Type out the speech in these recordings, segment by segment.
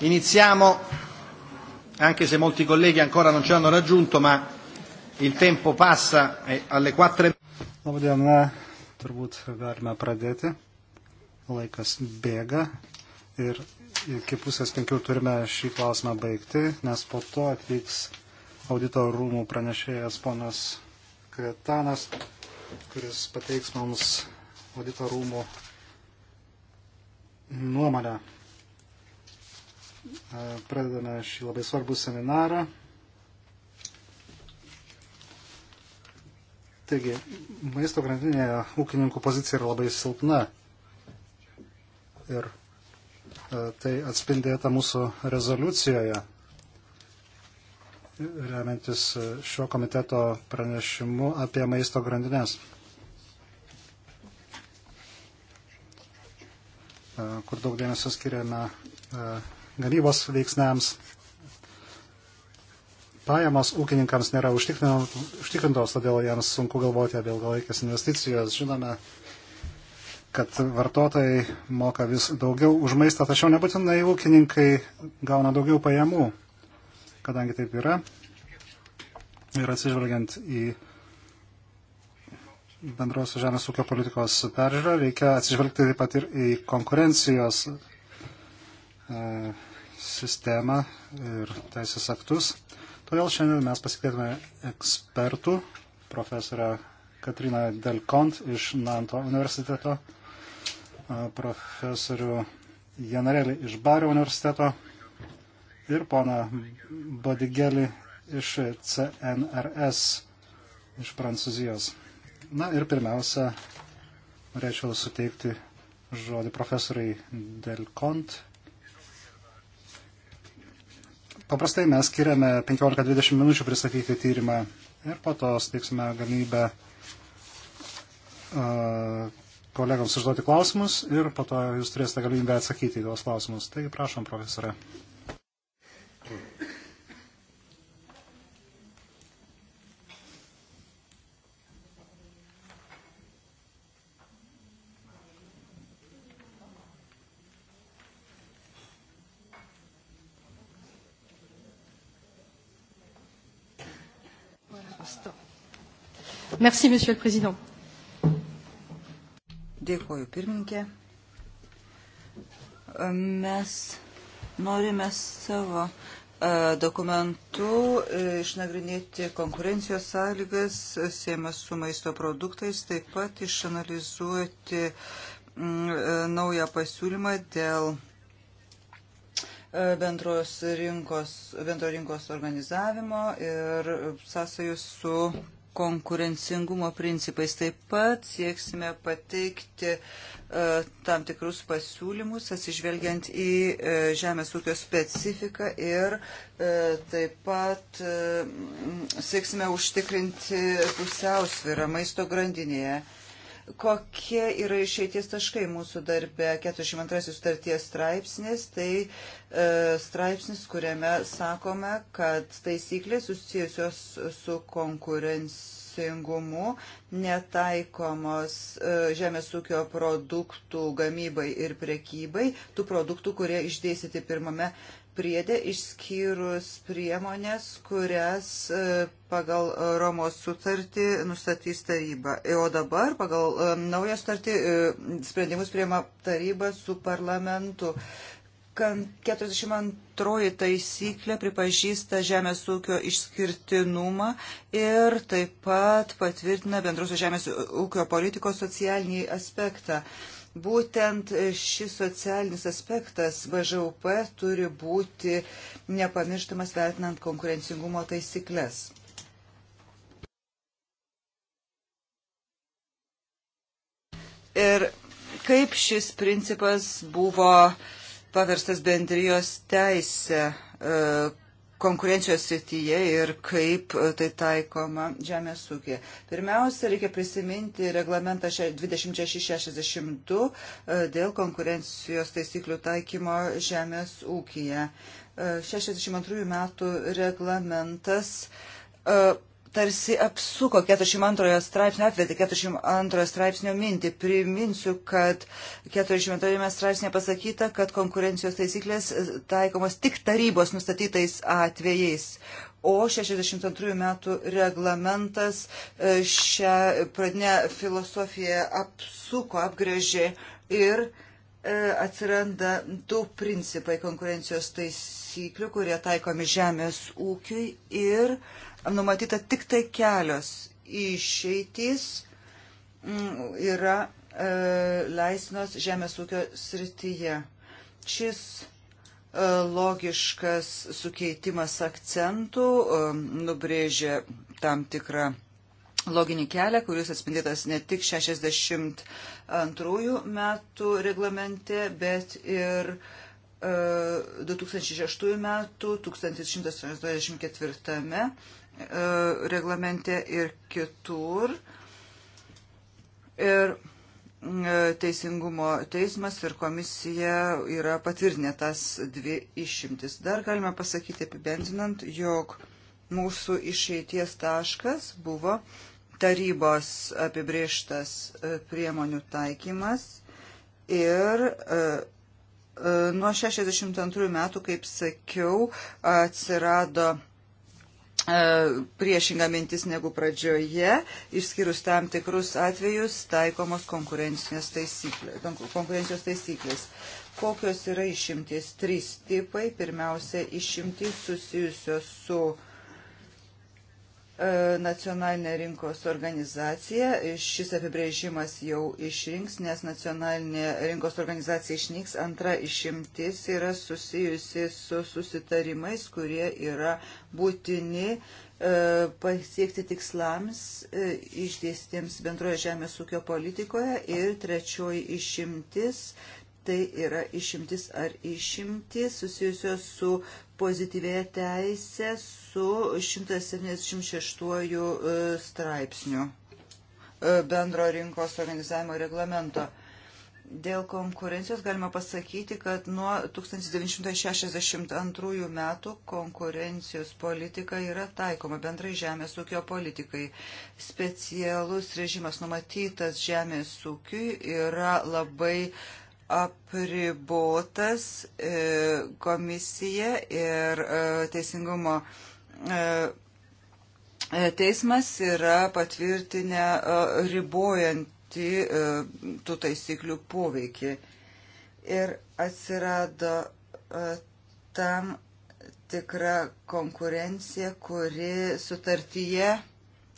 Iniziamo, anche se molti colleghi ancora non ci hanno raggiunto, ma il tempo passa e alle 4. Labadiena, turbūt galime pradėti. Laikas bėga ir iki pusės penkių turime šį klausimą baigti, nes po to atvyks audito rūmų pranešėjas ponas Kretanas, kuris pateiks mums audito rūmų nuomonę pradedame šį labai svarbų seminarą. Taigi, maisto grandinėje ūkininkų pozicija yra labai silpna. Ir tai atspindėta mūsų rezoliucijoje, remiantis šio komiteto pranešimu apie maisto grandinės. kur daug dėmesio skiriame gamybos veiksniams. Pajamos ūkininkams nėra užtikrintos, todėl jiems sunku galvoti apie ilgalaikės investicijas. Žinome, kad vartotojai moka vis daugiau už maistą, tačiau nebūtinai ūkininkai gauna daugiau pajamų, kadangi taip yra. Ir atsižvelgiant į bendros žemės ūkio politikos peržiūrą, reikia atsižvelgti taip pat ir į konkurencijos e, sistemą ir teisės aktus. Todėl šiandien mes pasikvietėme ekspertų, profesorą Katriną Delkont iš Nanto universiteto, profesorių Janarelį iš Bario universiteto ir poną Bodigelį iš CNRS iš Prancūzijos. Na ir pirmiausia, norėčiau suteikti žodį profesoriai Delkont Paprastai mes skiriame 15-20 minučių pristatyti tyrimą ir po to steiksime galimybę kolegams užduoti klausimus ir po to jūs turėsite galimybę atsakyti į tuos klausimus. Taigi prašom, profesorė. Merci, Monsieur le Président. Dėkuoju, pirmininkė. Mes norime savo e, dokumentu e, išnagrinėti konkurencijos sąlygas, siemas su maisto produktais, taip pat išanalizuoti mm, e, naują pasiūlymą dėl bendros rinkos, bendro rinkos organizavimo ir sąsajus su konkurencingumo principais. Taip pat sieksime pateikti e, tam tikrus pasiūlymus, atsižvelgiant į e, žemės ūkio specifiką ir e, taip pat sieksime užtikrinti pusiausvyrą maisto grandinėje. Kokie yra išeities taškai mūsų darbe 42 sutarties straipsnis, tai e, straipsnis, kuriame sakome, kad taisyklės susijusios su konkurencingumu netaikomos e, žemės ūkio produktų gamybai ir prekybai, tų produktų, kurie išdėsyti pirmame priedė išskyrus priemonės, kurias e, pagal e, Romos sutartį nustatys taryba. E, o dabar pagal naują sutartį sprendimus prieima taryba su parlamentu. 42 taisyklė pripažįsta žemės ūkio išskirtinumą ir taip pat patvirtina bendrosios žemės ūkio politikos socialinį aspektą. Uh, Būtent šis socialinis aspektas BŽUP turi būti nepamirštamas vertinant konkurencingumo taisyklės. Ir kaip šis principas buvo paverstas bendrijos teisė, e, konkurencijos srityje ir kaip e, tai taikoma žemės ūkė. Pirmiausia, reikia prisiminti reglamentą 2662 e, dėl konkurencijos taisyklių taikymo žemės ūkyje. 62 e, metų reglamentas tarsi apsuko 42 straipsnio, atvedė 42 straipsnio mintį. Priminsiu, kad 42 straipsnė pasakyta, kad konkurencijos taisyklės e, taikomos tik tarybos nustatytais atvejais. O 62 metų reglamentas e, šią pradinę filosofiją apsuko, apgrėžė ir e, atsiranda du principai konkurencijos taisyklių, kurie taikomi žemės ūkiui ir uh, numatyta tik tai kelios išeitys mm, yra e, leisnos žemės ūkio srityje. Šis e, logiškas sukeitimas akcentų e, nubrėžia tam tikrą loginį kelią, kuris atspindėtas ne tik 62 metų reglamente, bet ir 2006 e, metų 1184 E, reglamente ir kitur. Ir e, Teisingumo teismas ir komisija yra patvirtinę tas dvi išimtis. Dar galime pasakyti apibendrinant, jog mūsų išeities taškas buvo tarybos apibrieštas e, priemonių taikymas ir nuo 62 metų, kaip sakiau, atsirado E, priešinga mintis negu pradžioje, išskyrus tam tikrus atvejus taikomos konkurencijos taisyklės. Konkurencijos taisyklės. Kokios yra išimties? Trys tipai. Pirmiausia, išimtys susijusios su E, nacionalinė rinkos organizacija. Šis apibrėžimas jau išrinks, nes nacionalinė rinkos organizacija išnyks. Antra išimtis yra susijusi su susitarimais, kurie yra būtini e, pasiekti tikslams e, išdėstėms bendroje žemės ūkio politikoje. Ir trečioji išimtis tai yra išimtis ar išimtis susijusios su pozityvėje teisė su 176 e, straipsniu e, bendro rinkos organizavimo reglamento. Dėl konkurencijos galima pasakyti, kad nuo 1962 metų konkurencijos politika yra taikoma bendrai žemės ūkio politikai. Specialus režimas numatytas žemės ūkiui yra labai uh, apribotas e, komisija ir e, teisingumo e, teismas yra patvirtinę ribojantį tų taisyklių poveikį. Ir atsirado tam tikra konkurencija, kuri sutartyje,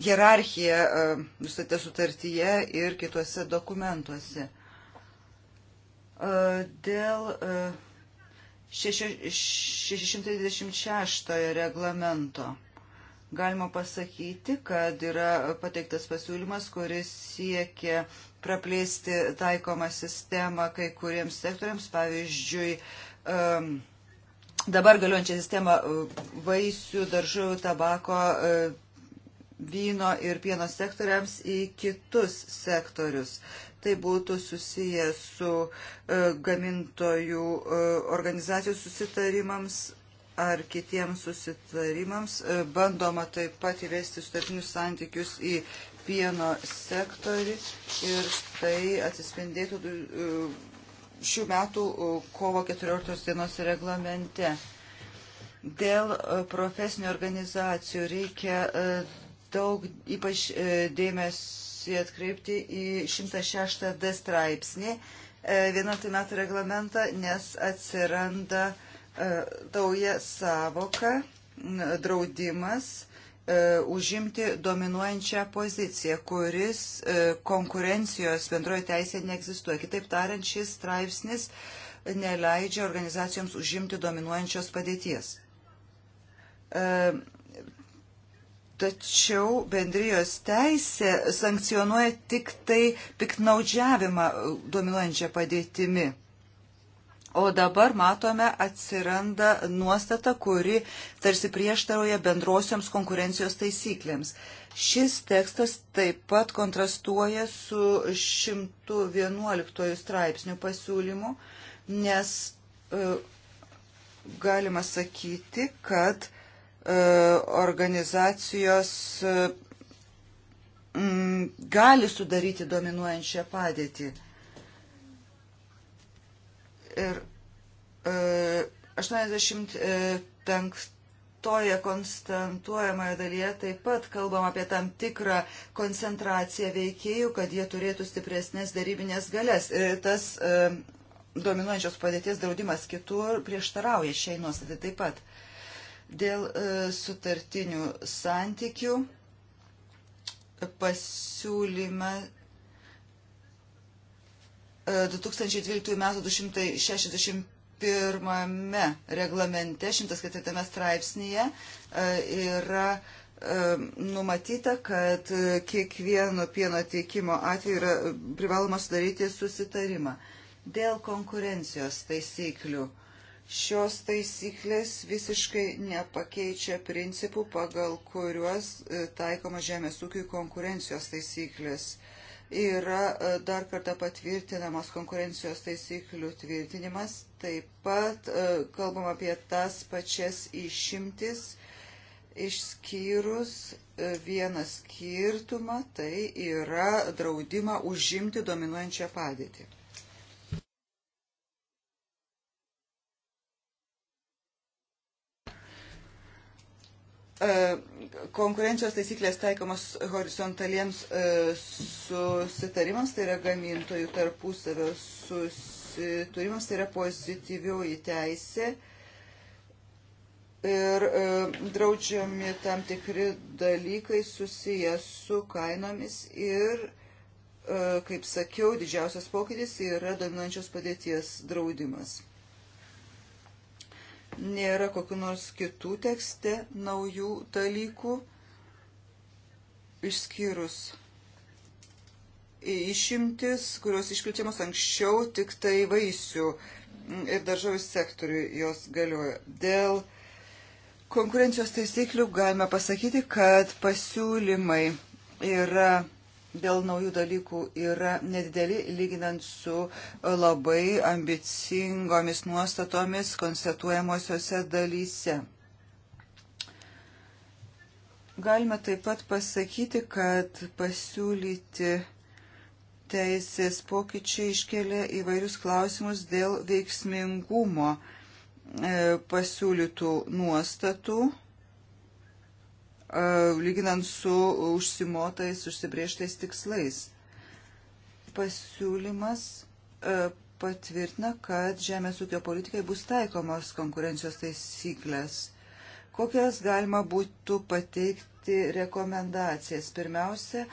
hierarchija nustatė sutartyje ir kituose dokumentuose. E, dėl 626 e, reglamento galima pasakyti, kad yra pateiktas pasiūlymas, kuris siekia praplėsti taikomą sistemą kai kuriems sektoriams, pavyzdžiui, dabar galiojančią sistemą e, vaisių, daržovių, tabako, vyno ir pieno sektoriams į kitus sektorius tai būtų susiję su e, gamintojų e, organizacijų susitarimams ar kitiems susitarimams. E, bandoma taip pat įvesti sutartinius santykius į pieno sektorį ir tai atsispindėtų šių metų kovo 14 dienos reglamente. Dėl profesinių organizacijų reikia daug ypač dėmesio dėmesį atkreipti į 106d straipsnį 11 e, metų reglamentą, nes atsiranda e, nauja savoka draudimas e, užimti dominuojančią poziciją, kuris konkurencijos bendroje teisėje neegzistuoja. Kitaip tariant, šis straipsnis neleidžia organizacijoms užimti dominuojančios padėties. Tačiau bendrijos teisė sankcionuoja tik tai piknaudžiavimą dominuojančią padėtimi. O dabar matome atsiranda nuostata, kuri tarsi prieštarauja bendrosioms konkurencijos taisyklėms. Šis tekstas taip pat kontrastuoja su 111 straipsnių pasiūlymu, nes e, galima sakyti, kad e, E, organizacijos e, gali sudaryti dominuojančią padėtį. Ir 85-oje e, konstantuojamoje dalyje taip pat kalbam apie tam tikrą koncentraciją veikėjų, kad jie turėtų stipresnės darybinės galės. Ir tas dominuojančios padėties draudimas kitur prieštarauja šiai nuostatai taip pat. Dėl e, sutartinių santykių pasiūlyme 2012 m. 261 reglamente 104 straipsnėje e, yra e, numatyta, kad kiekvieno pieno teikimo atveju yra privaloma sudaryti susitarimą. Dėl konkurencijos taisyklių Šios taisyklės visiškai nepakeičia principų, pagal kuriuos e, taikoma žemės ūkiui konkurencijos taisyklės. Yra e, dar kartą patvirtinamas konkurencijos taisyklių tvirtinimas, taip pat e, kalbam apie tas pačias išimtis, išskyrus vieną skirtumą, tai yra draudimą užimti dominuojančią padėtį. E, konkurencijos taisyklės taikomos horizontaliems e, susitarimams, tai yra gamintojų tarpusavio susitarimams, tai yra pozityvioji teisė ir e, draudžiami tam tikri dalykai susiję su kainomis ir, kaip sakiau, didžiausias pokytis yra dominuojančios padėties draudimas nėra kokiu nors kitų tekste naujų dalykų išskyrus išimtis, kurios išplečiamos anksčiau tik tai vaisių ir daržovių sektoriui jos galioja. Dėl konkurencijos taisyklių galime pasakyti, kad pasiūlymai yra dėl naujų dalykų yra nedideli, lyginant su labai ambicingomis nuostatomis konstatuojamosiose dalyse. Galime taip pat pasakyti, kad pasiūlyti teisės pokyčiai iškelia įvairius klausimus dėl veiksmingumo e, pasiūlytų nuostatų E, lyginant su užsimotais, užsibrieštais tikslais. Pasiūlymas e, patvirtina, kad žemės ūkio politikai bus taikomos konkurencijos taisyklės. Kokias galima būtų pateikti rekomendacijas? Pirmiausia,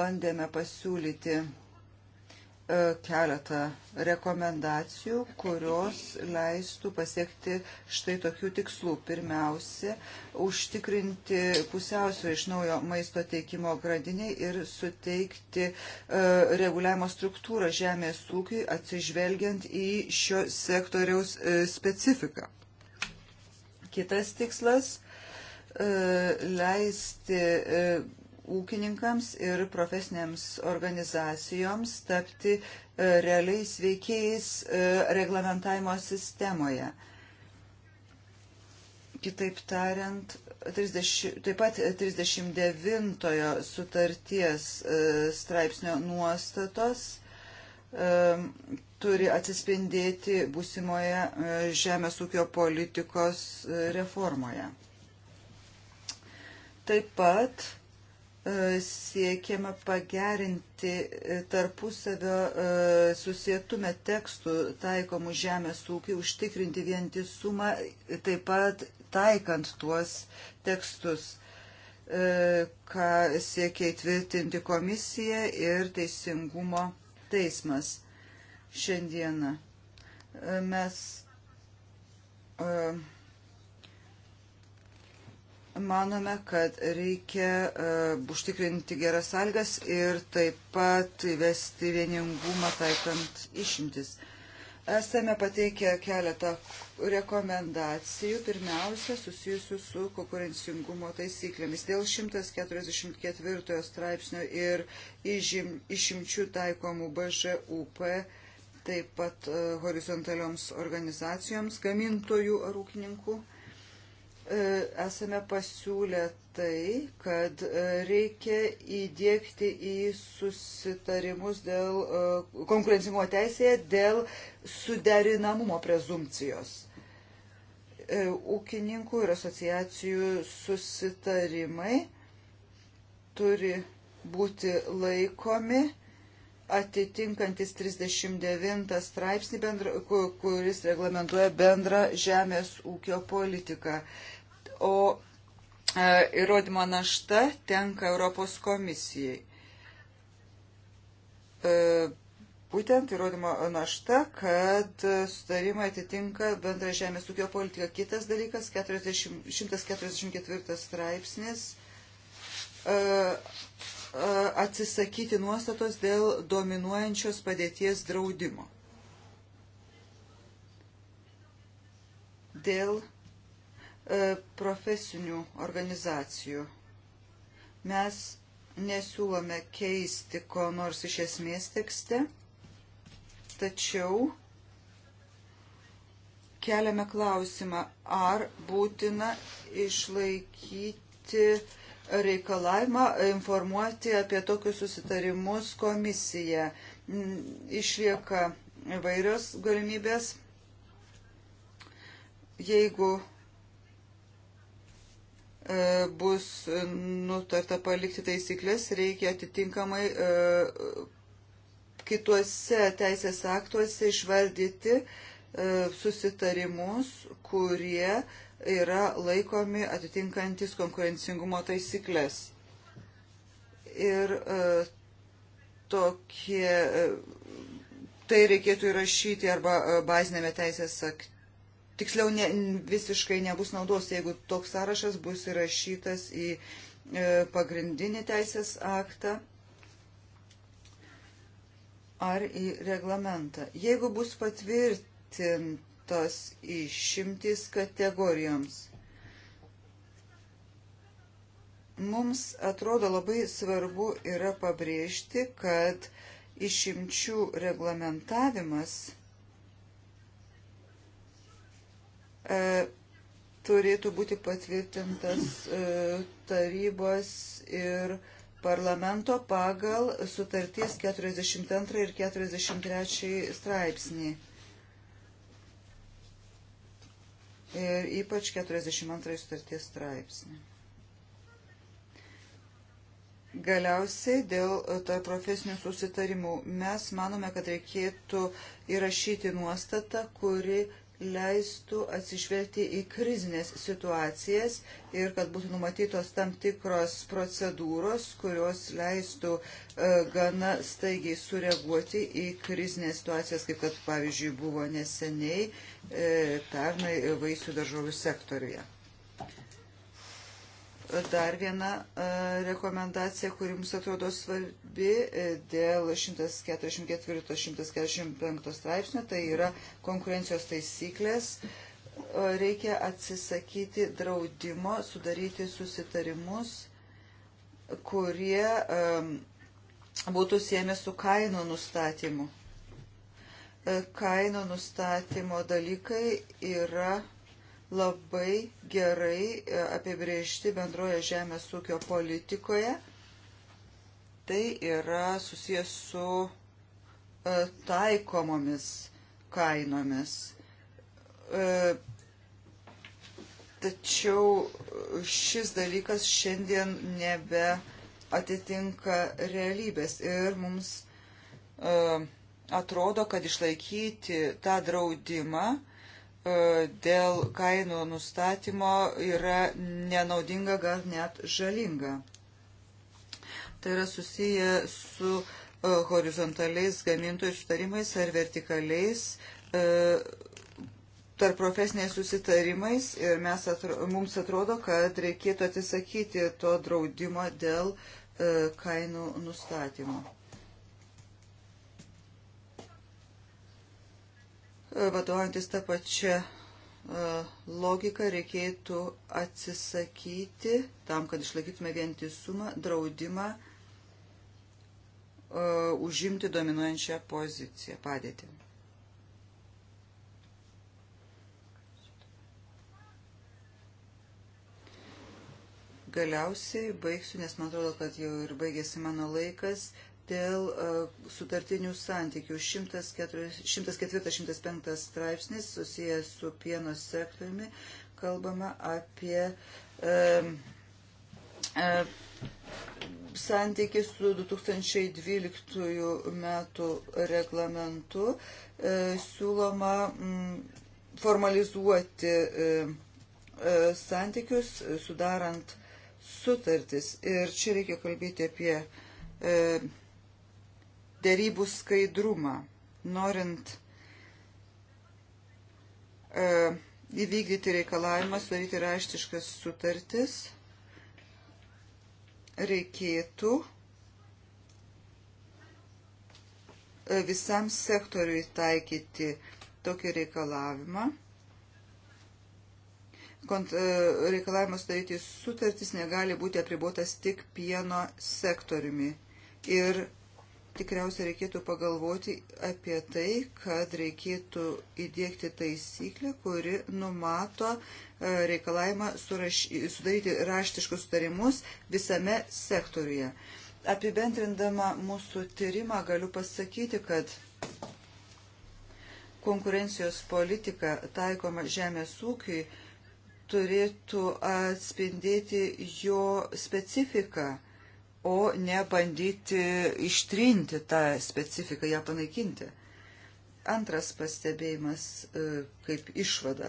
bandėme pasiūlyti E, keletą rekomendacijų, kurios leistų pasiekti štai tokių tikslų. Pirmiausia, užtikrinti pusiausvę iš naujo maisto teikimo grandiniai ir suteikti uh, reguliavimo struktūrą žemės ūkiui atsižvelgiant į šio sektoriaus uh, specifiką. Kitas tikslas uh, - leisti ūkininkams ir profesinėms organizacijoms tapti e, realiais veikėjais e, reglamentavimo sistemoje. Kitaip tariant, 30, taip pat 39 sutarties e, straipsnio nuostatos turi atsispindėti būsimoje žemės ūkio politikos reformoje. Taip pat E, siekiama pagerinti e, tarpusavio e, susietume tekstų taikomų žemės ūkiai, užtikrinti vientisumą, taip pat taikant tuos tekstus, ką siekia įtvirtinti komisija ir teisingumo teismas šiandieną. Mes Manome, kad reikia uh, užtikrinti geras sąlygas ir taip pat įvesti vieningumą taikant išimtis. Esame pateikę keletą rekomendacijų, pirmiausia, susijusių su konkurencingumo taisyklėmis. Dėl 144 straipsnio ir išim, išimčių taikomų BŽUP, taip pat uh, horizontalioms organizacijoms, gamintojų ar ūkininkų E, esame pasiūlę tai, kad e, reikia įdėkti į susitarimus dėl e, konkurencingumo teisėje dėl suderinamumo prezumcijos. Ūkininkų ir asociacijų susitarimai turi būti laikomi atitinkantis 39 straipsnį, bendra, kuris reglamentuoja bendrą žemės ūkio politiką o e, įrodymo našta tenka Europos komisijai. E, būtent įrodymo našta, kad sutarimai atitinka bendrą žemės ūkio politiką. Kitas dalykas, 40, 144 straipsnis, e, atsisakyti nuostatos dėl dominuojančios padėties draudimo. Dėl E, profesinių organizacijų. Mes nesiūlome keisti ko nors iš esmės tekste, tačiau keliame klausimą, ar būtina išlaikyti reikalavimą informuoti apie tokius susitarimus komisiją. Mm, išlieka vairios galimybės. Jeigu E, bus nutarta palikti taisyklės, reikia atitinkamai e, kituose teisės aktuose išvardyti e, susitarimus, kurie yra laikomi atitinkantis konkurencingumo taisyklės. Ir tokie, tai reikėtų įrašyti arba bazinėme teisės akte tiksliau ne, visiškai nebus naudos, jeigu toks sąrašas bus įrašytas į e, pagrindinį teisės aktą ar į reglamentą. Jeigu bus patvirtintos išimtis kategorijoms, mums atrodo labai svarbu yra pabrėžti, kad išimčių reglamentavimas – E, turėtų būti patvirtintas e, tarybos ir parlamento pagal sutarties 42 ir 43 straipsnį. ir ypač 42 sutarties straipsnį. Galiausiai dėl tarp profesinių susitarimų mes manome, kad reikėtų įrašyti nuostatą, kuri leistų atsižvelgti į krizinės situacijas ir kad būtų numatytos tam tikros procedūros, kurios leistų e, gana staigiai sureaguoti į krizinės situacijas, kaip kad pavyzdžiui buvo neseniai e, pernai vaisių daržovių sektoriuje dar viena e, rekomendacija, kuri mums atrodo svarbi e, dėl 144-145 straipsnio, tai yra konkurencijos taisyklės. E, reikia atsisakyti draudimo, sudaryti susitarimus, kurie būtų siemi su kainų nustatymu. Kainų nustatymo dalykai yra labai gerai e, apibriežti bendroje žemės ūkio politikoje. Tai yra susijęs su e, taikomomis kainomis. E, tačiau šis dalykas šiandien nebe atitinka realybės ir mums atrodo, kad išlaikyti tą draudimą E, dėl kainų nustatymo yra nenaudinga, gal net žalinga. Tai yra susiję su e, horizontaliais gamintojų sutarimais ar vertikaliais e, tarp profesiniais susitarimais ir mes atro, mums atrodo, kad reikėtų atsisakyti to draudimo dėl e, kainų nustatymo. vadovantis tą pačią e, logiką reikėtų atsisakyti tam, kad išlaikytume vientisumą, draudimą e, užimti dominuojančią poziciją, padėtį. Galiausiai baigsiu, nes man atrodo, kad jau ir baigėsi mano laikas dėl e, sutartinių santykių. 104-105 straipsnis susijęs su pieno sektoriumi. Kalbama apie e, e, santykį su 2012 metų reglamentu. E, siūloma m, mm, formalizuoti e, e, santykius, sudarant sutartis. Ir čia reikia kalbėti apie e, dėrybų skaidrumą, norint e, įvykdyti reikalavimą, sudaryti raštiškas sutartis, reikėtų e, visam sektoriui taikyti tokį reikalavimą. Kont, e, reikalavimas sudaryti sutartis negali būti apribuotas tik pieno sektoriumi. Ir tikriausiai reikėtų pagalvoti apie tai, kad reikėtų įdėkti taisyklę, kuri numato e, reikalavimą suraš... sudaryti raštiškus sutarimus visame sektoriuje. Apibendrindama mūsų tyrimą galiu pasakyti, kad konkurencijos politika taikoma žemės ūkiui turėtų atspindėti jo specifiką o ne bandyti ištrinti tą specifiką, ją panaikinti. Antras pastebėjimas e, kaip išvada.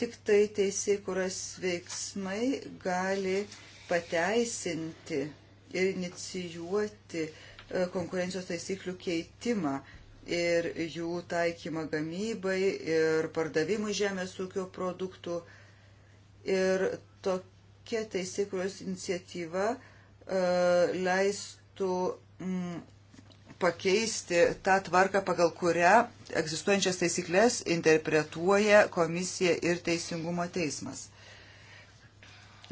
Tik tai teisė, kurias veiksmai gali pateisinti ir inicijuoti e, konkurencijos taisyklių keitimą ir jų taikymą gamybai ir pardavimui žemės ūkio produktų. Ir tokia teisė, kurios iniciatyva uh, E, leistų mm, pakeisti tą tvarką, pagal kurią egzistuojančias taisyklės interpretuoja komisija ir teisingumo teismas.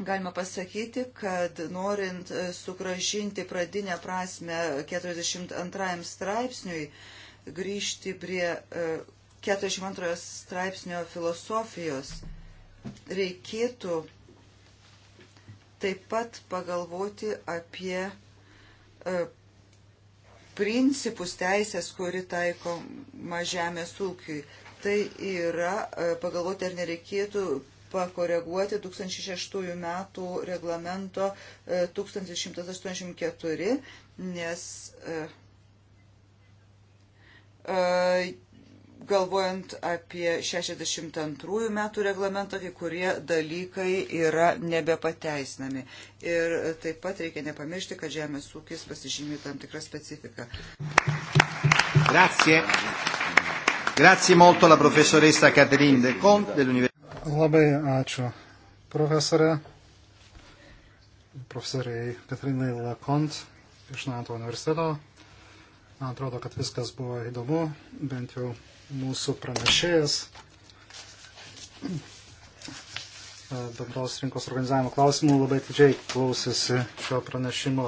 Galima pasakyti, kad norint sugražinti pradinę prasme 42 straipsniui, grįžti prie 42 e, straipsnio filosofijos, reikėtų taip pat pagalvoti apie e, principus teisės, kuri taikoma žemės ūkiui. Tai yra e, pagalvoti, ar nereikėtų pakoreguoti 2006 metų reglamento 1184, e, nes galvojant apie 62 metų reglamentą, kai kurie dalykai yra nebepateisinami. Ir taip pat reikia nepamiršti, kad žemės ūkis pasižymė tam tikrą specifiką. Grazie. Grazie molto la professoressa Catherine De Conte dell'Università. Labai ačiū, profesorė. Profesoriai Katrinai Lakont iš NATO universiteto. Man atrodo, kad viskas buvo įdomu, bent jau mūsų pranešėjas bendros rinkos organizavimo klausimų labai atidžiai klausėsi šio pranešimo.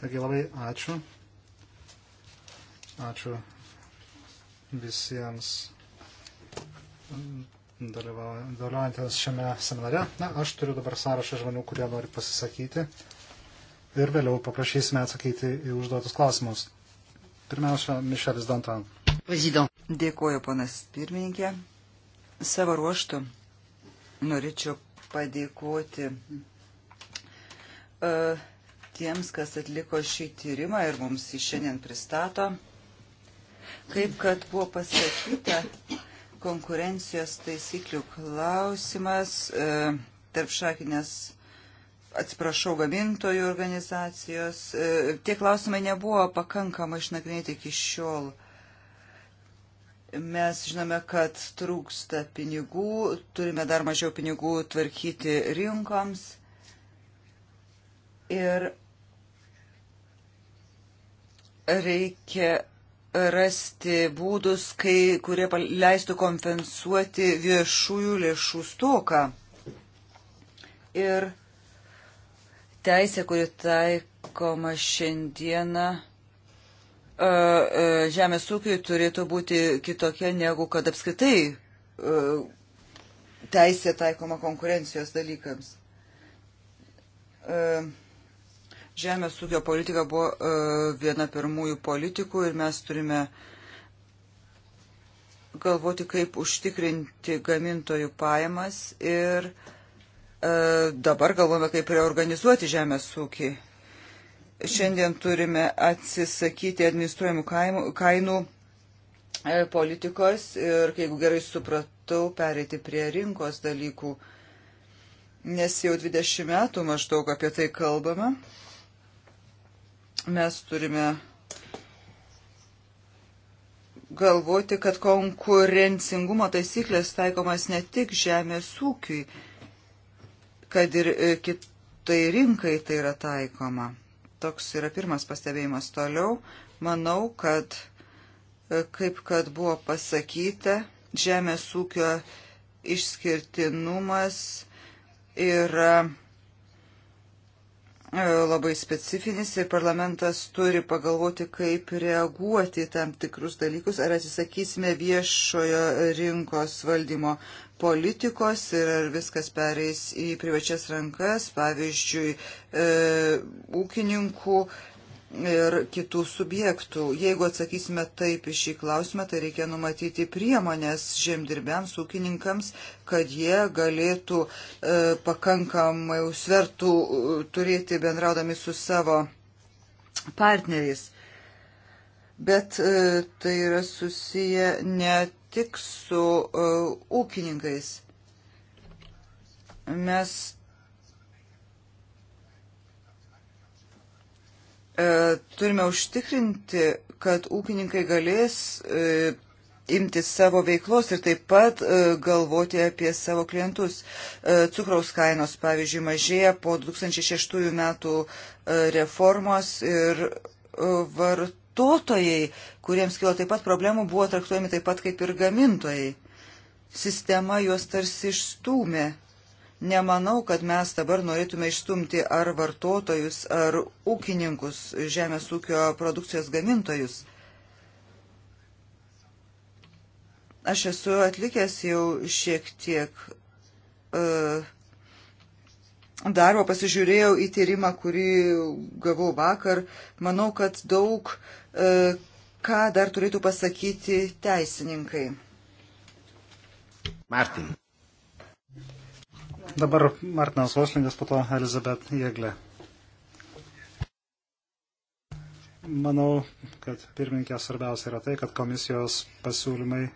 Taigi labai ačiū. Ačiū visiems dalyvaujantiems šiame seminare. Na, aš turiu dabar sąrašą žmonių, kurie nori pasisakyti. Ir vėliau paprašysime atsakyti į užduotus klausimus. Pirmiausia, Mišelis Dantan. Dėkuoju, ponas pirmininkė. Savo ruoštų norėčiau padėkoti uh, tiems, kas atliko šį tyrimą ir mums jį šiandien pristato. Kaip kad buvo pasakyta, konkurencijos taisyklių klausimas, e, tarp šakinės atsiprašau, gamintojų organizacijos. E, tie klausimai nebuvo pakankamai išnagrinėti iki šiol. Mes žinome, kad trūksta pinigų, turime dar mažiau pinigų tvarkyti rinkoms. Ir reikia rasti būdus, kai, kurie leistų kompensuoti viešųjų lėšų stoką. Ir teisė, kuri taikoma šiandieną e, e, žemės ūkiui turėtų būti kitokia negu kad apskritai e, teisė taikoma konkurencijos dalykams. Žemės ūkio politika buvo viena pirmųjų politikų ir mes turime galvoti, kaip užtikrinti gamintojų pajamas ir uh, E, dabar galvome, kaip reorganizuoti žemės ūkį. Šiandien turime atsisakyti administruojamų kainų, kainų e, politikos ir, jeigu gerai supratau, pereiti prie rinkos dalykų, nes jau 20 metų maždaug apie tai kalbame. Mes turime galvoti, kad konkurencingumo taisyklės taikomas ne tik žemės ūkiui, kad ir e, kitai rinkai tai yra taikoma. Toks yra pirmas pastebėjimas. Toliau manau, kad, e, kaip kad buvo pasakyta, žemės ūkio išskirtinumas yra e, labai specifinis ir parlamentas turi pagalvoti, kaip reaguoti tam tikrus dalykus, ar atsisakysime viešojo rinkos valdymo politikos ir ar viskas pereis į privačias rankas, pavyzdžiui, e, ūkininkų ir kitų subjektų. Jeigu atsakysime taip į šį klausimą, tai reikia numatyti priemonės žemdirbiams, ūkininkams, kad jie galėtų e, pakankamai svertų e, turėti bendraudami su savo partneriais. Bet e, tai yra susiję net tik su uh, ūkininkais. Mes uh, turime užtikrinti, kad ūkininkai galės uh, imtis savo veiklos ir taip pat galvoti apie savo klientus. Cukraus kainos, pavyzdžiui, mažėja po 2006 metų reformos ir vart vartotojai, kuriems kilo taip pat problemų, buvo traktuojami taip pat kaip ir gamintojai. Sistema juos tarsi išstūmė. Nemanau, kad mes dabar norėtume išstumti ar vartotojus, ar ūkininkus, žemės ūkio produkcijos gamintojus. Aš esu atlikęs jau šiek tiek uh, darbo pasižiūrėjau į tyrimą, kurį gavau vakar. Manau, kad daug e, ką dar turėtų pasakyti teisininkai. Martin. Dabar Martinas Voslingas, po to Elizabet Jėglė. Manau, kad pirmininkė svarbiausia yra tai, kad komisijos pasiūlymai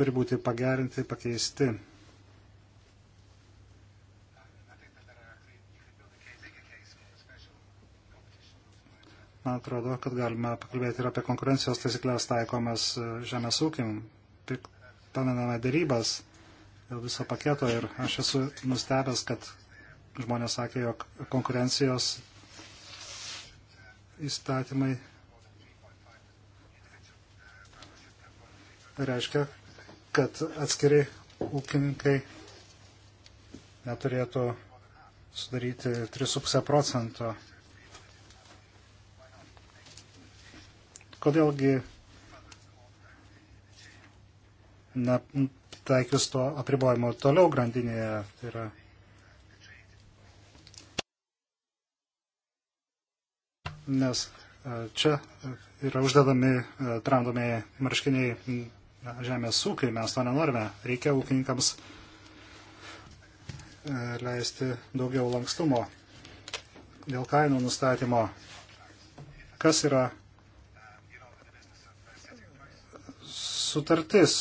turi būti pagerinti, pakeisti Man atrodo, kad galime pakalbėti ir apie konkurencijos taisyklės taikomas e, žemės ūkim. Pamename dėrybas dėl viso paketo ir aš esu nustebęs, kad žmonės sakė, jog konkurencijos įstatymai reiškia, kad atskiri ūkininkai neturėtų sudaryti 3,5 procento Kodėlgi netaikius to apribojimo toliau grandinėje, tai yra nes e, čia yra uždedami e, tramdomi marškiniai žemės ūkiai, mes to nenorime. Reikia ūkininkams e, leisti daugiau lankstumo dėl kainų nustatymo, kas yra sutartis.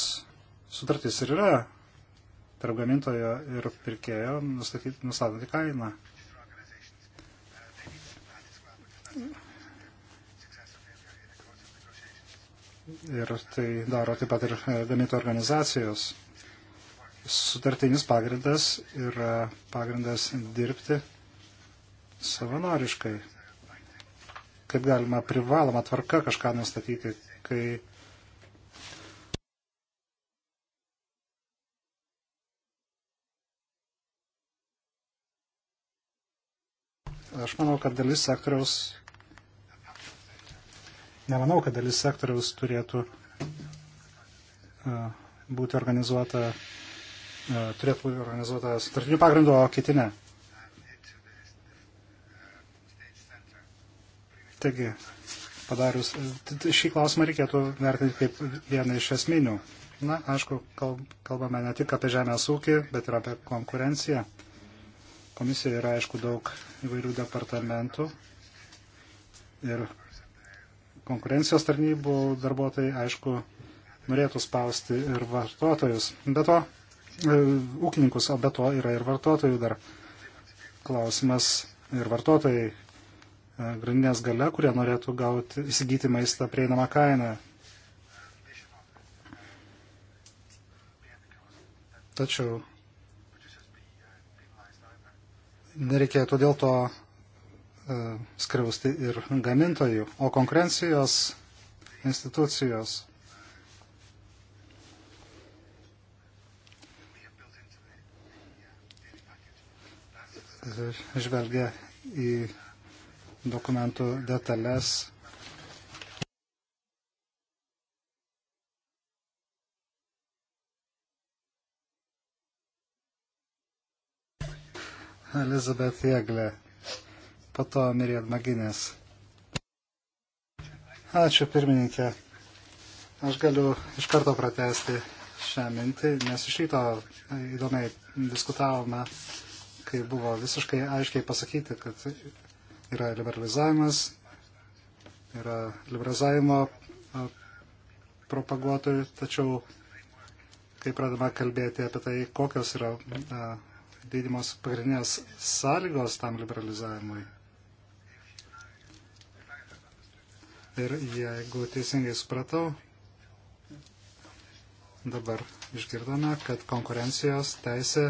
Sutartis ir yra tarp gamintojo ir pirkėjo nustatyti kainą. Ir tai daro taip pat ir e, gamintojų organizacijos. Sutartinis pagrindas yra pagrindas dirbti savanoriškai. Kaip galima privaloma tvarka kažką nustatyti, kai Aš manau, kad dalis sektoriaus, nemanau, kad dalis sektoriaus turėtų e, būti organizuota, e, turėtų būti organizuota sutartinių pagrindų, o kiti ne. Taigi, padarius, šį klausimą reikėtų vertinti kaip vieną iš esminių. Na, aišku, kalbame ne tik apie žemės ūkį, bet ir apie konkurenciją. Komisijoje yra, aišku, daug įvairių departamentų ir konkurencijos tarnybų darbuotojai, aišku, norėtų spausti ir vartotojus. Be to, e, ūkininkus, o be to yra ir vartotojų dar klausimas ir vartotojai e, grandinės gale, kurie norėtų gauti, įsigyti maistą prieinamą kainą. Tačiau nereikėtų dėl to e, skriausti ir gamintojų, o konkurencijos institucijos. Žvelgia į dokumentų detalės Elizabeth Jeglė, po to Mirjad Maginės. Ačiū pirmininkė. Aš galiu iš karto pratesti šią mintį, nes iš ryto įdomiai diskutavome, kai buvo visiškai aiškiai pasakyti, kad yra liberalizavimas, yra liberalizavimo propaguotojų, tačiau kai pradama kalbėti apie tai, kokios yra leidimos pagrindinės sąlygos tam liberalizavimui. Ir jeigu teisingai supratau, dabar išgirdome, kad konkurencijos teisė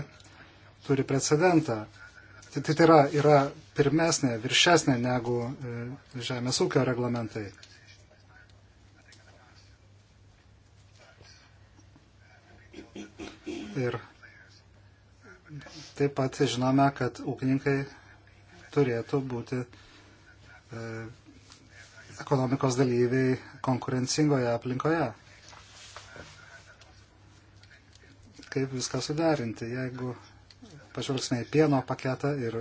turi precedentą. Tai, tai yra, yra pirmesnė, viršesnė negu e, žemės ūkio reglamentai. Ir Taip pat žinome, kad ūkininkai turėtų būti e, ekonomikos dalyviai konkurencingoje aplinkoje. Kaip viską suderinti, jeigu pažvelgsime į pieno paketą ir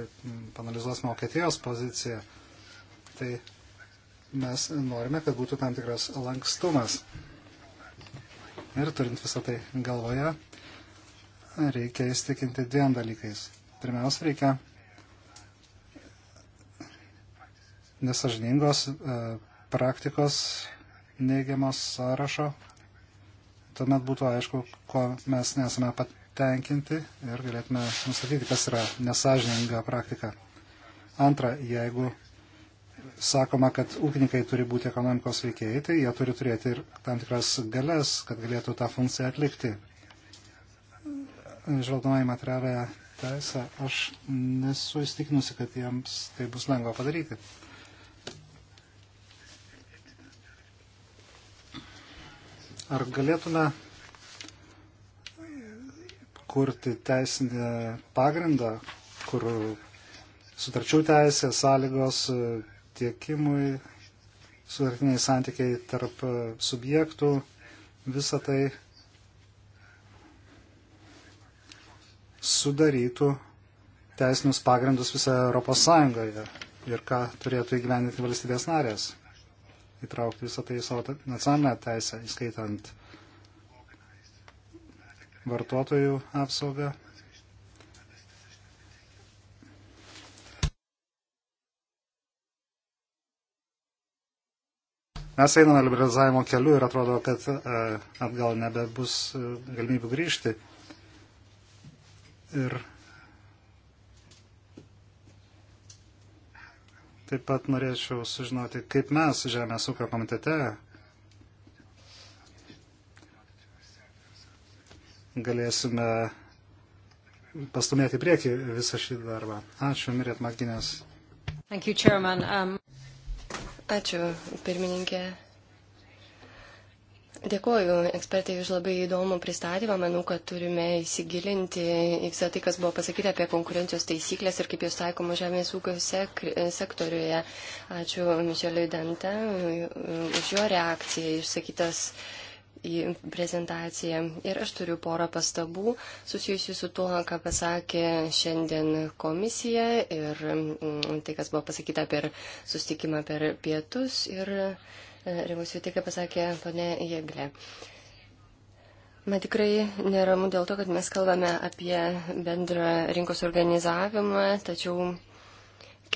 panalizuosime Vokietijos poziciją, tai mes norime, kad būtų tam tikras lankstumas. Ir turint visą tai galvoje, reikia įstikinti dviem dalykais. Pirmiausia, reikia nesažiningos e, praktikos neigiamos sąrašo. Tuomet būtų aišku, ko mes nesame patenkinti ir galėtume nustatyti, kas yra nesažininga praktika. Antra, jeigu sakoma, kad ūkininkai turi būti ekonomikos veikėjai, tai jie turi turėti ir tam tikras galės, kad galėtų tą funkciją atlikti žvelgdama į materialę teisę, aš nesu įstikinusi, kad jiems tai bus lengva padaryti. Ar galėtume kurti teisinį pagrindą, kur sutarčių teisė, sąlygos tiekimui, sutartiniai santykiai tarp subjektų, visa tai sudarytų teisinius pagrindus visoje Europos Sąjungoje ir ką turėtų įgyvendinti valstybės narės, įtraukti visą tai į savo nacionalinę teisę, įskaitant vartotojų apsaugą. Mes einame liberalizavimo keliu ir atrodo, kad e, atgal nebebus e, galimybių grįžti. Ir taip pat norėčiau sužinoti, kaip mes Žemės ūkio komitete galėsime pastumėti prieki visą šį darbą. Ačiū, Mirėt Maginės. Um... Ačiū, pirmininkė. Dėkuoju ekspertai už labai įdomų pristatymą. Manau, kad turime įsigilinti į visą tai, kas buvo pasakyta apie konkurencijos taisyklės ir kaip jos taikomos žemės ūkio sek sektoriuje. Ačiū Mišeliui Dante e, už jo reakciją išsakytas į prezentaciją. Ir aš turiu porą pastabų susijusių su tuo, ką pasakė šiandien komisija ir mm, tai, kas buvo pasakyta per sustikimą per pietus. Ir, E, reaguosiu tai, ką pasakė ponė Jėglė. Man tikrai neramu dėl to, kad mes kalbame apie bendrą rinkos organizavimą, tačiau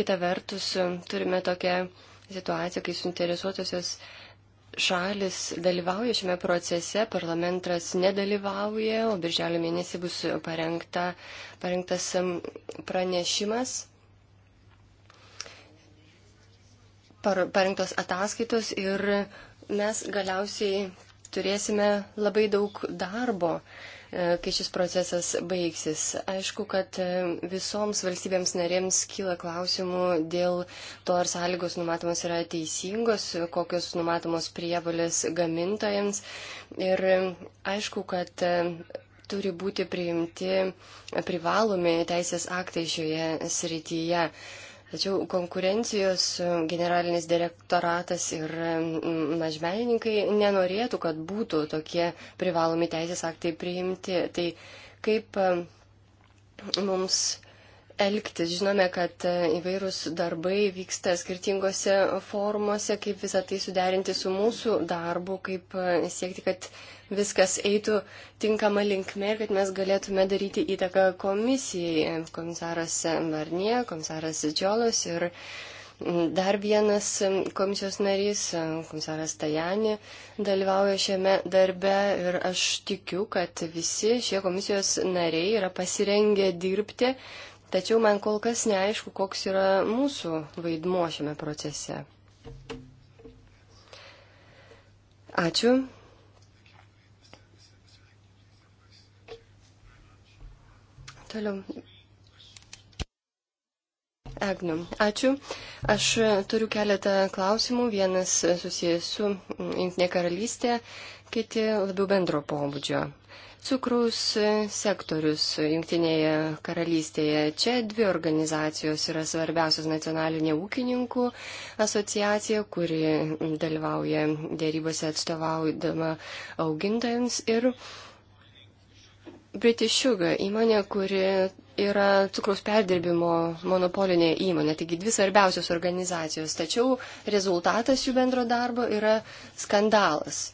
kita vertus turime tokią situaciją, kai suinteresuotosios šalis dalyvauja šiame procese, parlamentas nedalyvauja, o birželio mėnesį bus parengta, parengtas pranešimas parengtos ataskaitos ir mes galiausiai turėsime labai daug darbo, e, kai šis procesas baigsis. Aišku, kad e, visoms valstybėms narėms kyla klausimų dėl to, ar sąlygos numatomos yra teisingos, kokios numatomos prievalės gamintojams. Ir e, aišku, kad turi būti priimti privalomi teisės aktai šioje srityje. Tačiau konkurencijos e, generalinis direktoratas ir mažmenininkai nenorėtų, kad būtų tokie privalomi teisės aktai priimti. Tai kaip e, mums elgtis. Žinome, kad e, įvairūs darbai vyksta skirtingose formose, kaip visą tai suderinti su mūsų darbu, kaip e, siekti, kad viskas eitų tinkama linkme ir kad mes galėtume daryti įtaką komisijai. Komisaras Marnie, komisaras Džiolos ir dar vienas e, komisijos narys, komisaras Tajani, dalyvauja šiame darbe ir aš tikiu, kad visi šie komisijos nariai yra pasirengę dirbti Tačiau man kol kas neaišku, koks yra mūsų vaidmuo šiame procese. Ačiū. Toliau. Agniu, ačiū. Aš turiu keletą klausimų. Vienas susijęs su Junktinė karalystė, kiti labiau bendro pobūdžio. Cukraus sektorius Junktinėje karalystėje. Čia dvi organizacijos yra svarbiausios nacionalinė ūkininkų asociacija, kuri dalyvauja dėrybose atstovaudama augintojams ir British Sugar įmonė, kuri yra cukraus perdirbimo monopolinė įmonė, taigi dvi svarbiausios organizacijos. Tačiau rezultatas jų bendro darbo yra skandalas.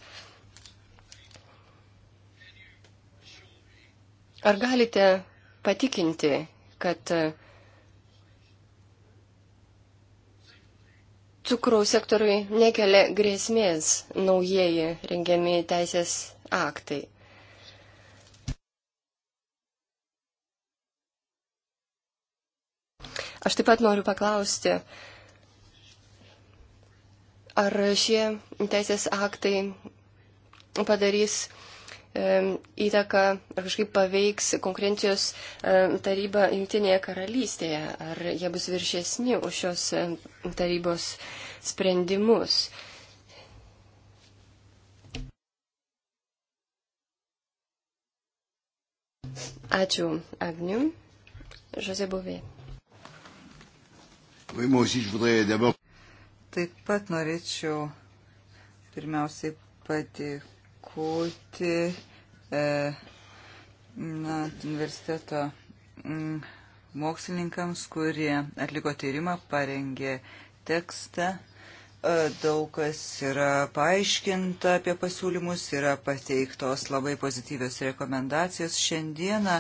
Ar galite patikinti, kad cukraus sektoriui nekelia grėsmės naujieji rengiami teisės aktai? Aš taip pat noriu paklausti, ar šie teisės aktai padarys E, įtaką ar kažkaip paveiks konkurencijos e, taryba Junktinėje karalystėje, ar jie bus viršesni už šios e, tarybos sprendimus. Ačiū, Agniu. Žozė Buvė. Taip pat norėčiau pirmiausiai padėkoti būti e, na, universiteto m, mokslininkams, kurie atliko tyrimą, parengė tekstą. E, daug kas yra paaiškinta apie pasiūlymus, yra pateiktos labai pozityvios rekomendacijos. Šiandieną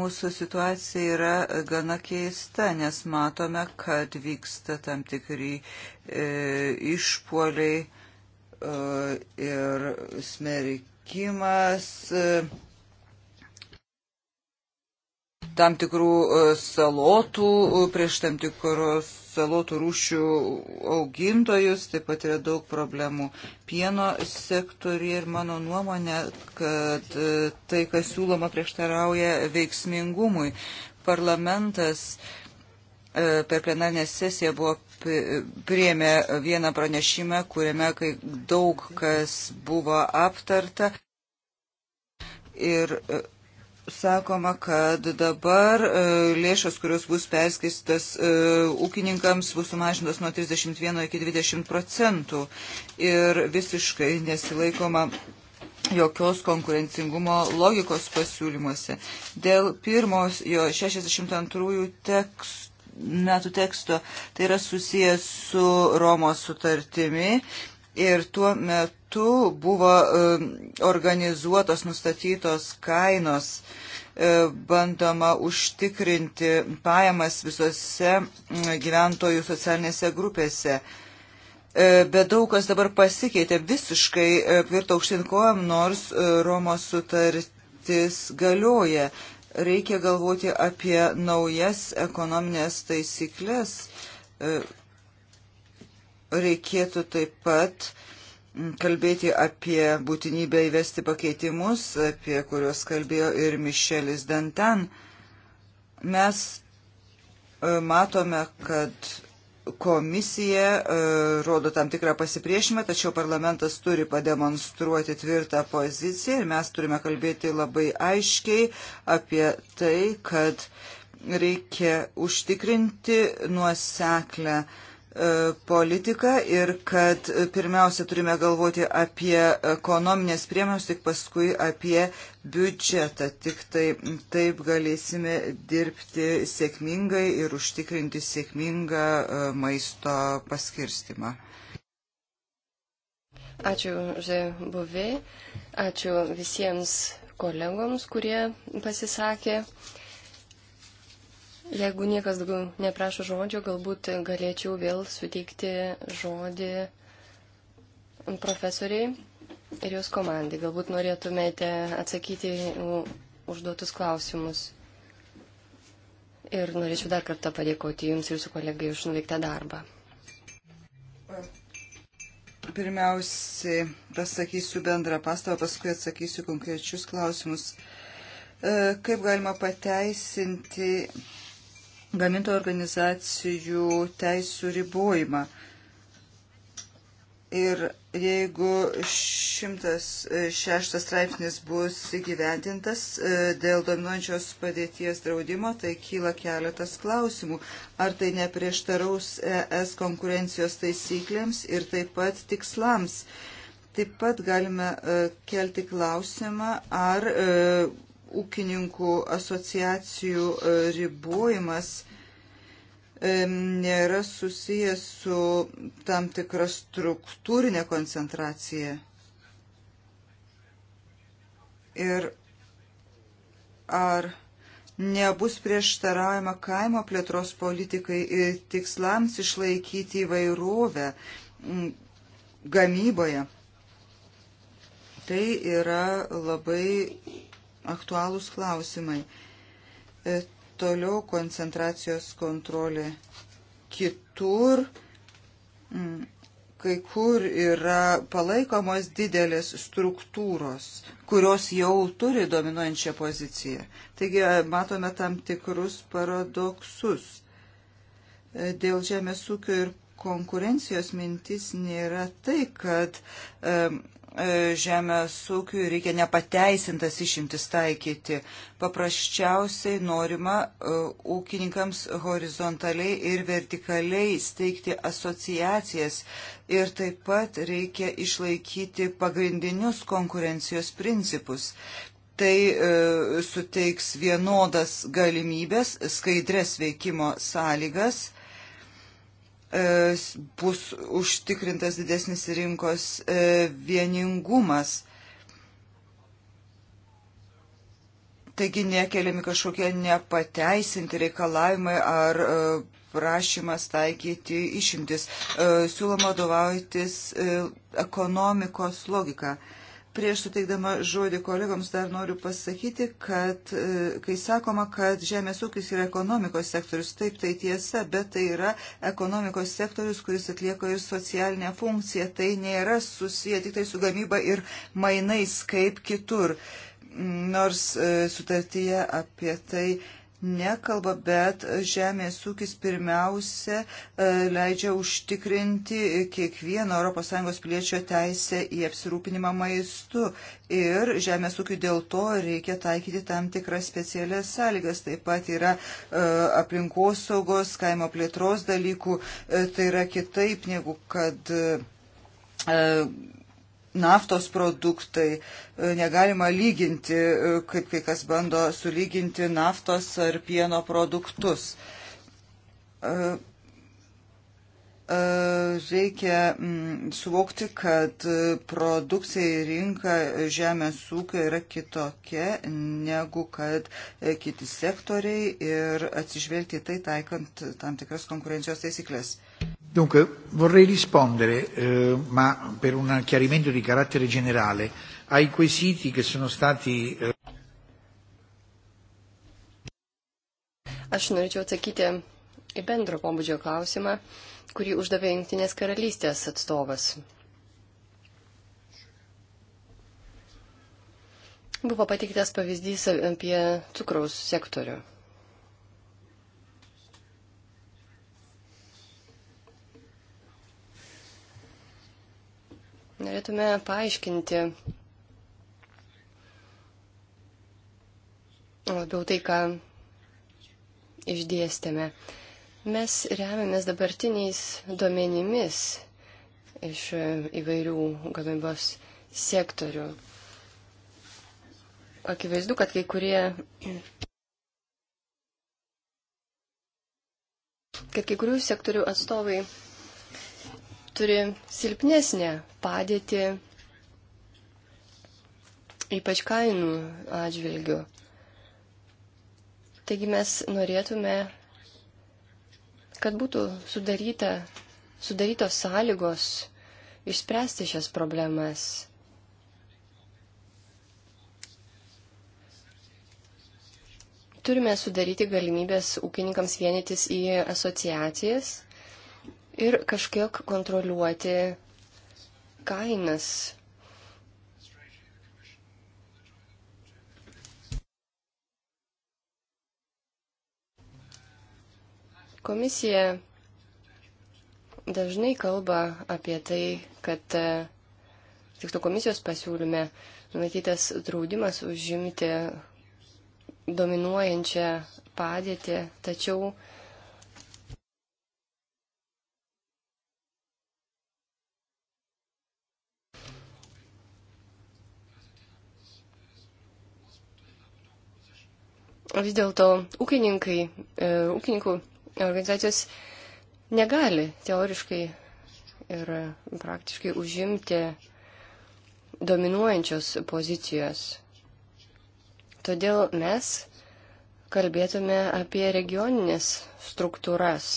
mūsų situacija yra gana keista, nes matome, kad vyksta tam tikri e, išpoliai E, ir smerkimas e, tam tikrų e, salotų, prieš tam tikrus salotų rūšių augintojus, taip pat yra daug problemų pieno sektoriuje ir mano nuomonė, kad tai, kas siūloma, prieštarauja veiksmingumui. Parlamentas uh, E, per plenarinę sesiją buvo priėmė vieną pranešimą, kuriame kai daug kas buvo aptarta. Ir e, sakoma, kad dabar e, lėšos, kurios bus perskistas ūkininkams, bus sumažintos nuo 31 iki 20 procentų ir visiškai nesilaikoma jokios konkurencingumo logikos pasiūlymuose. Dėl pirmos jo 62 tekstų metų teksto. Tai yra susijęs su Romos sutartimi ir tuo metu buvo organizuotos nustatytos kainos e, bandoma užtikrinti pajamas visose gyventojų socialinėse grupėse. E, bet daug kas dabar pasikeitė visiškai e, virto aukštinkojam, nors Romos sutartis galioja. Reikia galvoti apie naujas ekonominės taisyklės. E, reikėtų taip pat kalbėti apie būtinybę įvesti pakeitimus, apie kuriuos kalbėjo ir Mišelis Dantan. Mes e, matome, kad Komisija e, rodo tam tikrą pasipriešimą, tačiau parlamentas turi pademonstruoti tvirtą poziciją ir mes turime kalbėti labai aiškiai apie tai, kad reikia užtikrinti nuoseklę e, E, politiką ir kad pirmiausia turime galvoti apie ekonominės priemonės, tik paskui apie biudžetą. Tik tai, taip galėsime dirbti sėkmingai ir užtikrinti sėkmingą e, maisto paskirstimą. Ačiū Žebuvė, ačiū visiems kolegoms, kurie pasisakė. Jeigu niekas daugiau neprašo žodžio, galbūt galėčiau vėl suteikti žodį profesoriai ir jos komandai. Galbūt norėtumėte atsakyti užduotus klausimus. Ir norėčiau dar kartą padėkoti Jums ir su kolegai už nuveiktą darbą. Pirmiausiai pasakysiu bendrą pastabą, paskui atsakysiu konkrečius klausimus. E, kaip galima pateisinti gamintojų organizacijų teisų ribojimą. Ir jeigu 106 e, straipsnis bus įgyventintas e, dėl dominuojančios padėties draudimo, tai kyla keletas klausimų. Ar tai neprieštaraus ES konkurencijos taisyklėms ir taip pat tikslams? Taip pat galime e, kelti klausimą, ar ūkininkų asociacijų e, ribojimas e, nėra susijęs su tam tikra struktūrinė koncentracija. Ir ar nebus prieštaraujama kaimo plėtros politikai ir tikslams išlaikyti įvairovę gamyboje. Tai yra labai aktualūs klausimai. E, toliau koncentracijos kontrolė kitur. Mm, kai kur yra palaikomos didelės struktūros, kurios jau turi dominuojančią poziciją. Taigi e, matome tam tikrus paradoksus. E, dėl žemės ūkio ir konkurencijos mintis nėra tai, kad um, E, žemės ūkiui reikia nepateisintas išimtis taikyti. Paprasčiausiai norima e, ūkininkams horizontaliai ir vertikaliai steigti asociacijas ir taip pat reikia išlaikyti pagrindinius konkurencijos principus. Tai e, suteiks vienodas galimybės, skaidres veikimo sąlygas E, bus užtikrintas didesnis rinkos e, vieningumas. Taigi nekeliami kažkokie nepateisinti reikalavimai ar e, prašymas taikyti išimtis. Siūloma dovautis ekonomikos logiką. Prieš suteikdama žodį kolegoms dar noriu pasakyti, kad e, kai sakoma, kad žemės ūkis yra ekonomikos sektorius, taip tai tiesa, bet tai yra ekonomikos sektorius, kuris atlieka ir socialinę funkciją. Tai nėra susiję tik tai su gamyba ir mainais kaip kitur. Nors e, sutartyje apie tai nekalba, bet žemės ūkis pirmiausia e, leidžia užtikrinti kiekvieno ES piliečio teisę į apsirūpinimą maistu. Ir žemės ūkiu dėl to reikia taikyti tam tikras specialias sąlygas. Taip pat yra e, aplinkosaugos, kaimo plėtros dalykų. E, tai yra kitaip negu kad naftos produktai. E, negalima lyginti, e, kaip kai kas bando sulyginti naftos ar pieno produktus. E, reikia mm, suvokti, kad produkcija ir rinka žemės ūkio yra kitokia negu kad kiti sektoriai ir atsižvelgti tai taikant tam tikras konkurencijos taisyklės. Dunque vorrei rispondere, eh, ma per un chiarimento di carattere generale, ai quesiti che sono stati. Eh... Aš norėčiau atsakyti į bendro pobūdžio klausimą, kurį uždavė Junktinės karalystės atstovas. Buvo pateiktas pavyzdys apie cukraus sektorių. norėtume paaiškinti labiau tai, ką išdėstėme. Mes remiamės dabartiniais duomenimis iš įvairių gamybos sektorių. Akivaizdu, kad kai kurie. kad kai kurių sektorių atstovai turi silpnesnę padėtį, ypač kainų atžvilgių. Taigi mes norėtume, kad būtų sudaryta, sudarytos sąlygos išspręsti šias problemas. Turime sudaryti galimybės ūkininkams vienytis į asociacijas ir kažkiek kontroliuoti kainas. Komisija dažnai kalba apie tai, kad e, tiksliau komisijos pasiūlyme numatytas draudimas užimti dominuojančią padėtį, tačiau vis dėlto ūkininkai, e, ūkininkų organizacijos negali teoriškai ir praktiškai užimti dominuojančios pozicijos. Todėl mes kalbėtume apie regioninės struktūras,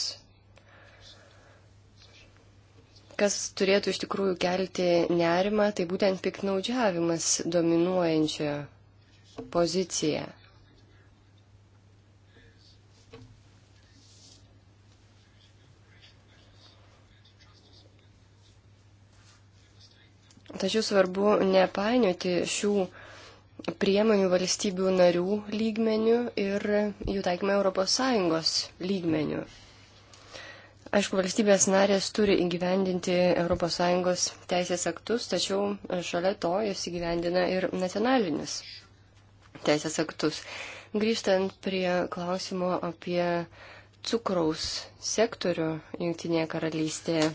kas turėtų iš tikrųjų kelti nerimą, tai būtent piknaudžiavimas dominuojančią poziciją. Tačiau svarbu nepainioti šių priemonių valstybių narių lygmenių ir jų taikymą ES lygmenių. Aišku, valstybės narės turi įgyvendinti ES teisės aktus, tačiau šalia to jos įgyvendina ir nacionalinius teisės aktus. Grįžtant prie klausimo apie cukraus sektorių Junktinėje karalystėje.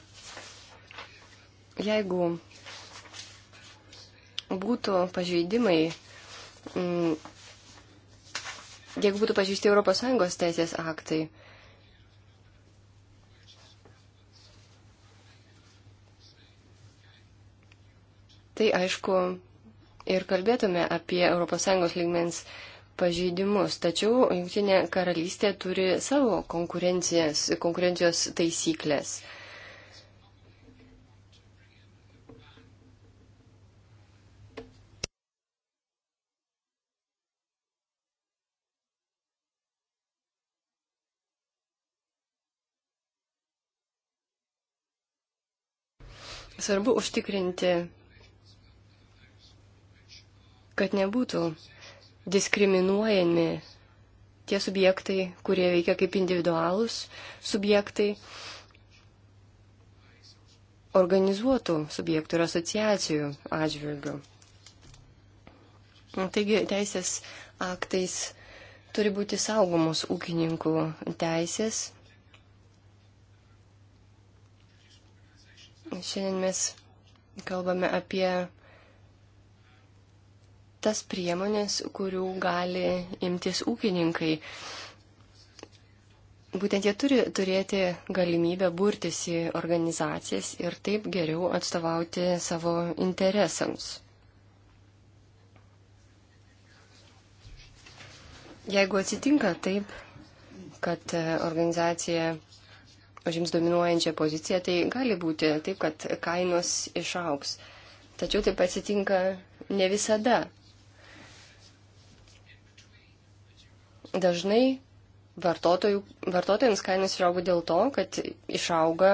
Jeigu būtų pažeidimai, mm, jeigu būtų pažeisti ES teisės aktai. Tai aišku, ir kalbėtume apie ES lygmens pažeidimus, tačiau Junktinė karalystė turi savo konkurencijos, konkurencijos taisyklės. Svarbu užtikrinti, kad nebūtų diskriminuojami tie subjektai, kurie veikia kaip individualūs subjektai, organizuotų subjektų ir asociacijų atžvilgių. Taigi teisės aktais turi būti saugomos ūkininkų teisės Šiandien mes kalbame apie tas priemonės, kurių gali imtis ūkininkai. Būtent jie turi turėti galimybę burtis į organizacijas ir taip geriau atstovauti savo interesams. Jeigu atsitinka taip, kad organizacija užims dominuojančią poziciją, tai gali būti taip, kad kainos išauks. Tačiau taip atsitinka ne visada. Dažnai vartotojams kainos išauga dėl to, kad išauga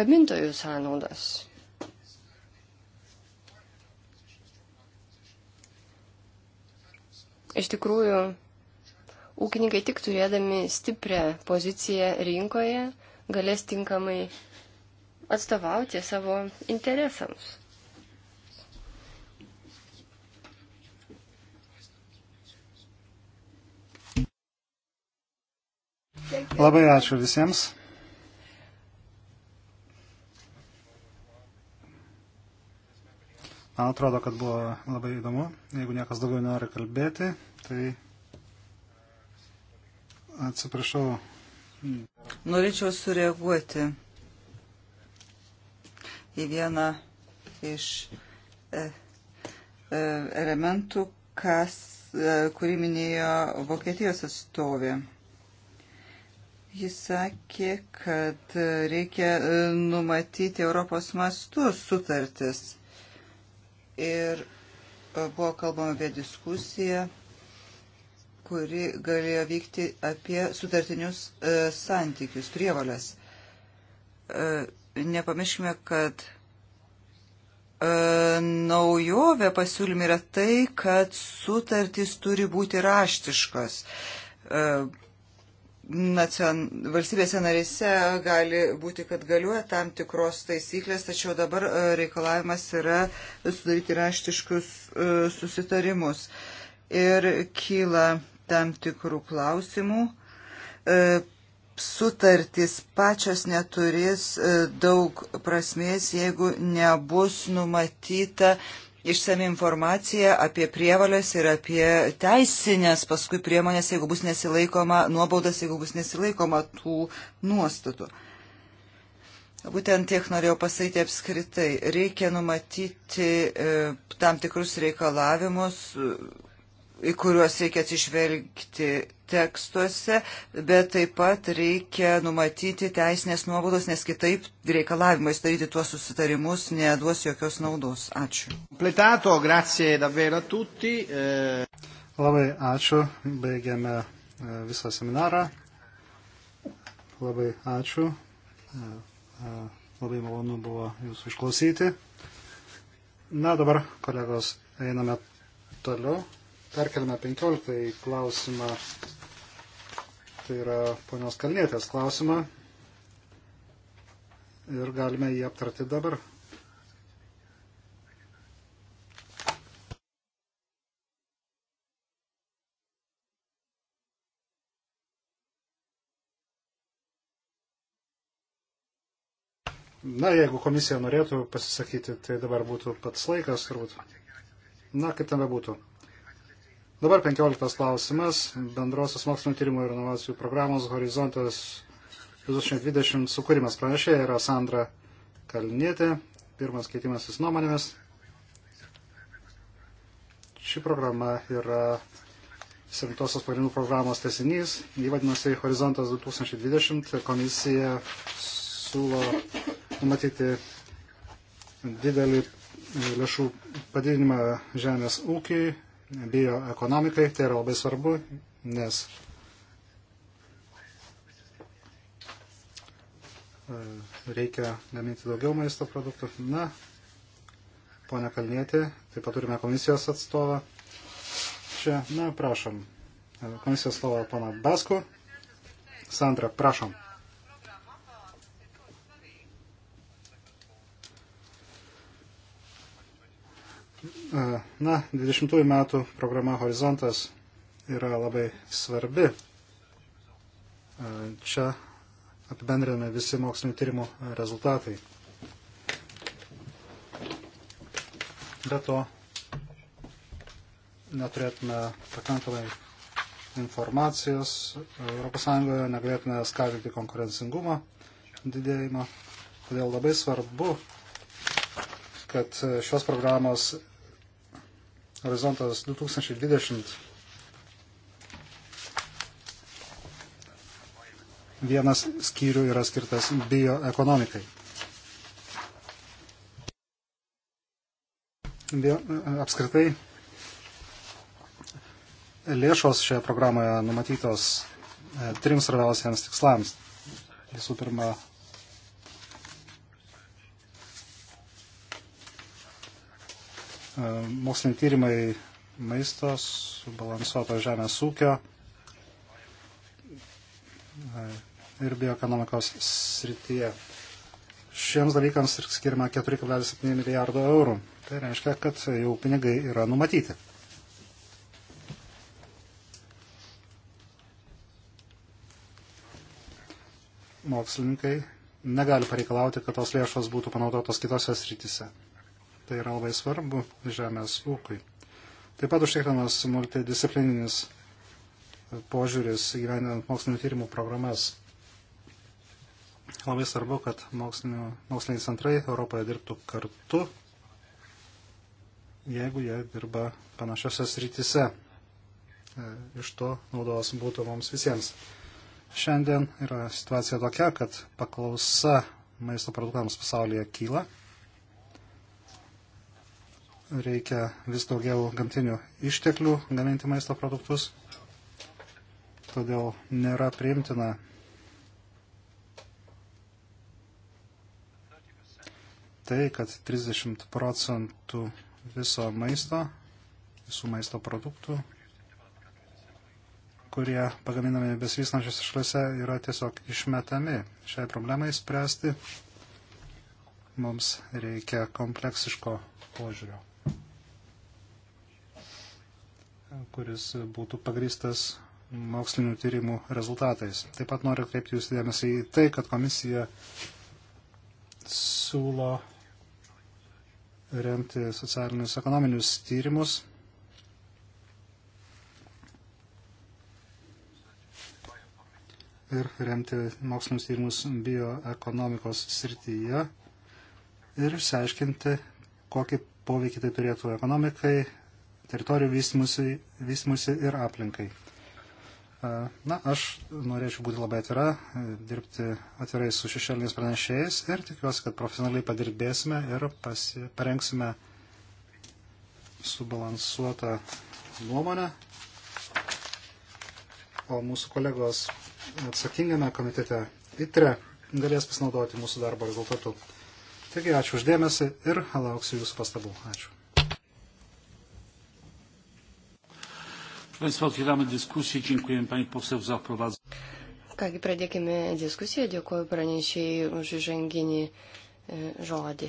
gamintojų sąnaudas. Iš tikrųjų, Ūkininkai tik turėdami stiprią poziciją rinkoje galės tinkamai atstovauti savo interesams. Labai ačiū visiems. Man atrodo, kad buvo labai įdomu. Jeigu niekas daugiau nori kalbėti, tai Atsiprašau. Norėčiau sureaguoti į vieną iš e, e, elementų, kas, e, kurį minėjo Vokietijos atstovė. Jis sakė, kad reikia numatyti Europos mastų sutartis. Ir buvo kalbama apie diskusiją kuri galėjo vykti apie sutartinius e, santykius, prievalės. E, nepamirškime, kad e, naujovė pasiūlymė yra tai, kad sutartys turi būti raštiškos. E, nacion, valstybėse narėse gali būti, kad galiuoja tam tikros taisyklės, tačiau dabar e, reikalavimas yra sudaryti raštiškus e, susitarimus. Ir kyla tam tikrų klausimų. E, sutartys pačios neturės e, daug prasmės, jeigu nebus numatyta išsami informacija apie prievalės ir apie teisinės paskui priemonės, jeigu bus nesilaikoma nuobaudas, jeigu bus nesilaikoma tų nuostatų. Būtent tiek norėjau pasakyti apskritai. Reikia numatyti e, tam tikrus reikalavimus, į kuriuos reikia atsižvelgti tekstuose, bet taip pat reikia numatyti teisinės nuobodos, nes kitaip reikalavimai sudaryti tuos susitarimus neduos jokios naudos. Ačiū. Pletato, grazie davvero tutti. E... Labai ačiū, baigiame eh, visą seminarą. Labai ačiū. Eh, labai malonu buvo jūsų išklausyti. Na dabar, kolegos, einame toliau perkeliame 15 klausimą, tai yra ponios Kalnėtės klausimą ir galime jį aptarti dabar. Na, jeigu komisija norėtų pasisakyti, tai dabar būtų pats laikas, turbūt. Na, kaip tame būtų. Dabar 15 klausimas. Bendrosios mokslinio tyrimų ir inovacijų programos Horizontas 2020 sukūrimas pranešė yra Sandra Kalnietė. Pirmas keitimasis nuomonėmis. Ši programa yra 7 pagrindų programos tesinys. Jį vadinasi Horizontas 2020. Komisija siūlo numatyti didelį lėšų padidinimą žemės ūkiai bioekonomikai. Tai yra labai svarbu, nes e, reikia gaminti daugiau maisto produktų. Na, ponia Kalnėti, taip pat turime komisijos atstovą. Čia, na, prašom. Komisijos atstovą pana Basku. Sandra, prašom. E, na, 20 metų programa Horizontas yra labai svarbi. E, čia apibendrinami visi mokslinio tyrimų rezultatai. Be to, neturėtume pakankamai informacijos ES, negalėtume skatinti konkurencingumą didėjimą. Todėl labai svarbu, kad šios programos Horizontas 2020 vienas skyrių yra skirtas bioekonomikai. Bio, apskritai lėšos šioje programoje numatytos e, trims svarbiausiems tikslams. Visų pirma, E, moksliniai tyrimai maistos, subalansuoto žemės ūkio e, ir bioekonomikos srityje. Šiems dalykams ir skirima 4,7 milijardo eurų. Tai reiškia, kad jau pinigai yra numatyti. Mokslininkai negali pareikalauti, kad tos lėšos būtų panaudotos kitose srityse. Tai yra labai svarbu žemės ūkui. Taip pat užtikrinamas multidisciplininis požiūris gyvenant mokslinio tyrimų programas. Labai svarbu, kad moksliniai centrai Europoje dirbtų kartu, jeigu jie dirba panašiose srityse. E, iš to naudos būtų mums visiems. Šiandien yra situacija tokia, kad paklausa maisto produktams pasaulyje kyla reikia vis daugiau gamtinių išteklių gaminti maisto produktus, todėl nėra priimtina 30 tai, kad 30 procentų viso maisto, visų maisto produktų, kurie pagaminami besivystančiose šalise, yra tiesiog išmetami. Šiai problemai spręsti mums reikia kompleksiško požiūrio kuris būtų pagristas mokslinių tyrimų rezultatais. Taip pat noriu kreipti jūsų dėmesį į tai, kad komisija siūlo remti socialinius ekonominius tyrimus. Ir remti mokslinius tyrimus bioekonomikos srityje ir išsiaiškinti, kokį poveikį tai turėtų ekonomikai, teritorijų vystimusi, vystimusi ir aplinkai. E, na, aš norėčiau būti labai atvira, e, dirbti atvirai su šešėliniais pranešėjais ir tikiuosi, kad profesionaliai padirbėsime ir pasi, parengsime subalansuotą nuomonę. O mūsų kolegos atsakingame komitete ITRE galės pasinaudoti mūsų darbo rezultatų. Taigi, ačiū uždėmesi ir lauksiu jūsų pastabų. Ačiū. Państwa, otwieramy dyskusję. Dziękujemy Pani Poseł za wprowadzenie. Kągi, pradėkime diskusiją. Dėkuoju pranešėjai už įžanginį žodį.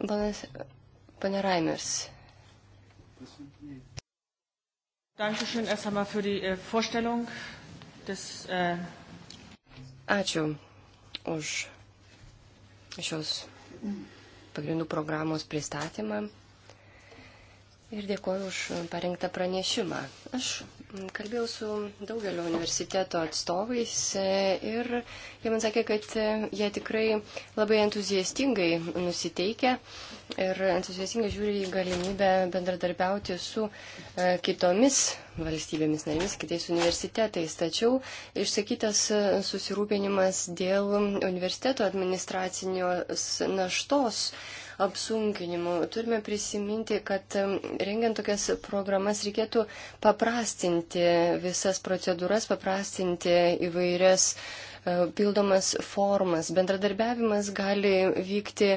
E, Panas, pane Raimers. Dankeschön erst einmal für die äh, Vorstellung des. Äh, Ačiū už šios pagrindų programos pristatymą ir dėkoju už parengtą pranešimą. Aš kalbėjau su daugelio universiteto atstovais e, ir jie man sakė, kad e, jie tikrai labai entuziastingai nusiteikia ir entuziastingai žiūri į galimybę bendradarbiauti su e, kitomis valstybėmis narėmis, kitais universitetais. Tačiau išsakytas susirūpinimas dėl universiteto administracinės naštos apsunkinimų. Turime prisiminti, kad rengiant tokias programas reikėtų paprastinti visas procedūras, paprastinti įvairias e, pildomas formas. Bendradarbiavimas gali vykti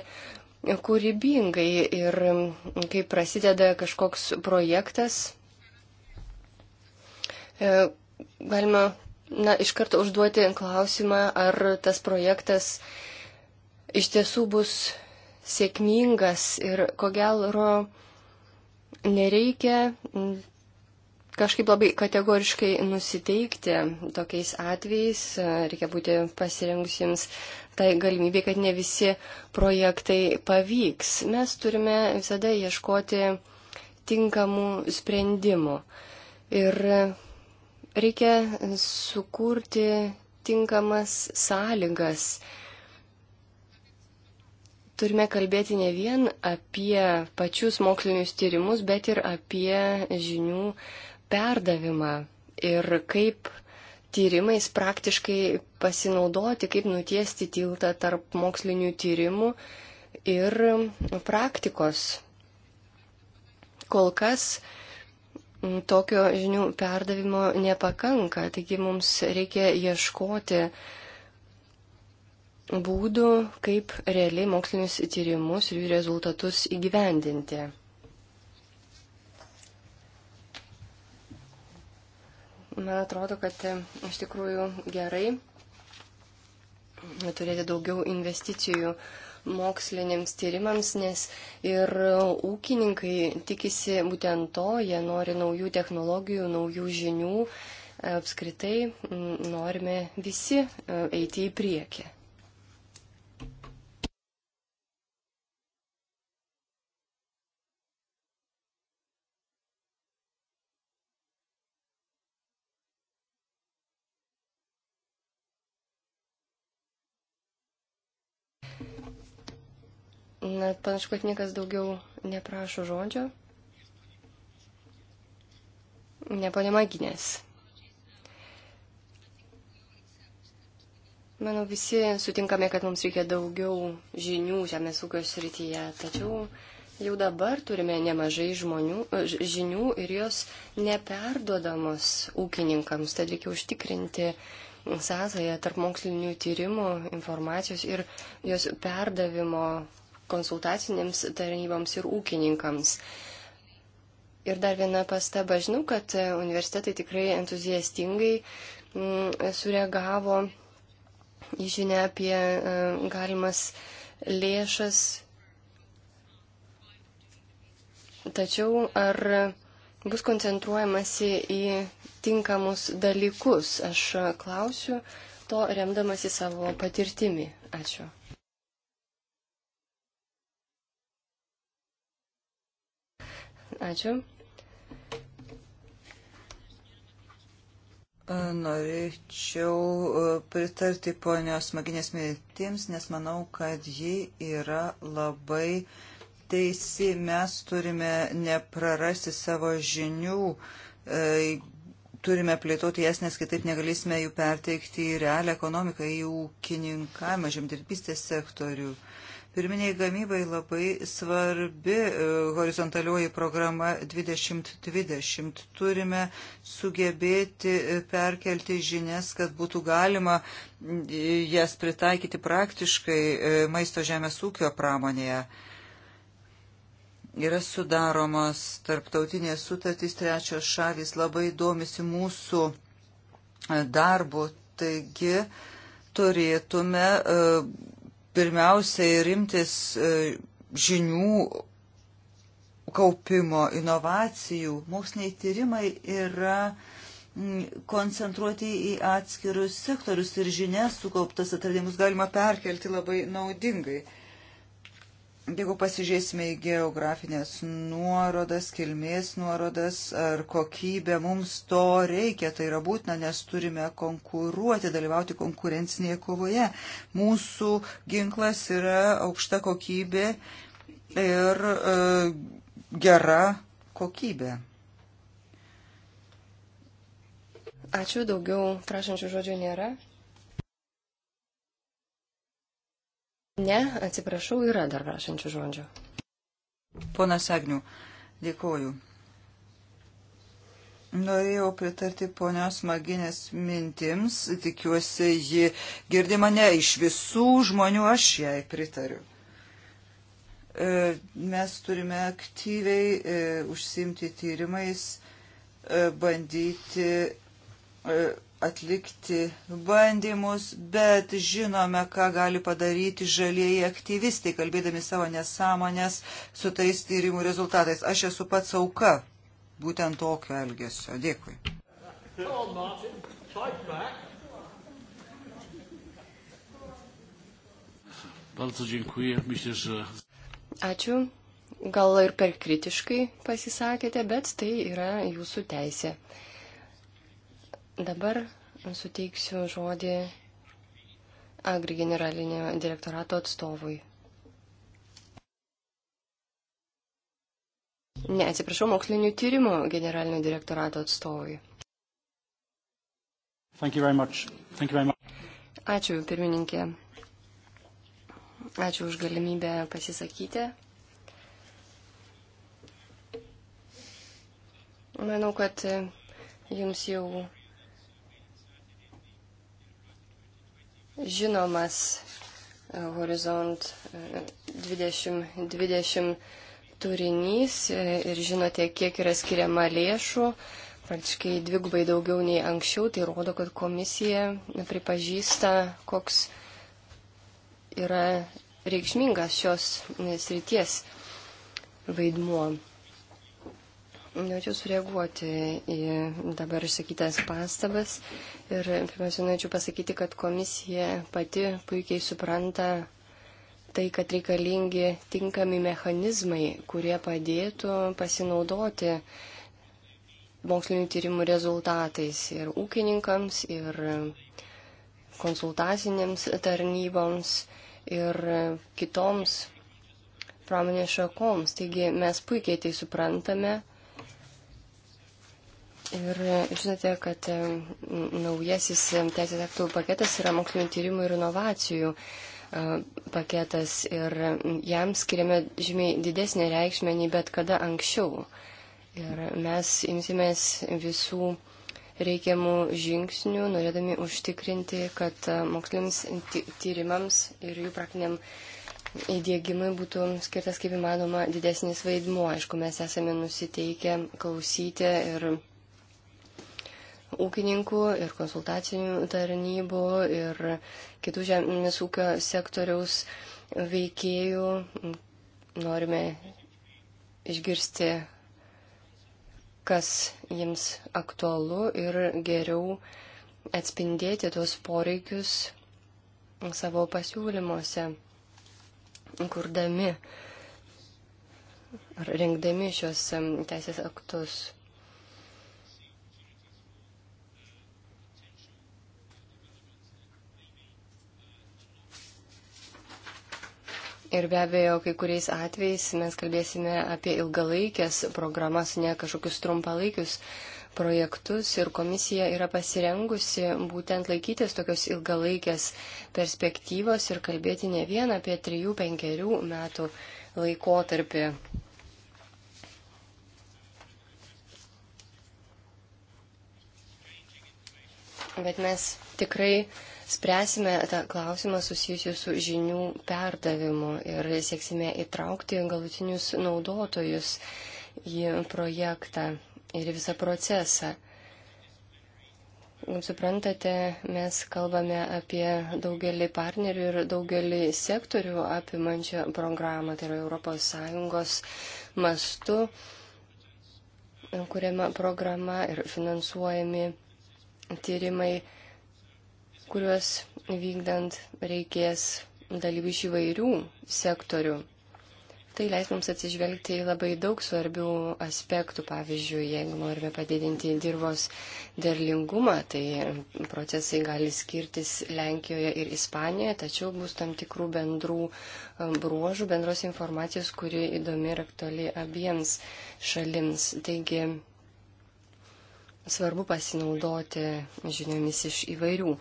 kūrybingai ir kai prasideda kažkoks projektas, e, galima na, iš karto užduoti klausimą, ar tas projektas iš tiesų bus sėkmingas ir ko gero nereikia kažkaip labai kategoriškai nusiteikti tokiais atvejais. Reikia būti pasirengusiems tai galimybė, kad ne visi projektai pavyks. Mes turime visada ieškoti tinkamų sprendimų. Ir reikia sukurti tinkamas sąlygas turime kalbėti ne vien apie pačius mokslinius tyrimus, bet ir apie žinių perdavimą ir kaip tyrimais praktiškai pasinaudoti, kaip nutiesti tiltą tarp mokslinių tyrimų ir praktikos. Kol kas tokio žinių perdavimo nepakanka, taigi mums reikia ieškoti būdų, kaip realiai mokslinius tyrimus ir jų rezultatus įgyvendinti. Man atrodo, kad e, iš tikrųjų gerai turėti daugiau investicijų moksliniams tyrimams, nes ir ūkininkai tikisi būtent to, jie nori naujų technologijų, naujų žinių, apskritai norime visi e, eiti į priekį. Na, panašu, kad niekas daugiau neprašo žodžio. Neponė Maginės. Manau, visi sutinkame, kad mums reikia daugiau žinių žemės ūkio srityje, tačiau jau dabar turime nemažai žmonių, žinių ir jos neperduodamos ūkininkams. Tad reikia užtikrinti sąsąją tarp mokslinių tyrimų, informacijos ir jos perdavimo konsultacinėms tarnyboms ir ūkininkams. Ir dar viena pastaba. Žinau, kad universitetai tikrai entuziastingai mm, sureagavo į žinę apie e, galimas lėšas. Tačiau ar bus koncentruojamasi į tinkamus dalykus? Aš klausiu to remdamasi savo patirtimi. Ačiū. Ačiū. Norėčiau pritarti ponios maginės mintims, nes manau, kad ji yra labai teisi. Mes turime neprarasti savo žinių, turime plėtoti jas, nes kitaip negalėsime jų perteikti į realią ekonomiką, į ūkininkavimą, žemdirbystės sektorių. Pirminiai gamybai labai svarbi e, horizontalioji programa 2020. Turime sugebėti e, perkelti žinias, kad būtų galima jas pritaikyti praktiškai e, maisto žemės ūkio pramonėje yra sudaromos tarptautinės sutartys, trečios šalys labai domisi mūsų darbu, taigi turėtume pirmiausiai rimtis e, žinių kaupimo, inovacijų. Moksliniai tyrimai yra koncentruoti į atskirus sektorius ir žinias sukauptas atradimus galima perkelti labai naudingai. Jeigu pasižiūrėsime į geografinės nuorodas, kilmės nuorodas ar kokybę, mums to reikia, tai yra būtina, nes turime konkuruoti, dalyvauti konkurencinėje kovoje. Mūsų ginklas yra aukšta kokybė ir e, gera kokybė. Ačiū, daugiau prašančių žodžių nėra. Ne, atsiprašau, yra dar prašančių žodžių. Ponas Agnių, dėkoju. Norėjau pritarti ponios Maginės mintims, tikiuosi, ji girdi mane iš visų žmonių, aš jai pritariu. E, mes turime aktyviai e, užsimti tyrimais, e, bandyti atlikti bandymus, bet žinome, ką gali padaryti žalieji aktyvistai, kalbėdami savo nesąmonės su tais tyrimų rezultatais. Aš esu pats auka būtent tokio elgesio. Dėkui. Ačiū. Gal ir per kritiškai pasisakėte, bet tai yra jūsų teisė. Dabar suteiksiu žodį Agri generalinio direktorato atstovui. Ne, atsiprašau, mokslinių tyrimų generalinio direktorato atstovui. Thank you very much. Thank you very much. Ačiū, pirmininkė. Ačiū už galimybę pasisakyti. Manau, kad jums jau žinomas e, Horizont 2020 e, turinys e, ir žinote, kiek yra skiriama lėšų, praktiškai dvigubai daugiau nei anksčiau, tai rodo, kad komisija pripažįsta, koks yra reikšmingas šios srities vaidmuo. Norėčiau sureaguoti į dabar išsakytas pastabas ir pirmiausia, norėčiau pasakyti, kad komisija pati puikiai supranta tai, kad reikalingi tinkami mechanizmai, kurie padėtų pasinaudoti mokslinių tyrimų rezultatais ir ūkininkams, ir konsultacinėms tarnyboms, ir kitoms pramonės šakoms. Taigi mes puikiai tai suprantame Ir žinote, kad e, naujasis teisės aktų paketas yra mokslinio tyrimų ir inovacijų e, paketas ir jam skiriame žymiai didesnį reikšmę nei bet kada anksčiau. Ir mes imsimės visų reikiamų žingsnių, norėdami užtikrinti, kad e, moksliniams tyrimams ir jų praktiniam įdėgymui būtų skirtas kaip įmanoma didesnis vaidmuo. Aišku, mes esame nusiteikę klausyti ir ūkininkų ir konsultacinių tarnybų ir kitų žemės ūkio sektoriaus veikėjų. Norime išgirsti, kas jiems aktualu ir geriau atspindėti tuos poreikius savo pasiūlymuose, kurdami ar rengdami šios teisės aktus. Ir be abejo, kai kuriais atvejais mes kalbėsime apie ilgalaikės programas, ne kažkokius trumpalaikius projektus ir komisija yra pasirengusi būtent laikytis tokios ilgalaikės perspektyvos ir kalbėti ne vieną apie 3-5 metų laikotarpį. Bet mes tikrai spręsime tą klausimą susijusiu su žinių perdavimu ir sieksime įtraukti galutinius naudotojus į projektą ir visą procesą. Kaip suprantate, mes kalbame apie daugelį partnerių ir daugelį sektorių apimančią programą, tai yra ES mastu kuriama programa ir finansuojami tyrimai kuriuos vykdant reikės dalyvių iš įvairių sektorių. Tai leis mums atsižvelgti į labai daug svarbių aspektų. Pavyzdžiui, jeigu norime padidinti dirbos derlingumą, tai procesai gali skirtis Lenkijoje ir Ispanijoje, tačiau bus tam tikrų bendrų um, bruožų, bendros informacijos, kuri įdomi ir aktuali abiems šalims. Taigi, svarbu pasinaudoti žiniomis iš įvairių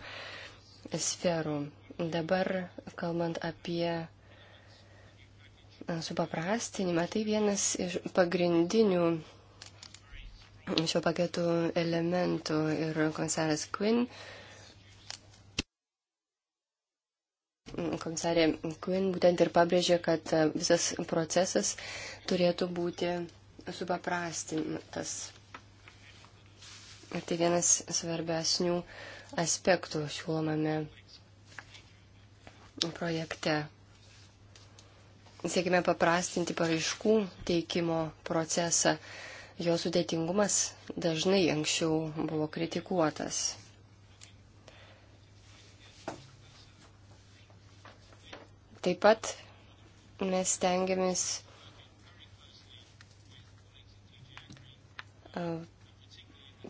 sferų. Dabar, kalbant apie e, supaprastinimą, tai vienas iš pagrindinių šio paketų elementų ir komisaras Quinn. Komisarė Quinn būtent ir pabrėžė, kad e, visas procesas turėtų būti supaprastintas. Tai vienas svarbesnių uh, aspektų siūlomame projekte. Siekime paprastinti paraiškų teikimo procesą. Jo sudėtingumas dažnai anksčiau buvo kritikuotas. Taip pat mes tengiamės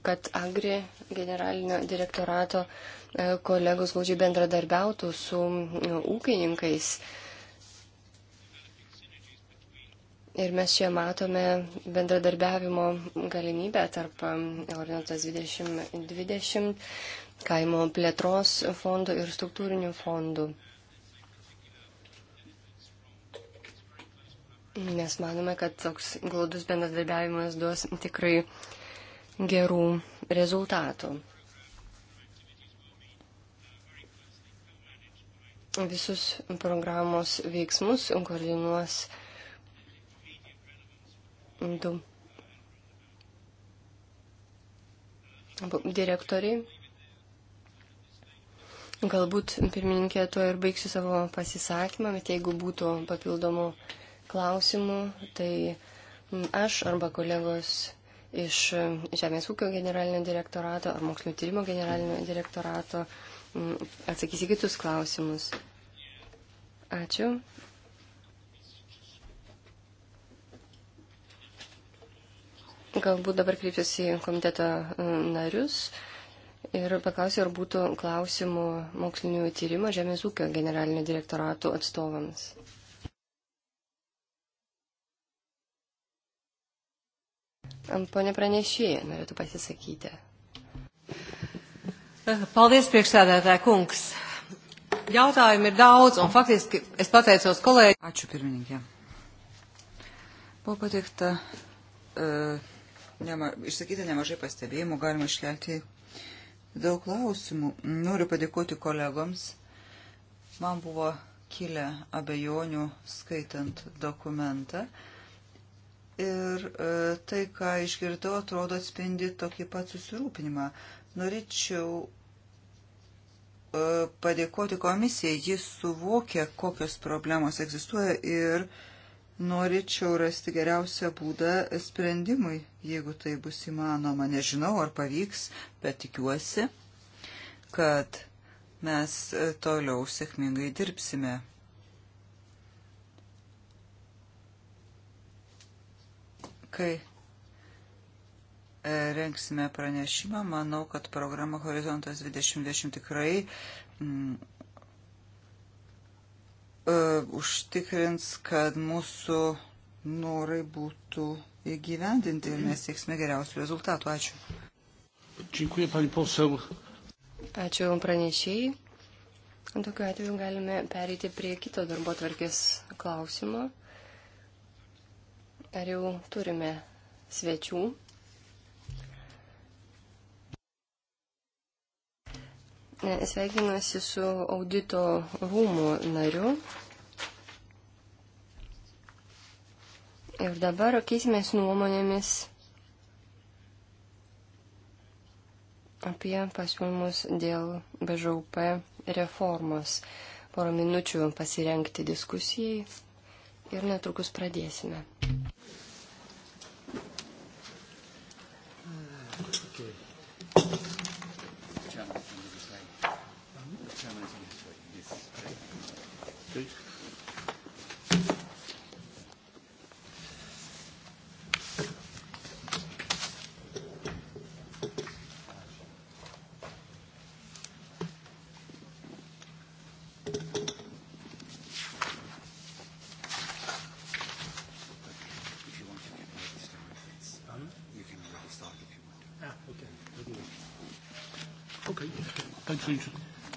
kad Agri generalinio direktorato e, kolegos glaudžiai bendradarbiautų su e, ūkininkais. Ir mes čia matome bendradarbiavimo galimybę tarp e, Horizontas 2020, kaimo plėtros fondų ir struktūrinių fondų. Mes manome, kad toks glaudus bendradarbiavimas duos tikrai uh, gerų rezultatų. Visus programos veiksmus koordinuos du direktoriai. Galbūt pirmininkė tuo ir baigsiu savo pasisakymą, bet jeigu būtų papildomų klausimų, tai aš arba kolegos iš Žemės ūkio generalinio direktorato ar mokslinio tyrimo generalinio direktorato mm, atsakys į kitus klausimus. Ačiū. Galbūt dabar kreipsiuosi į komiteto mm, narius ir paklausiu, ar būtų klausimų mokslinio tyrimo Žemės ūkio generalinio direktorato atstovams. Pone pranešėja, norėtų pasisakyti. Paldies, priekšsēdētāja kungs. Jautājumi ir daudz, un faktiski es pateicos kolēģiem. Ačiū, pirmininkė. Buvo pateikta, e, nema, išsakyta nemažai pastebėjimų, galima iškelti daug klausimų. Noriu padėkoti kolegoms. Man buvo kilę abejonių skaitant dokumentą. E, Ir e, tai, ką išgirdau, atrodo atspindi tokį pat susirūpinimą. Norėčiau e, padėkoti komisijai, jis suvokia, kokios problemos egzistuoja ir norėčiau rasti geriausią būdą sprendimui, jeigu tai bus įmanoma. Nežinau, ar pavyks, bet tikiuosi, kad mes e, toliau sėkmingai dirbsime. Kai e, rengsime pranešimą, manau, kad programa Horizontas 2020 tikrai mm, e, užtikrins, kad mūsų norai būtų įgyvendinti ir mes sieksime geriausių rezultatų. Ačiū. Dziękuję, pani poseł. Ačiū pranešėjai. Tokiu atveju galime pereiti prie kito darbo tvarkės klausimo. Ar jau turime svečių? Sveikinuosi su audito rūmų nariu. Ir dabar keisimės nuomonėmis apie pasiūlymus dėl BŽUP reformos. Porą minučių pasirenkti diskusijai ir netrukus pradėsime.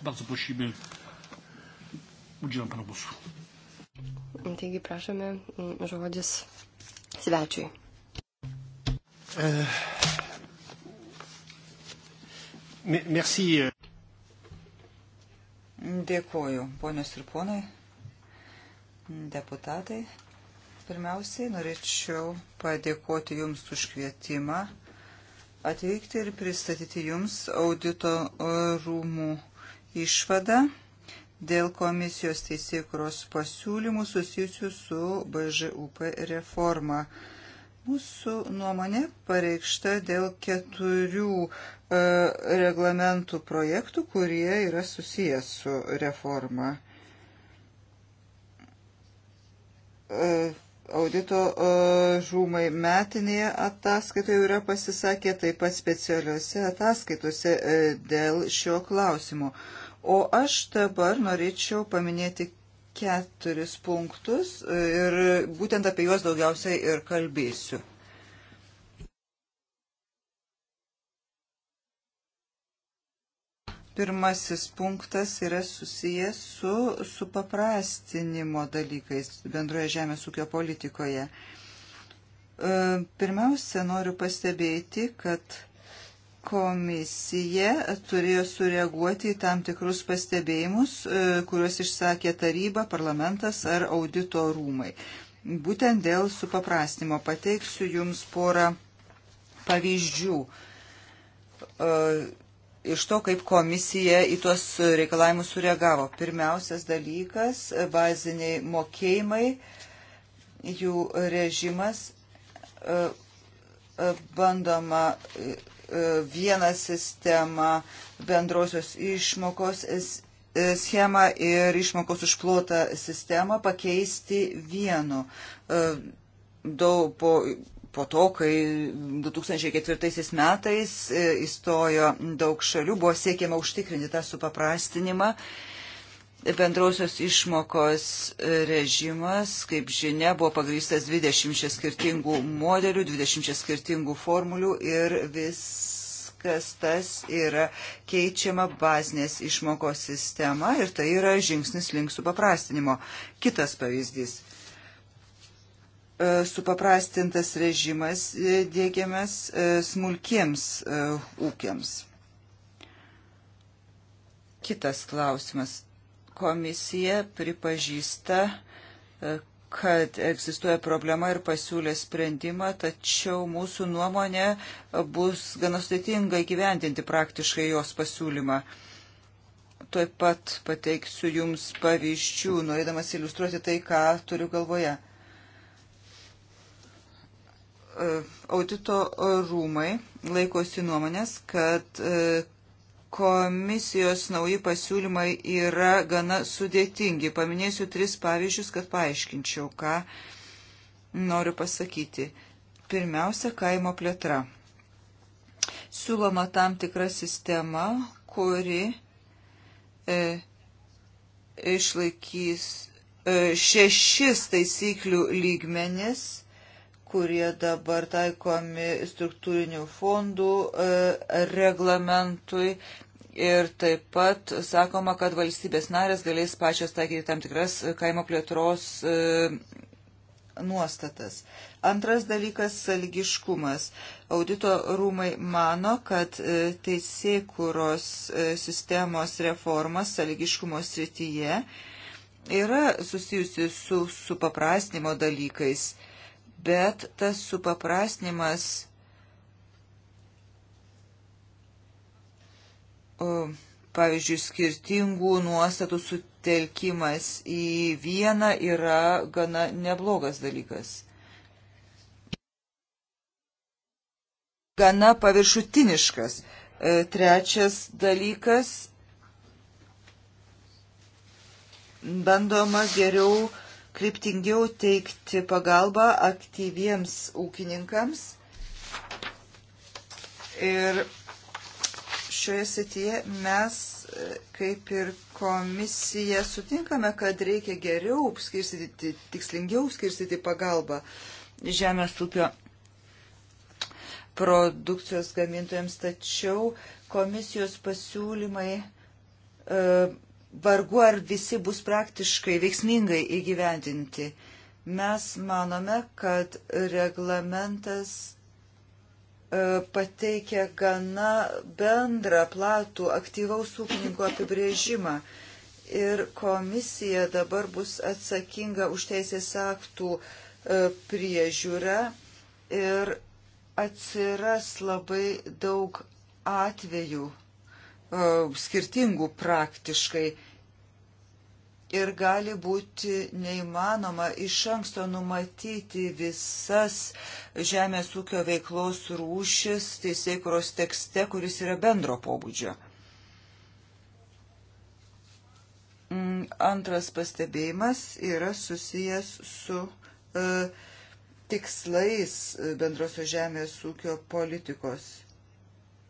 Bardzo prosimy, udzielam panu głosu. Taigi prašome žodis svečiui. Eh, merci. Eh. Dėkuoju, ponios ir ponai, deputatai. Pirmiausiai norėčiau padėkoti Jums už kvietimą atvykti ir pristatyti Jums audito eh, rūmų išvadą dėl komisijos teisėkros pasiūlymų susijusių su BŽUP reforma. Mūsų nuomonė pareikšta dėl keturių e, reglamentų projektų, kurie yra susijęs su reforma. E, audito žūmai e, metinėje ataskaitoje yra pasisakę taip pat specialiuose ataskaitose e, dėl šio klausimo. O aš dabar norėčiau paminėti keturis punktus e, ir būtent apie juos daugiausiai ir kalbėsiu. Pirmasis punktas yra susijęs su supaprastinimo dalykais bendroje žemės ūkio politikoje. E, pirmiausia, noriu pastebėti, kad komisija turėjo sureaguoti į tam tikrus pastebėjimus, e, kuriuos išsakė taryba, parlamentas ar audito rūmai. Būtent dėl supaprastimo pateiksiu Jums porą pavyzdžių e, iš to, kaip komisija į tuos reikalavimus sureagavo. Pirmiausias dalykas - baziniai mokėjimai, jų režimas e, e, bandoma e, vieną sistemą bendrosios išmokos schemą ir išmokos užplotą sistemą pakeisti vienu daug po po to, kai 2004 metais e, įstojo daug šalių, buvo siekiama užtikrinti tą supaprastinimą. Bendrausios išmokos režimas, kaip žinia, buvo pagrįstas 20 skirtingų modelių, 20 skirtingų formulių ir viskas tas yra keičiama bazinės išmokos sistema ir tai yra žingsnis link supaprastinimo. Kitas pavyzdys E, supaprastintas režimas e, dėgiamas e, smulkiems ūkiams. Kitas klausimas. Komisija pripažįsta, kad egzistuoja problema ir pasiūlė sprendimą, tačiau mūsų nuomonė bus gana sudėtinga įgyvendinti praktiškai jos pasiūlymą. Tuoj pat pateiksiu Jums pavyzdžių, norėdamas iliustruoti tai, ką turiu galvoje E, audito rūmai laikosi nuomonės, kad e, komisijos nauji pasiūlymai yra gana sudėtingi. Paminėsiu tris pavyzdžius, kad paaiškinčiau, ką noriu pasakyti. Pirmiausia, kaimo plėtra. Siūloma tam tikra sistema, kuri e, išlaikys e, šešis taisyklių lygmenis kurie dabar taikomi struktūrinių fondų e, reglamentui. Ir taip pat sakoma, kad valstybės narės galės pačios taikyti tam tikras kaimo plėtros e, nuostatas. Antras dalykas - saligiškumas. Audito rūmai mano, kad e, teisėkūros sistemos reformas saligiškumo srityje yra susijusi su supaprastinimo dalykais bet tas supaprasnimas pavyzdžiui, skirtingų nuostatų sutelkimas į vieną yra gana neblogas dalykas. Gana paviršutiniškas. E, trečias dalykas bandoma geriau kryptingiau teikti pagalbą aktyviems ūkininkams. Ir šioje srityje mes, e, kaip ir komisija, sutinkame, kad reikia geriau skirstyti, tikslingiau skirstyti pagalbą žemės ūkio produkcijos gamintojams, tačiau komisijos pasiūlymai e, vargu ar visi bus praktiškai veiksmingai įgyvendinti. Mes manome, kad reglamentas e, pateikia gana bendrą platų aktyvaus ūkininko apibrėžimą. Ir komisija dabar bus atsakinga už teisės aktų e, priežiūrą ir atsiras labai daug atvejų E, skirtingų praktiškai ir gali būti neįmanoma iš anksto numatyti visas žemės ūkio veiklos rūšis teisėkuros tekste, kuris yra bendro pobūdžio. Mm, antras pastebėjimas yra susijęs su e, tikslais bendrosios žemės ūkio politikos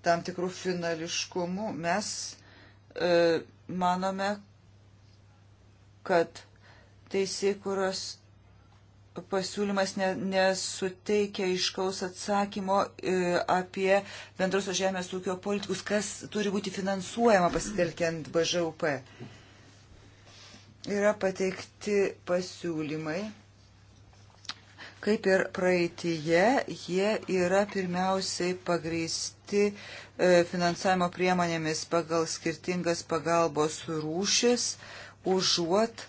tam tikrų finališkumų. Mes e, manome, kad teisėkuros pasiūlymas ne, nesuteikia iškaus atsakymo e, apie bendrosios žemės ūkio politikus, kas turi būti finansuojama pasitelkiant BŽUP. Yra pateikti pasiūlymai Kaip ir praeitįje, jie yra pirmiausiai pagrįsti e, finansavimo priemonėmis pagal skirtingas pagalbos rūšis, užuot e,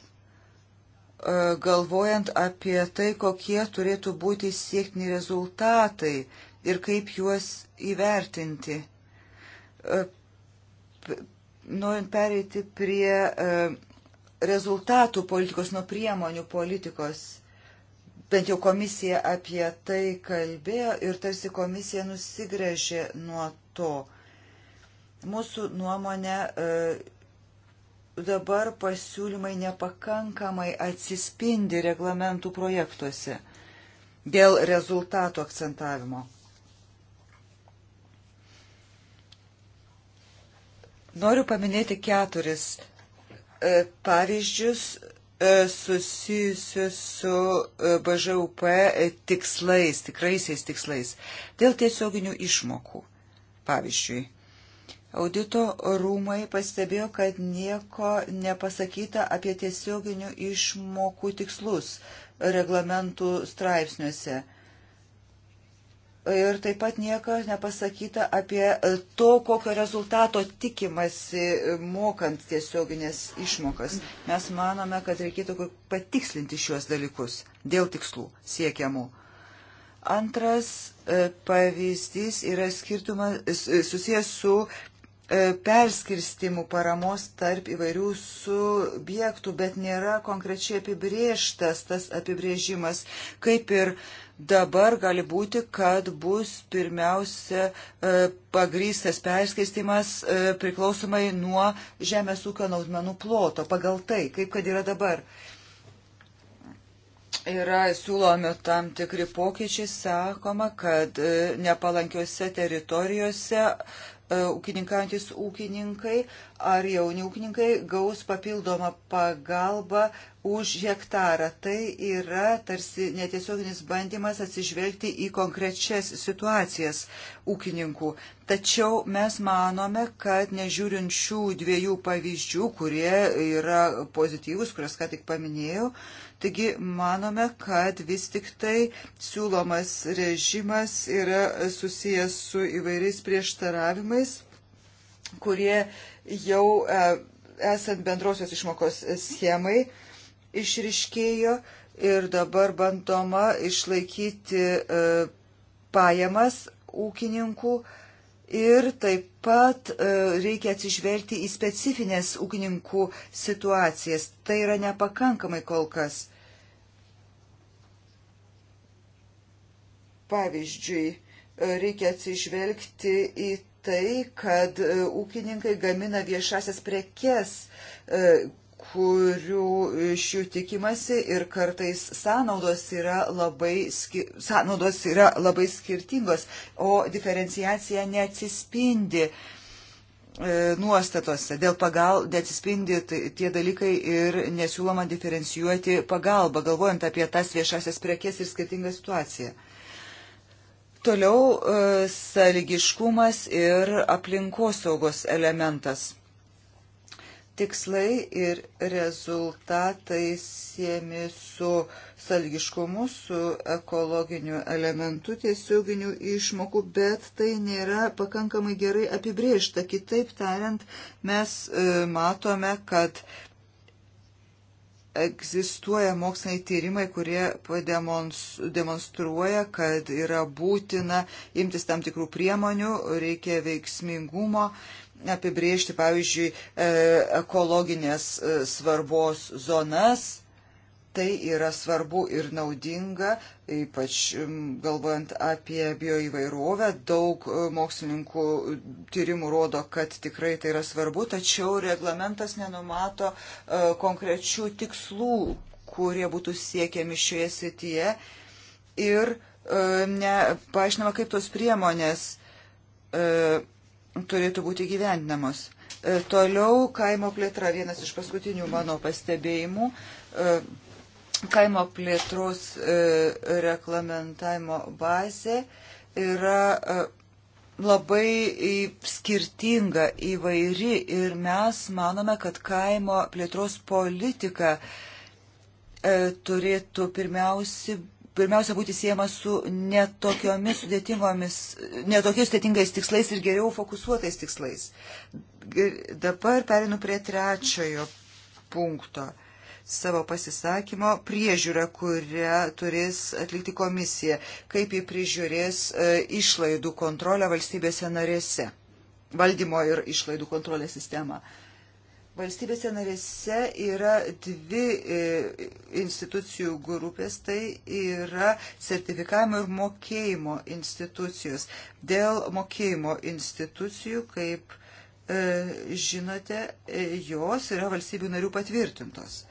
galvojant apie tai, kokie turėtų būti siektini rezultatai ir kaip juos įvertinti. E, norint pereiti prie rezultatų politikos, nuo priemonių politikos bent jau komisija apie tai kalbėjo ir tarsi komisija nusigrėžė nuo to. Mūsų nuomonė e, dabar pasiūlymai nepakankamai atsispindi reglamentų projektuose dėl rezultato akcentavimo. Noriu paminėti keturis e, pavyzdžius E, susijusius su e, BŽUP tikslais, tikraisiais tikslais, dėl tiesioginių išmokų. Pavyzdžiui, audito rūmai pastebėjo, kad nieko nepasakyta apie tiesioginių išmokų tikslus reglamentų straipsniuose. Ir taip pat nieko nepasakyta apie to, kokio rezultato tikimasi mokant tiesioginės išmokas. Mes manome, kad reikėtų patikslinti šiuos dalykus dėl tikslų siekiamų. Antras e, pavyzdys yra skirtumas e, susijęs su E, perskirstimų paramos tarp įvairių subjektų, bet nėra konkrečiai apibrėžtas tas apibrėžimas, kaip ir dabar gali būti, kad bus pirmiausia e, pagrystas perskirstimas e, priklausomai nuo žemės ūkio naudmenų ploto, pagal tai, kaip kad yra dabar. Yra siūlomi tam tikri pokyčiai, sakoma, kad nepalankiose teritorijose E, ūkininkantis ūkininkai ar jauni ūkininkai gaus papildomą pagalbą už hektarą. Tai yra tarsi netiesioginis bandymas atsižvelgti į konkrečias situacijas ūkininkų. Tačiau mes manome, kad nežiūrint šių dviejų pavyzdžių, kurie yra pozityvus, kurias ką tik paminėjau, Taigi manome, kad vis tik tai siūlomas režimas yra susijęs su įvairiais prieštaravimais, kurie jau e, esant bendrosios išmokos schemai išriškėjo ir dabar bandoma išlaikyti e, pajamas ūkininkų ir taip pat e, reikia atsižvelgti į specifines ūkininkų situacijas. Tai yra nepakankamai kol kas. Pavyzdžiui, e, reikia atsižvelgti į tai, kad e, ūkininkai gamina viešasias prekes, e, kurių iš jų tikimasi ir kartais sąnaudos yra labai, skir... sąnaudos yra labai skirtingos, o diferenciacija neatsispindi e, nuostatose. Dėl pagal neatsispindi tie dalykai ir nesiūloma diferencijuoti pagalbą, galvojant apie tas viešasias prekes ir skirtingą situaciją. Toliau e, sąlygiškumas ir aplinkosaugos elementas. Tikslai ir rezultatai siemi su sąlygiškumu, su ekologiniu elementu tiesioginių išmokų, bet tai nėra pakankamai gerai apibriešta. Kitaip tariant, mes e, matome, kad Egzistuoja moksliniai tyrimai, kurie demonstruoja, kad yra būtina imtis tam tikrų priemonių, reikia veiksmingumo, apibriežti, pavyzdžiui, e, ekologinės e, svarbos zonas. Tai yra svarbu ir naudinga, ypač um, galvojant apie bioįvairovę. Daug uh, mokslininkų tyrimų rodo, kad tikrai tai yra svarbu, tačiau reglamentas nenumato uh, konkrečių tikslų, kurie būtų siekiami šioje srityje. Ir uh, nepaaiškinama, kaip tos priemonės turėtų būti gyvendinamos. Toliau kaimo plėtra vienas iš paskutinių mano pastebėjimų. E, kaimo plėtros e, reglamentavimo bazė yra e, labai skirtinga, įvairi ir mes manome, kad kaimo plėtros politika e, turėtų pirmiausia, pirmiausia būti siejama su netokiomis sudėtingomis, netokiais sudėtingais tikslais ir geriau fokusuotais tikslais. Dabar perinu prie trečiojo punkto savo pasisakymo priežiūrą, kurią turės atlikti komisija, kaip jį prižiūrės e, išlaidų kontrolę valstybėse narėse, valdymo ir išlaidų kontrolės sistemą. Valstybėse narėse yra dvi e, institucijų grupės, tai yra sertifikavimo ir mokėjimo institucijos. Dėl mokėjimo institucijų, kaip e, žinote, jos yra valstybių narių patvirtintos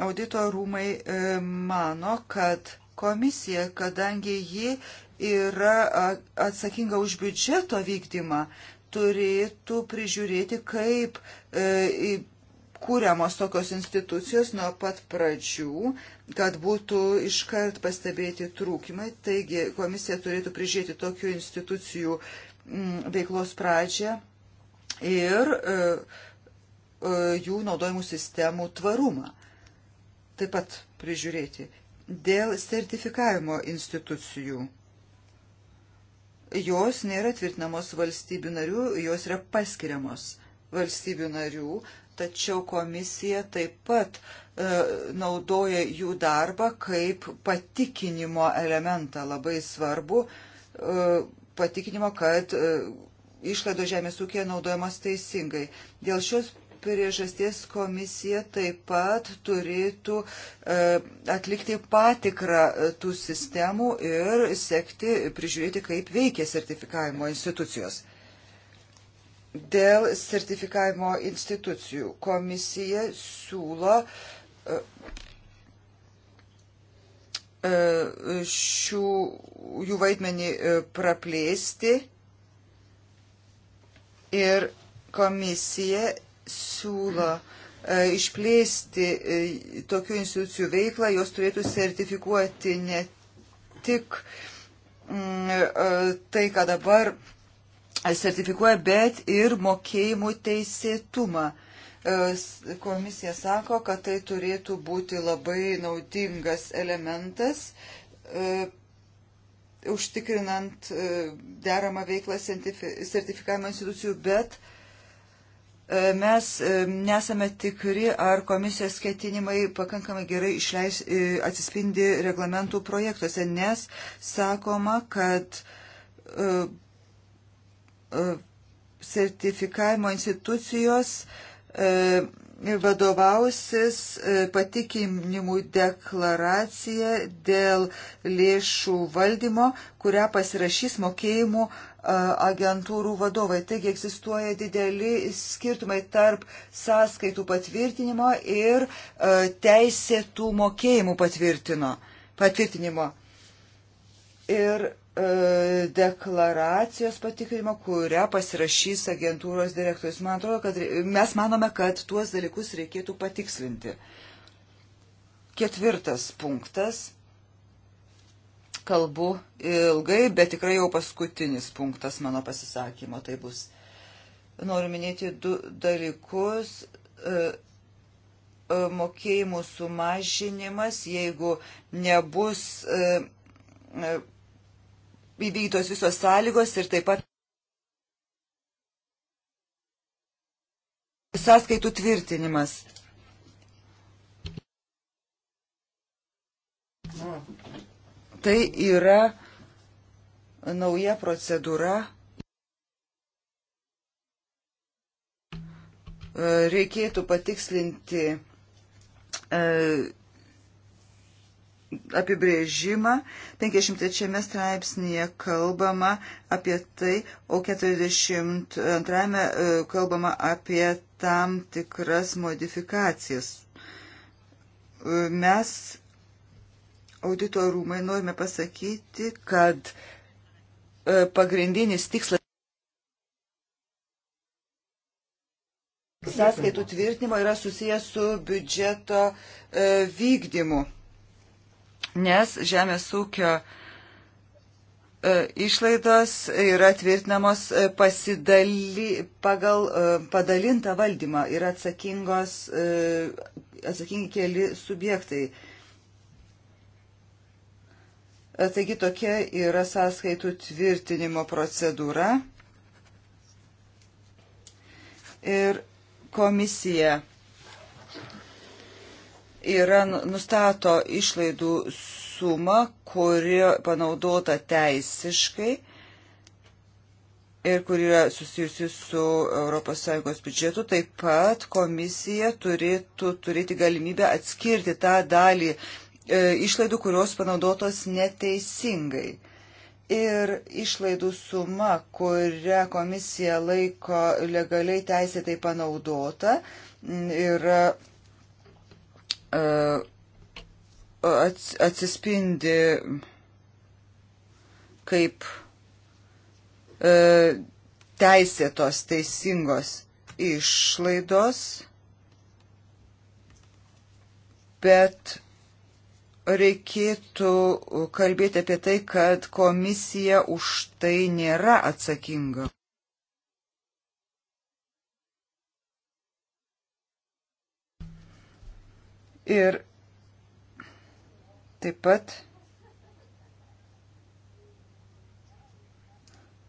Audito rūmai e, mano, kad komisija, kadangi ji yra atsakinga už biudžeto vykdymą, turėtų prižiūrėti, kaip e, kūriamos tokios institucijos nuo pat pradžių, kad būtų iškart pastebėti trūkimai. Taigi komisija turėtų prižiūrėti tokių institucijų m, mm, veiklos pradžią ir e, e, jų naudojimų sistemų tvarumą taip pat prižiūrėti. Dėl sertifikavimo institucijų. Jos nėra tvirtinamos valstybių narių, jos yra paskiriamos valstybių narių, tačiau komisija taip pat e, naudoja jų darbą kaip patikinimo elementą labai svarbu, e, patikinimo, kad e, išlaido žemės ūkėje naudojamos teisingai. Dėl šios priežasties komisija taip pat turėtų e, atlikti patikrą e, tų sistemų ir sekti, prižiūrėti, kaip veikia sertifikavimo institucijos. Dėl sertifikavimo institucijų komisija siūlo e, šių, jų vaidmenį praplėsti ir komisija siūlo e, išplėsti e, tokių institucijų veiklą, jos turėtų sertifikuoti ne tik mm, e, tai, ką dabar sertifikuoja, bet ir mokėjimų teisėtumą. Komisija sako, kad tai turėtų būti labai naudingas elementas, užtikrinant deramą veiklą sertifikavimo institucijų, bet uh, E, mes e, nesame tikri, ar komisijos ketinimai pakankamai gerai išleis, e, atsispindi reglamentų projektuose, nes sakoma, kad sertifikavimo institucijos vadovausis patikinimų deklaracija dėl lėšų valdymo, kurią pasirašys mokėjimų uh, agentūrų vadovai. Taigi egzistuoja dideli skirtumai tarp sąskaitų patvirtinimo ir teisėtų mokėjimų patvirtinimo. Ir deklaracijos patikrinimo, kurią pasirašys agentūros direktorius. Man atrodo, kad mes manome, kad tuos dalykus reikėtų patikslinti. Ketvirtas punktas kalbu ilgai, bet tikrai jau paskutinis punktas mano pasisakymo tai bus. Noriu minėti du dalykus. E, e, mokėjimų sumažinimas, jeigu nebus e, įvykdytos visos sąlygos ir taip pat sąskaitų tvirtinimas. Tai yra nauja procedūra. E, reikėtų patikslinti e, apibrėžimą. 53 straipsnėje kalbama apie tai, o 42 e, kalbama apie tam tikras modifikacijas. Mes audito rūmai norime pasakyti, kad e, pagrindinis tikslas sąskaitų tvirtinimo yra susijęs su biudžeto e, vykdymu, nes žemės ūkio e, išlaidos yra tvirtinamos pasidali, pagal padalintą valdymą, yra atsakingos, atsakingi keli subjektai E, taigi tokia yra sąskaitų tvirtinimo procedūra. Ir komisija yra nu, nustato išlaidų sumą, kuri panaudota teisiškai ir kur yra susijusi su ES biudžetu, taip pat komisija turėtų turėti galimybę atskirti tą dalį E, išlaidų, kurios panaudotos neteisingai. Ir išlaidų suma, kurią komisija laiko legaliai teisėtai panaudota, yra e, atsispindi kaip e, teisėtos teisingos išlaidos, bet reikėtų kalbėti apie tai, kad komisija už tai nėra atsakinga. Ir taip pat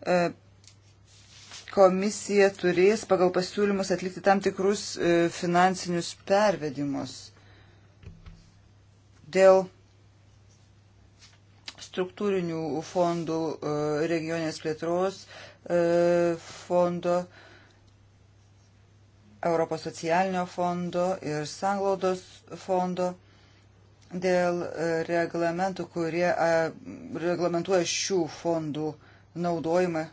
e, komisija turės pagal pasiūlymus atlikti tam tikrus e, finansinius pervedimus Dėl struktūrinių fondų e, regionės plėtros e, fondo, Europos socialinio fondo ir sanglaudos fondo dėl e, reglamentų, kurie reglamentuoja šių fondų naudojimą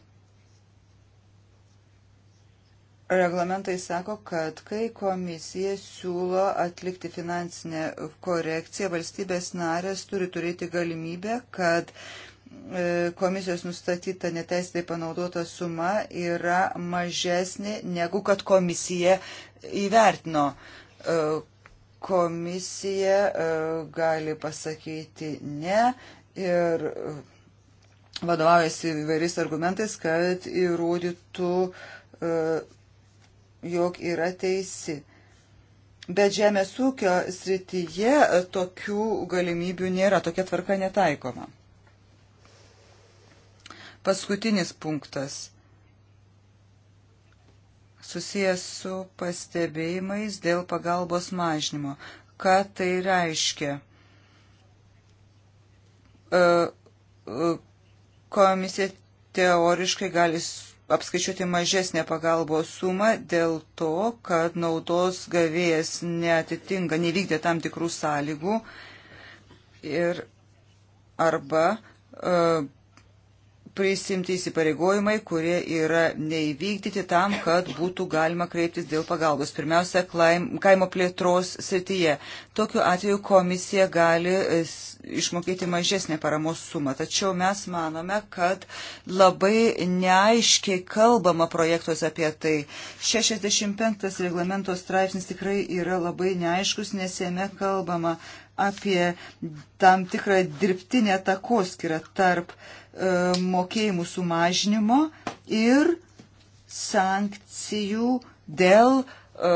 Reglamentai sako, kad kai komisija siūlo atlikti finansinę korekciją, valstybės narės turi turėti galimybę, kad e, komisijos nustatyta neteisėtai panaudota suma yra mažesnė negu kad komisija įvertino. E, komisija e, gali pasakyti ne ir vadovaujasi įvairiais argumentais, kad įrodytų jog yra teisi. Bet žemės ūkio srityje tokių galimybių nėra, tokia tvarka netaikoma. Paskutinis punktas susijęs su pastebėjimais dėl pagalbos mažnymo. Ką tai reiškia? E, e, komisija teoriškai gali apskaičiuoti mažesnę pagalbos sumą dėl to, kad naudos gavėjas netitinka, nevykdė tam tikrų sąlygų ir arba e, prisimti įsipareigojimai, kurie yra neįvykdyti tam, kad būtų galima kreiptis dėl pagalbos. Pirmiausia, kaimo plėtros srityje. Tokiu atveju komisija gali e, išmokėti mažesnę paramos sumą. Tačiau mes manome, kad labai neaiškiai kalbama projektuose apie tai. 65 reglamento straipsnis tikrai yra labai neaiškus, nes jame kalbama apie tam tikrą dirbtinę takoskirą tarp uh, E, mokėjimų sumažinimo ir sankcijų dėl e,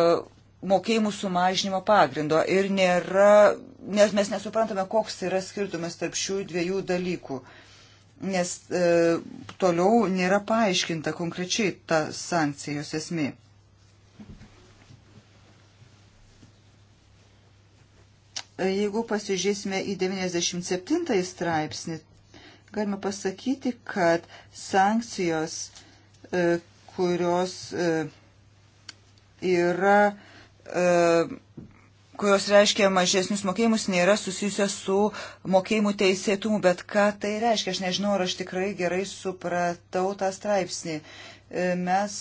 mokėjimų sumažinimo pagrindo. Ir nėra, nes mes nesuprantame, koks yra skirtumas tarp šių dviejų dalykų. Nes e, toliau nėra paaiškinta konkrečiai ta sankcijos esmė. E, jeigu pasižiūrėsime į 97 straipsnį, galime pasakyti, kad sankcijos, e, kurios e, yra, e, kurios reiškia mažesnius mokėjimus, nėra susijusios su mokėjimų teisėtumu, bet ką tai reiškia, aš nežinau, ar aš tikrai gerai supratau tą straipsnį. Mes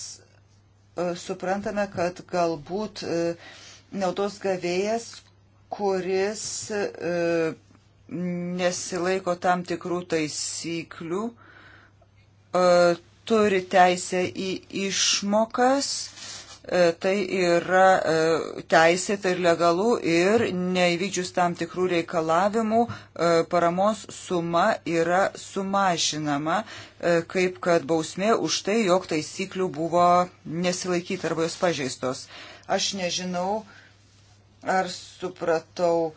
suprantame, kad galbūt naudos gavėjas, kuris nesilaiko tam tikrų taisyklių, e, turi teisę į išmokas, e, tai yra e, teisėta ir legalu ir neįvykdžius tam tikrų reikalavimų paramos suma yra sumažinama, kaip kad bausmė už tai, jog taisyklių buvo nesilaikyta arba jos pažeistos. Aš nežinau, ar supratau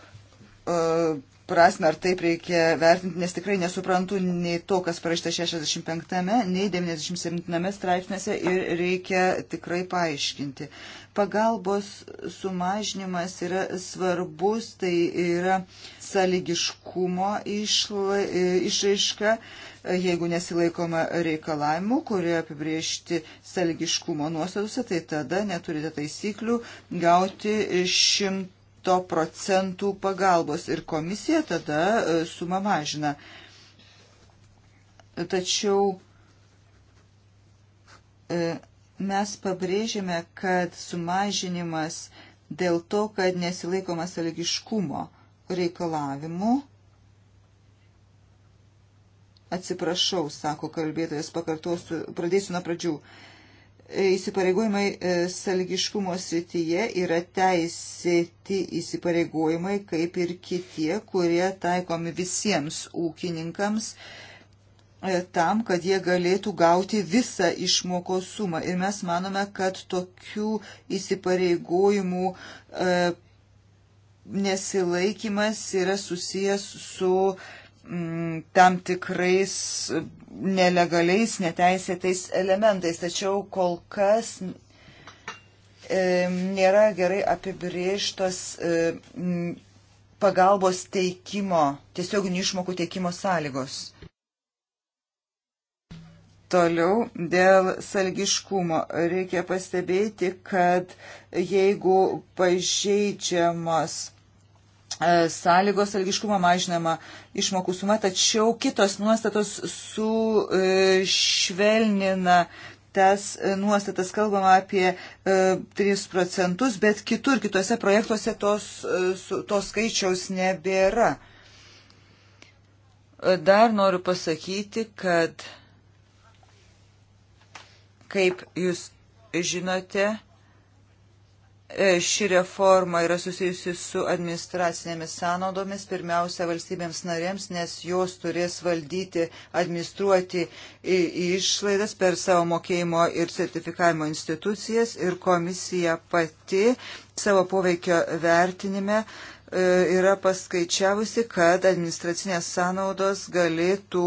prasme, ar taip reikia vertinti, nes tikrai nesuprantu nei to, kas parašyta 65-ame, nei 97-ame straipsnėse ir reikia tikrai paaiškinti. Pagalbos sumažinimas yra svarbus, tai yra sąlygiškumo išraiška, jeigu nesilaikoma reikalavimų, kurie apibriežti sąlygiškumo nuostatose, tai tada neturite taisyklių gauti šimt 100 procentų pagalbos ir komisija tada e, sumą mažina. Tačiau e, mes pabrėžėme, kad sumažinimas dėl to, kad nesilaikoma sąlygiškumo reikalavimų. Atsiprašau, sako kalbėtojas, pakartosiu, pradėsiu nuo pradžių. E, Įsipareigojimai e, salgiškumo srityje yra teisėti įsipareigojimai, kaip ir kitie, kurie taikomi visiems ūkininkams e, tam, kad jie galėtų gauti visą išmokos sumą. Ir mes manome, kad tokių įsipareigojimų e, nesilaikimas yra susijęs su e, Mm, tam tikrais nelegaliais, neteisėtais elementais. Tačiau kol kas e, nėra gerai apibrieštos e, pagalbos teikimo, tiesioginių išmokų teikimo sąlygos. Toliau dėl salgiškumo reikia pastebėti, kad jeigu pažeidžiamas E, sąlygos algiškumo mažinama išmokų suma, tačiau kitos nuostatos sušvelnina tas nuostatas, kalbama apie 3 e, procentus, bet kitur, kitose projektuose tos, e, tos skaičiaus nebėra. Dar noriu pasakyti, kad, kaip jūs žinote, E, ši reforma yra susijusi su administracinėmis sąnaudomis, pirmiausia valstybėms narėms, nes jos turės valdyti, administruoti išlaidas per savo mokėjimo ir sertifikavimo institucijas ir komisija pati savo poveikio vertinime e, yra paskaičiavusi, kad administracinės sąnaudos galėtų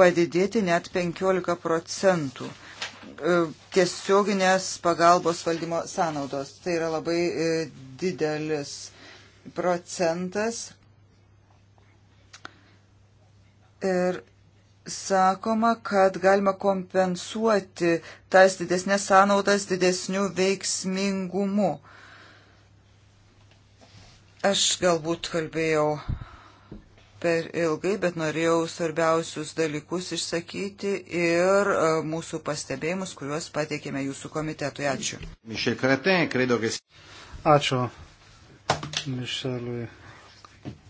padidėti net 15 procentų. E, tiesioginės pagalbos valdymo sąnaudos. Tai yra labai e, didelis procentas. Ir sakoma, kad galima kompensuoti tas didesnės sąnaudas didesnių veiksmingumų. Aš galbūt kalbėjau per ilgai, bet norėjau svarbiausius dalykus išsakyti ir e, mūsų pastebėjimus, kuriuos pateikėme jūsų komitetui. Ačiū. Ačiū Mišeliui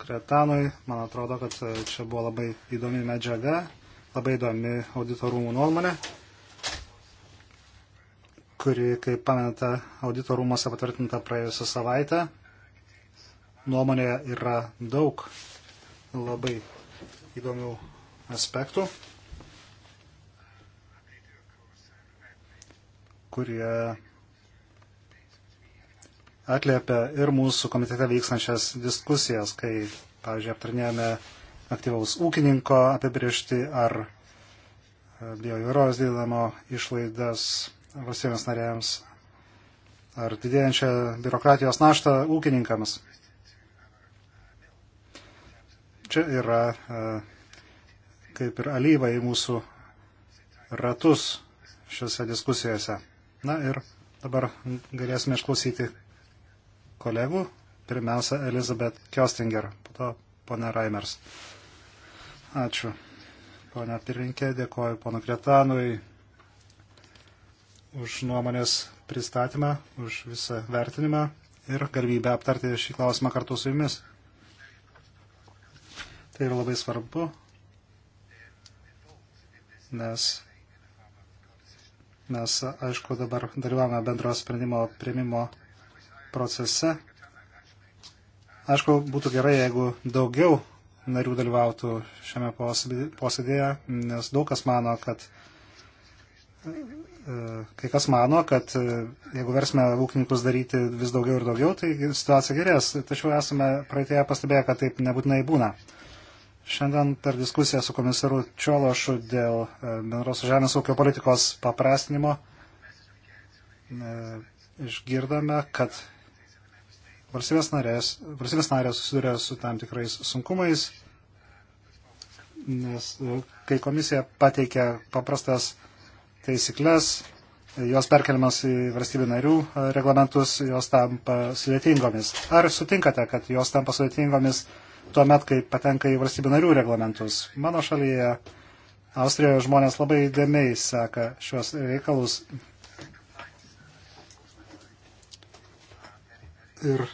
Kretanui. Man atrodo, kad čia buvo labai įdomi medžiaga, labai įdomi auditorumų nuomonė kuri, kaip pamenate, auditorumuose patvirtinta praėjusią savaitę. Nuomonėje yra daug labai įdomių aspektų, kurie atliepia ir mūsų komitete vykstančias diskusijas, kai, pavyzdžiui, aptarnėjome aktyvaus ūkininko apibriežti ar e, bioįvairovės didinamo išlaidas valstybėms narėms ar didėjančią biurokratijos naštą ūkininkams čia yra e, kaip ir alyva į mūsų ratus šiuose diskusijose. Na ir dabar galėsime išklausyti kolegų. Pirmiausia, Elizabeth Kjostinger, po to pone Raimers. Ačiū. Pone Pirinkė, dėkoju pono Kretanui už nuomonės pristatymą, už visą vertinimą ir galimybę aptarti šį klausimą kartu su jumis. Tai yra labai svarbu, nes mes, aišku, dabar dalyvavome bendro sprendimo prieimimo procese. Aišku, būtų gerai, jeigu daugiau narių dalyvautų šiame posėdėje, nes daug kas mano, kad e, kai kas mano, kad e, jeigu versime ūkininkus daryti vis daugiau ir daugiau, tai situacija gerės. Tačiau esame praeitėje pastebėję, kad taip nebūtinai būna. Šiandien per diskusiją su komisaru Čiološu dėl e, bendros žemės ūkio politikos paprastinimo e, išgirdome, kad valstybės narės, valstybės narės susiduria su tam tikrais sunkumais, nes e, kai komisija pateikia paprastas taisyklės, jos perkeliamas į valstybių narių reglamentus, jos tampa sudėtingomis. Ar sutinkate, kad jos tampa sudėtingomis? tuo met, kai patenka į valstybių narių reglamentus. Mano šalyje, Austrijoje, žmonės labai įdėmiai seka šios reikalus. Ir e,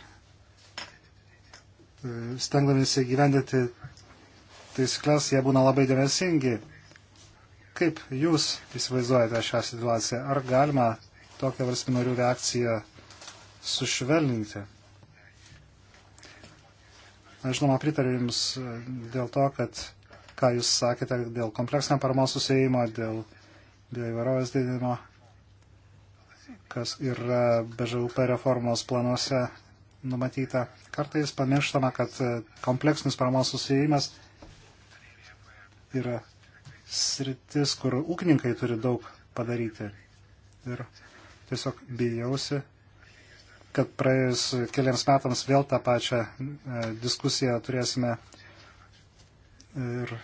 stengdamėsi gyvendinti taisyklės, jie būna labai dėmesingi. Kaip jūs įsivaizduojate šią situaciją? Ar galima tokią valstybių narių reakciją sušvelninti? Aš žinoma pritariu Jums e, dėl to, kad ką Jūs sakėte dėl kompleksinio paramos susijimo, dėl bioįvairovės didinimo, kas yra BŽUP reformos planuose numatyta. Kartais pamirštama, kad e, kompleksinis paramos susijimas yra sritis, kur ūkininkai turi daug padaryti. Ir tiesiog bijausi, kad praėjus keliams metams vėl tą pačią e, diskusiją turėsime ir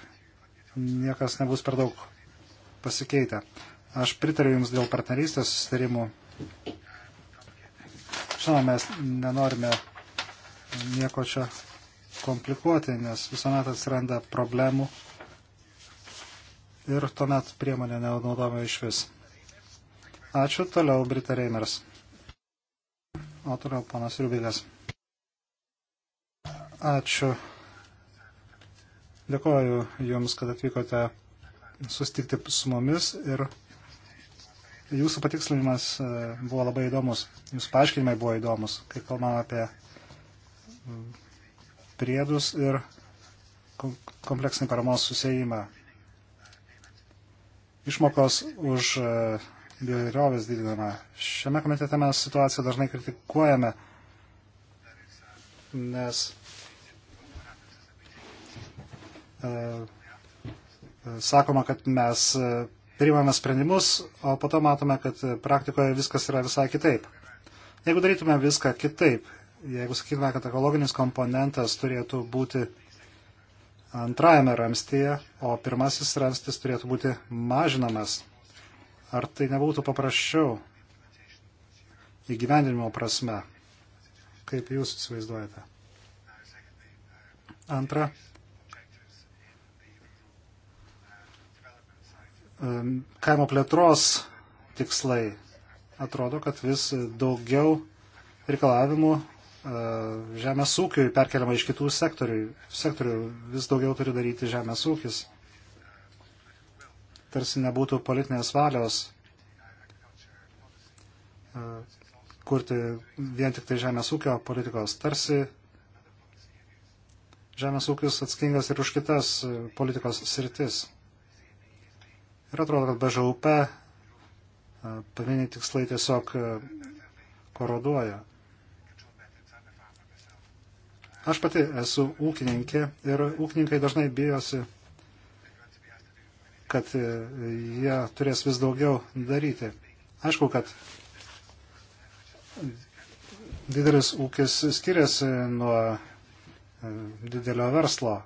niekas nebus per daug pasikeitę. Aš pritariu Jums dėl partnerystės susitarimų. Žinoma, mes nenorime nieko čia komplikuoti, nes visuomet atsiranda problemų ir tuomet priemonė nenaudojama iš vis. Ačiū toliau, Brita Reimers. O toliau panas Rubilės. Ačiū. Dėkoju Jums, kad atvykote sustikti su mumis ir Jūsų patikslinimas e, buvo labai įdomus, Jūsų paaiškinimai buvo įdomus, kai kalbam apie priedus ir kompleksinį paramos susijimą. Išmokos už e, bioįvairovės didinimą. Šiame komitete mes situaciją dažnai kritikuojame, nes e, sakoma, kad mes e, priimame sprendimus, o po to matome, kad praktikoje viskas yra visai kitaip. Jeigu darytume viską kitaip, jeigu sakytume, kad ekologinis komponentas turėtų būti antrajame ramstyje, o pirmasis ramstis turėtų būti mažinamas Ar tai nebūtų paprasčiau įgyvendinimo prasme? Kaip jūs įsivaizduojate? Antra. Kaimo plėtros tikslai. Atrodo, kad vis daugiau reikalavimų e, žemės ūkiui perkeliama iš kitų sektorių. sektorių. Vis daugiau turi daryti žemės ūkis tarsi nebūtų politinės valios e, kurti vien tik tai žemės ūkio politikos. Tarsi žemės ūkis atsakingas ir už kitas e, politikos sritis. Ir atrodo, kad BŽUP e, pavieniai tikslai tiesiog koroduoja. Aš pati esu ūkininkė ir ūkininkai dažnai bijosi kad e, jie turės vis daugiau daryti. Aišku, kad didelis ūkis skiriasi nuo e, didelio verslo.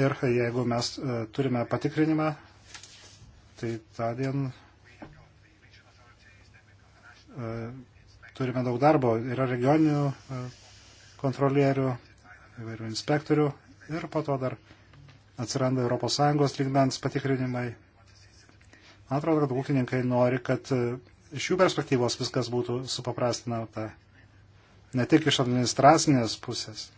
Ir jeigu mes e, turime patikrinimą, tai tą dieną turime daug darbo. Yra regioninių kontrolierių, įvairių inspektorių ir po to dar atsiranda ES lygmens patikrinimai. Man atrodo, kad ūkininkai nori, kad e, iš jų perspektyvos viskas būtų supaprastinata, ne tik iš administracinės pusės.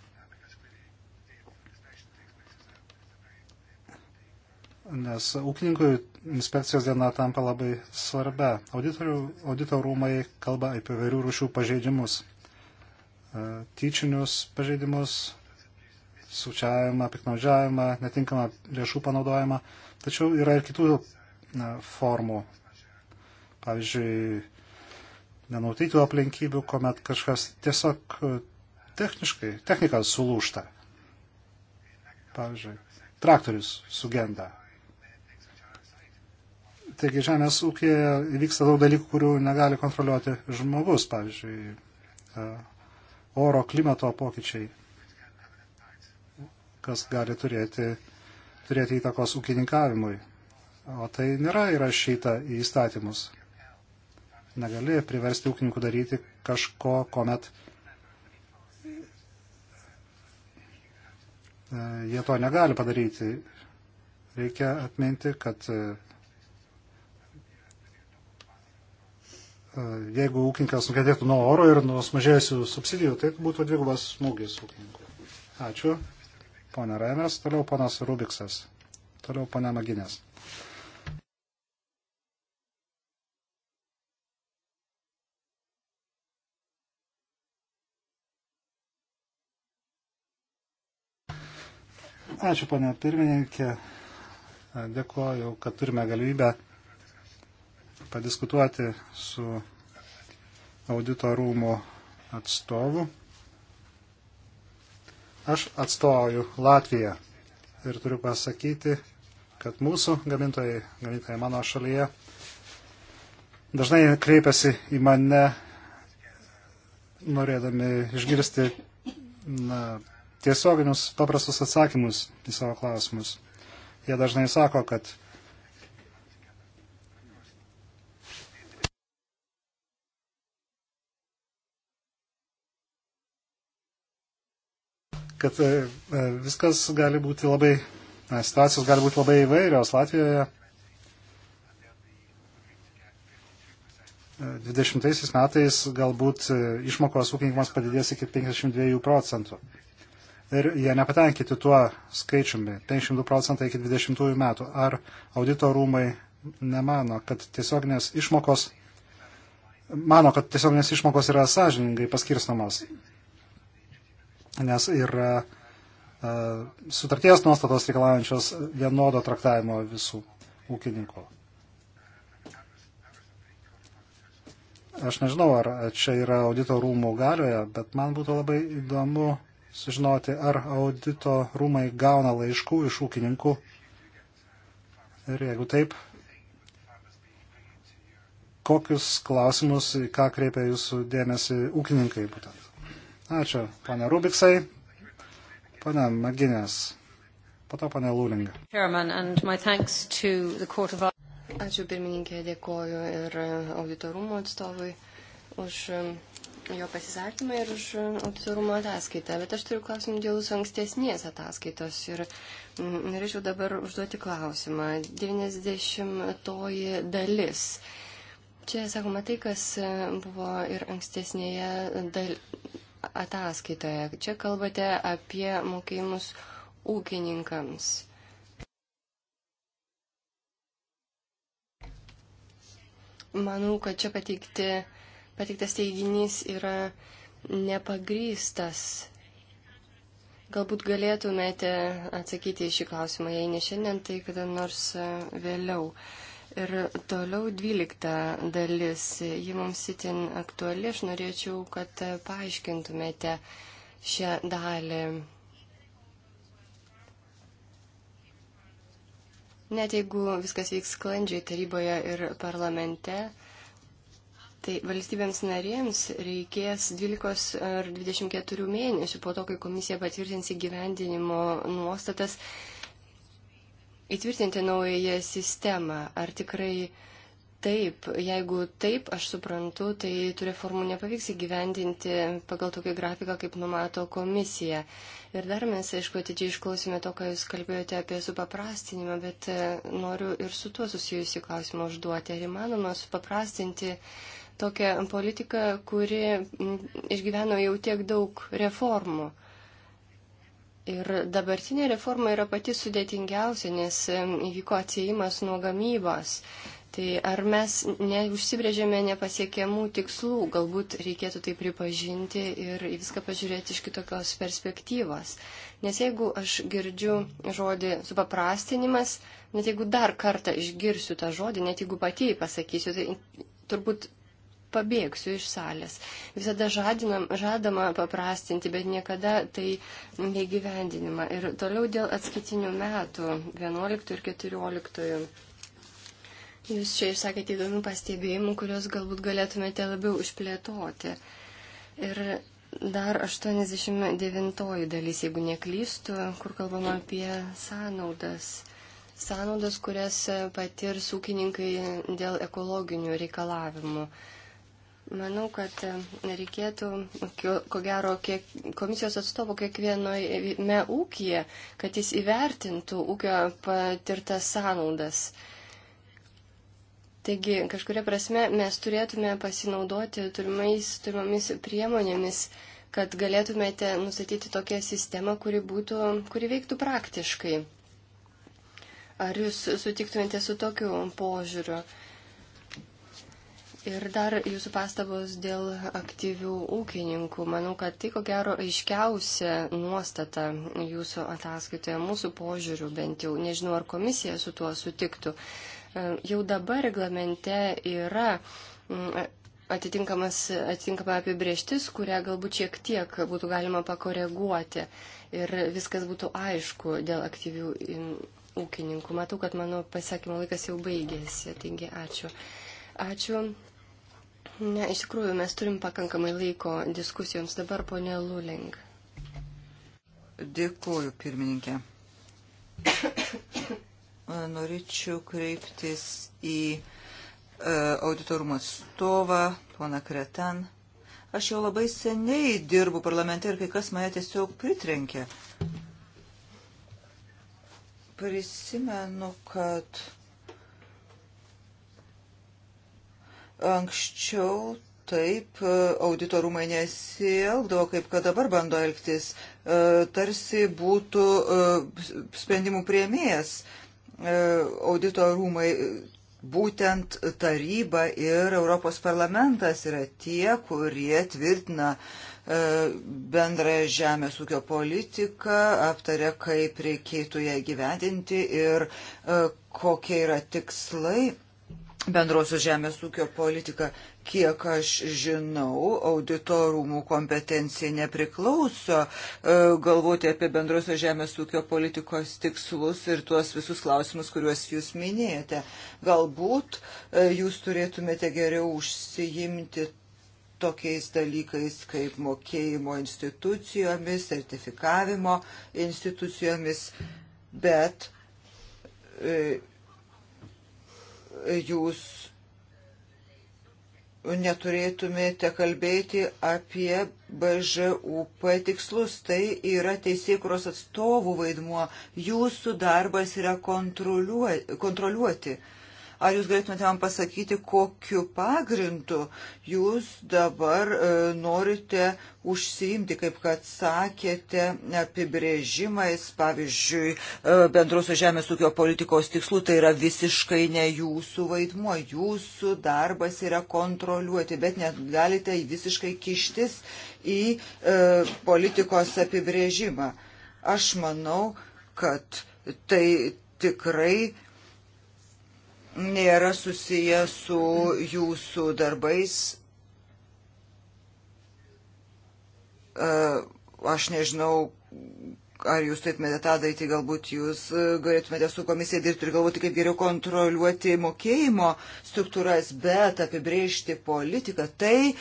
nes ūkininkų inspekcijos diena tampa labai svarbia. Auditorių, audito rūmai kalba apie vairių rušių pažeidimus, e, tyčinius pažeidimus, sučiavimą, piknaudžiavimą, netinkamą lėšų panaudojimą. Tačiau yra ir kitų formų. Pavyzdžiui, nenautytų aplinkybių, kuomet kažkas tiesiog e, techniškai, technika sulūšta. Pavyzdžiui, traktorius sugenda. Taigi žemės ūkėje įvyksta daug dalykų, kurių negali kontroliuoti žmogus, pavyzdžiui, e, oro klimato pokyčiai kas gali turėti, turėti įtakos ūkininkavimui. O tai nėra įrašyta į įstatymus. Negali priversti ūkininkų daryti kažko, kuomet e, jie to negali padaryti. Reikia atminti, kad e, jeigu ūkininkas nukentėtų nuo oro ir nuo sumažėjusių subsidijų, tai būtų dvigubas smūgis ūkininkui. Ačiū ponia Reimers, toliau ponas Rubiksas, toliau ponia Maginės. Ačiū, ponia pirmininkė. Dėkuoju, kad turime galimybę padiskutuoti su audito rūmų atstovu. Aš atstovauju Latviją ir turiu pasakyti, kad mūsų gamintojai, gamintojai mano šalyje, dažnai kreipiasi į mane norėdami išgirsti na, tiesioginius paprastus atsakymus į savo klausimus. Jie dažnai sako, kad kad e, e, viskas gali būti labai, situacijos gali būti labai įvairios Latvijoje. 20 e, metais galbūt išmokos ūkininkams padidės iki 52 procentų. Ir jie nepatenkinti tuo skaičiumi, 52 procentai iki 20 metų. Ar audito rūmai nemano, kad tiesioginės išmokos, mano, kad tiesioginės išmokos yra sąžiningai paskirstamos? nes yra e, e, sutarties nuostatos reikalaujančios vienodo traktavimo visų ūkininkų. Aš nežinau, ar čia yra audito rūmų galioje, bet man būtų labai įdomu sužinoti, ar audito rūmai gauna laiškų iš ūkininkų. Ir jeigu taip, kokius klausimus, ką kreipia jūsų dėmesį ūkininkai būtent. Ačiū, pane Rubiksai, pane Maginės, po to pane Lūlinga. Ačiū pirmininkė, dėkoju ir auditorumo atstovui už um, jo pasisakymą ir už um, auditorumo ataskaitą. Bet aš turiu klausimą dėl jūsų ankstesnės ataskaitos ir mm, norėčiau dabar užduoti klausimą. 90-oji dalis. Čia sakoma tai, kas um, buvo ir ankstesnėje dal ataskaitoje. Čia kalbate apie mokėjimus ūkininkams. Manau, kad čia pateikti, pateiktas teiginys yra nepagrystas. Galbūt galėtumėte atsakyti į šį klausimą, jei ne šiandien, tai kada nors e, vėliau. Uh, Ir toliau dvylikta dalis, ji mums itin aktuali, aš norėčiau, kad paaiškintumėte šią dalį. Net jeigu viskas vyks sklandžiai taryboje ir parlamente, Tai valstybėms narėms reikės 12 ar 24 mėnesių po to, kai komisija patvirtins įgyvendinimo nuostatas įtvirtinti naująją sistemą. Ar tikrai taip? Jeigu taip, aš suprantu, tai tų reformų nepavyks įgyvendinti pagal tokį grafiką, kaip numato komisija. Ir dar mes, aišku, atidžiai išklausime to, ką Jūs kalbėjote apie supaprastinimą, bet e, noriu ir su tuo susijusi klausimą užduoti. Ar įmanoma supaprastinti? Tokia politika, kuri išgyveno jau tiek daug reformų. Ir dabartinė reforma yra pati sudėtingiausia, nes įvyko atsiejimas nuo gamybos. Tai ar mes neužsibrėžėme nepasiekiamų tikslų, galbūt reikėtų tai pripažinti ir viską pažiūrėti iš kitokios perspektyvos. Nes jeigu aš girdžiu žodį supaprastinimas, net jeigu dar kartą išgirsiu tą žodį, net jeigu pati jį pasakysiu, tai turbūt pabėgsiu iš salės. Visada žadinam, žadama paprastinti, bet niekada tai negyvendinima. Ir toliau dėl atskitinių metų, 11 ir 14. Jūs čia išsakėte įdomių pastebėjimų, kuriuos galbūt galėtumėte labiau išplėtoti. Ir Dar 89 dalis, jeigu neklystu, kur kalbama apie sąnaudas. Sąnaudas, kurias patirs ūkininkai dėl ekologinių reikalavimų. Manau, kad e, reikėtų, ko gero, kiek, komisijos atstovo kiekvienojame ūkija, kad jis įvertintų ūkio patirtas sąnaudas. Taigi, kažkuria prasme, mes turėtume pasinaudoti turimais, turimomis priemonėmis, kad galėtumėte nustatyti tokią sistemą, kuri, būtų, kuri veiktų praktiškai. Ar jūs sutiktumėte su tokiu požiūriu? Ir dar jūsų pastabos dėl aktyvių ūkininkų. Manau, kad tai ko gero aiškiausia nuostata jūsų ataskaitoje, mūsų požiūrių bent jau. Nežinau, ar komisija su tuo sutiktų. E, jau dabar reglamente yra mm, e, atitinkamas, atitinkama apibrieštis, kurią galbūt šiek tiek būtų galima pakoreguoti ir viskas būtų aišku dėl aktyvių mm, ūkininkų. Matau, kad mano pasakymo laikas jau baigėsi, taigi ačiū. Ačiū. Ne, iš tikrųjų, mes turim pakankamai laiko diskusijoms. Dabar ponė Luling. Dėkuoju, pirmininkė. Norėčiau kreiptis į e, auditorumo atstovą, poną Kretan. Aš jau labai seniai dirbu parlamente ir kai kas mane tiesiog pritrenkė. Prisimenu, kad Anksčiau taip e, auditorumai nesielgdavo, kaip kad dabar bando elgtis, e, tarsi būtų e, sprendimų prieimėjas auditorumai. Būtent taryba ir Europos parlamentas yra tie, kurie tvirtina bendrą žemės ūkio politiką, aptaria, kaip reikėtų ją gyvendinti ir kokie yra tikslai bendrosios žemės ūkio politiką. Kiek aš žinau, auditorumų kompetencija nepriklauso e, galvoti apie bendrosios žemės ūkio politikos tikslus ir tuos visus klausimus, kuriuos jūs minėjote. Galbūt e, jūs turėtumėte geriau užsijimti tokiais dalykais kaip mokėjimo institucijomis, sertifikavimo institucijomis, bet e, jūs neturėtumėte kalbėti apie BŽUP tikslus. Tai yra teisėkros atstovų vaidmuo. Jūsų darbas yra kontroliuoti. kontroliuoti. Ar jūs galėtumėte man pasakyti, kokiu pagrindu jūs dabar e, norite užsiimti, kaip kad sakėte, apibrėžimais, pavyzdžiui, e, bendrosios žemės ūkio politikos tikslų, tai yra visiškai ne jūsų vaidmuo, jūsų darbas yra kontroliuoti, bet net galite visiškai kištis į e, politikos apibrėžimą. Aš manau, kad tai tikrai nėra susiję su jūsų darbais. E, aš nežinau, ar jūs turėtumėte tą daryti, galbūt jūs galėtumėte su komisija dirbti ir galvoti, kaip geriau kontroliuoti mokėjimo struktūras, bet apibrėžti politiką, tai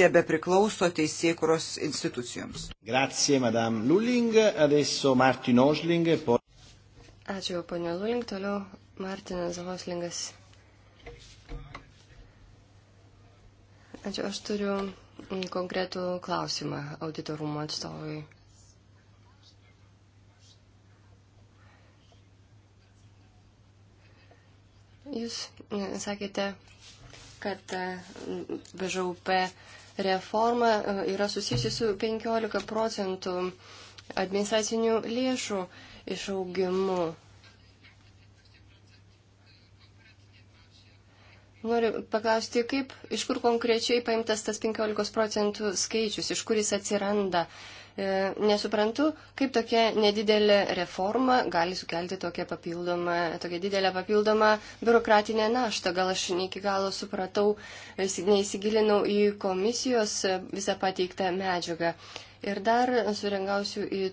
tebe priklauso teisėkuros institucijoms. Grazie, madam Luling, adesso Martin Osling. E po... Ačiū, ponia Luling, toliau Martinas Hoslingas. Ačiū, aš turiu mm, konkretų klausimą auditorumo atstovui. Jūs mm, sakėte, kad BŽUP mm, reforma e, yra susijusi su 15 procentų administracinių lėšų išaugimu. Noriu paklausti, kaip, iš kur konkrečiai paimtas tas 15 procentų skaičius, iš kur jis atsiranda. E, nesuprantu, kaip tokia nedidelė reforma gali sukelti tokią papildomą, tokią didelę papildomą biurokratinę naštą. Gal aš ne iki galo supratau, neįsigilinau į komisijos e, visą pateiktą medžiagą. Ir dar surengausiu į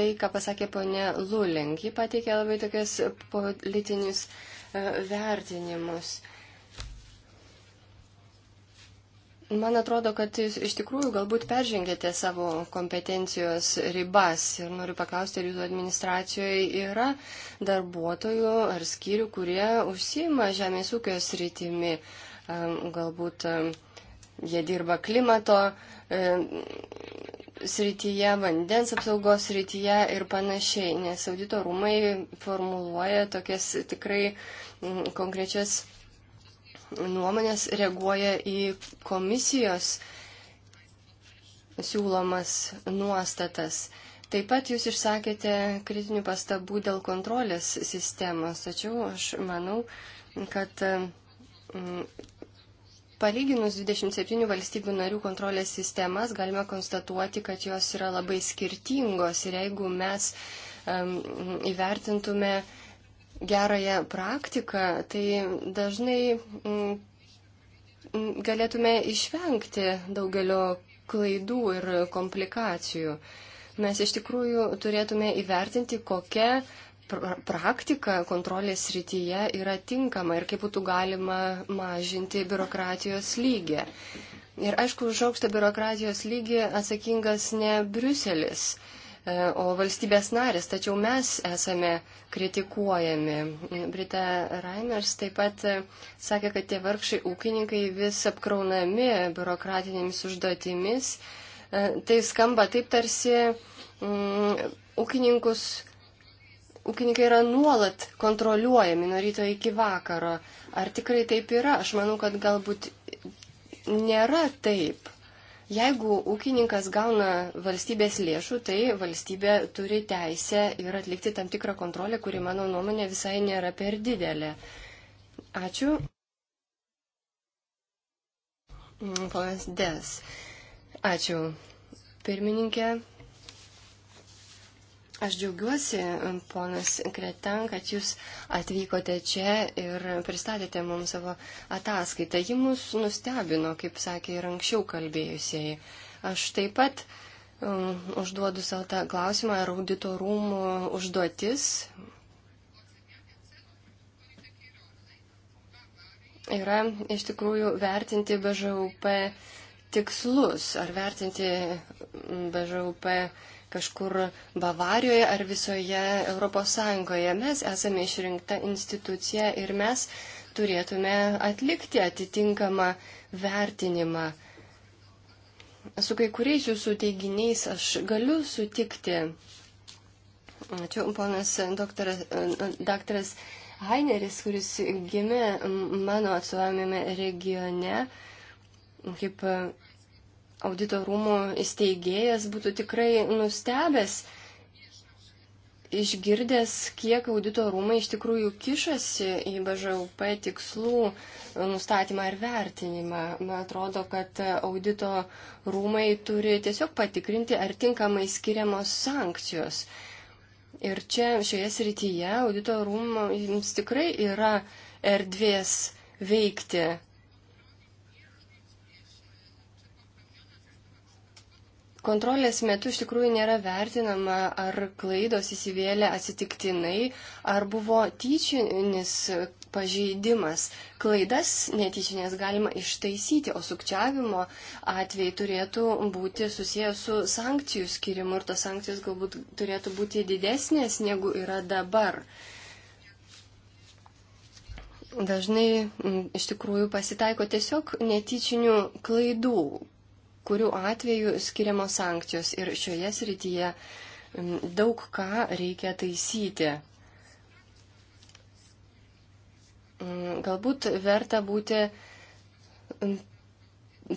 tai, ką pasakė ponė Lulink. Ji pateikė labai tokias politinius e, vertinimus. E, Man atrodo, kad jūs iš tikrųjų galbūt peržengėte savo kompetencijos ribas ir noriu paklausti, ar jūsų administracijoje yra darbuotojų ar skyrių, kurie užsima žemės ūkio sritimi. Galbūt jie dirba klimato srityje, vandens apsaugos srityje ir panašiai, nes audito rūmai formuluoja tokias tikrai konkrečias nuomonės reaguoja į komisijos siūlomas nuostatas. Taip pat jūs išsakėte kritinių pastabų dėl kontrolės sistemos, tačiau aš manau, kad mm, palyginus 27 valstybių narių kontrolės sistemas galime konstatuoti, kad jos yra labai skirtingos ir jeigu mes um, įvertintume uh, gerąją praktiką, tai dažnai mm, mm, galėtume išvengti daugelio klaidų ir komplikacijų. Mes iš tikrųjų turėtume įvertinti, kokia praktika kontrolės srityje yra tinkama ir kaip būtų galima mažinti biurokratijos lygį. Ir aišku, už aukštą biurokratijos lygį atsakingas ne Briuselis, E, o valstybės narės, tačiau mes esame kritikuojami. Brita Raimers taip pat e, sakė, kad tie vargšai ūkininkai vis apkraunami biurokratinėmis užduotimis. E, tai skamba taip tarsi mm, ūkininkus. Ūkininkai yra nuolat kontroliuojami nuo ryto iki vakaro. Ar tikrai taip yra? Aš manau, kad galbūt nėra taip. Jeigu ūkininkas gauna valstybės lėšų, tai valstybė turi teisę ir atlikti tam tikrą kontrolę, kuri, mano nuomonė, visai nėra per didelė. Ačiū. Mm, ponas Des. Ačiū. Pirmininkė. Aš džiaugiuosi, ponas Kretan, kad jūs atvykote čia ir pristatėte mums savo ataskaitą. Ji mus nustebino, kaip sakė ir anksčiau kalbėjusieji. Aš taip pat um, užduodu savo tą klausimą, ar audito rūmų užduotis yra iš tikrųjų vertinti BŽUP tikslus, ar vertinti BŽUP tikslus kažkur Bavarijoje ar visoje Europos Sąjungoje. Mes esame išrinkta institucija ir mes turėtume atlikti atitinkamą vertinimą. Su kai kuriais jūsų teiginiais aš galiu sutikti. Ačiū, ponas doktoras, daktaras Haineris, kuris gimė mano atstovamėme regione kaip audito rūmų įsteigėjas būtų tikrai nustebęs, išgirdęs, kiek audito rūmai iš tikrųjų kišasi į BŽUP tikslų nustatymą ir vertinimą. Man atrodo, kad audito rūmai turi tiesiog patikrinti, ar tinkamai skiriamos sankcijos. Ir čia šioje srityje audito rūmams tikrai yra erdvės veikti Kontrolės metu iš tikrųjų nėra vertinama, ar klaidos įsivėlė atsitiktinai, ar buvo tyčinis pažeidimas. Klaidas netyčinės galima ištaisyti, o sukčiavimo atvejai turėtų būti susijęs su sankcijų skirimu ir tos sankcijos galbūt turėtų būti didesnės negu yra dabar. Dažnai iš tikrųjų pasitaiko tiesiog netyčinių klaidų, kurių atveju skiriamos sankcijos. Ir šioje srityje daug ką reikia taisyti. Galbūt verta būti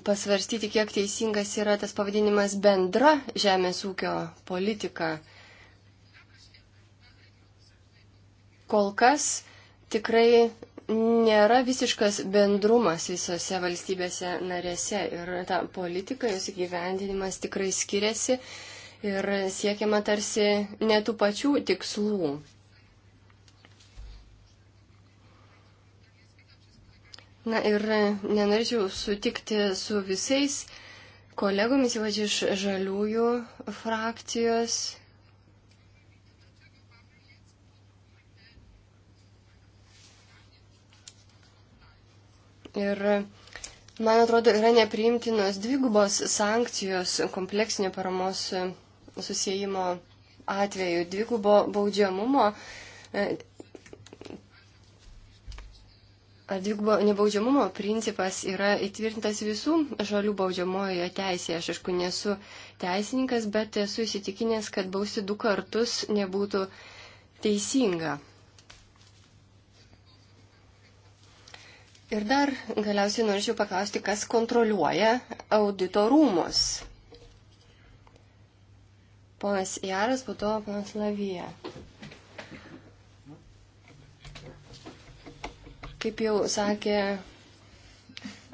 pasvarstyti, kiek teisingas yra tas pavadinimas bendra žemės ūkio politika. Kol kas tikrai nėra visiškas bendrumas visose valstybėse narėse ir ta politika, jos įgyvendinimas tikrai skiriasi ir siekiama tarsi netų pačių tikslų. Na ir nenorėčiau sutikti su visais kolegomis, ypač iš žaliųjų frakcijos. Ir man atrodo, yra nepriimtinos dvigubos sankcijos kompleksinio paramos e, susijimo atveju, dvigubo baudžiamumo e, ar dvigubo nebaudžiamumo principas yra įtvirtintas visų žalių baudžiamojoje teisėje. Aš aišku nesu teisininkas, bet esu įsitikinęs, kad bausti du kartus nebūtų teisinga. Ir dar galiausiai norėčiau paklausti, kas kontroliuoja auditorumus. Ponas Jaras, po to ponas Lavija. Kaip jau sakė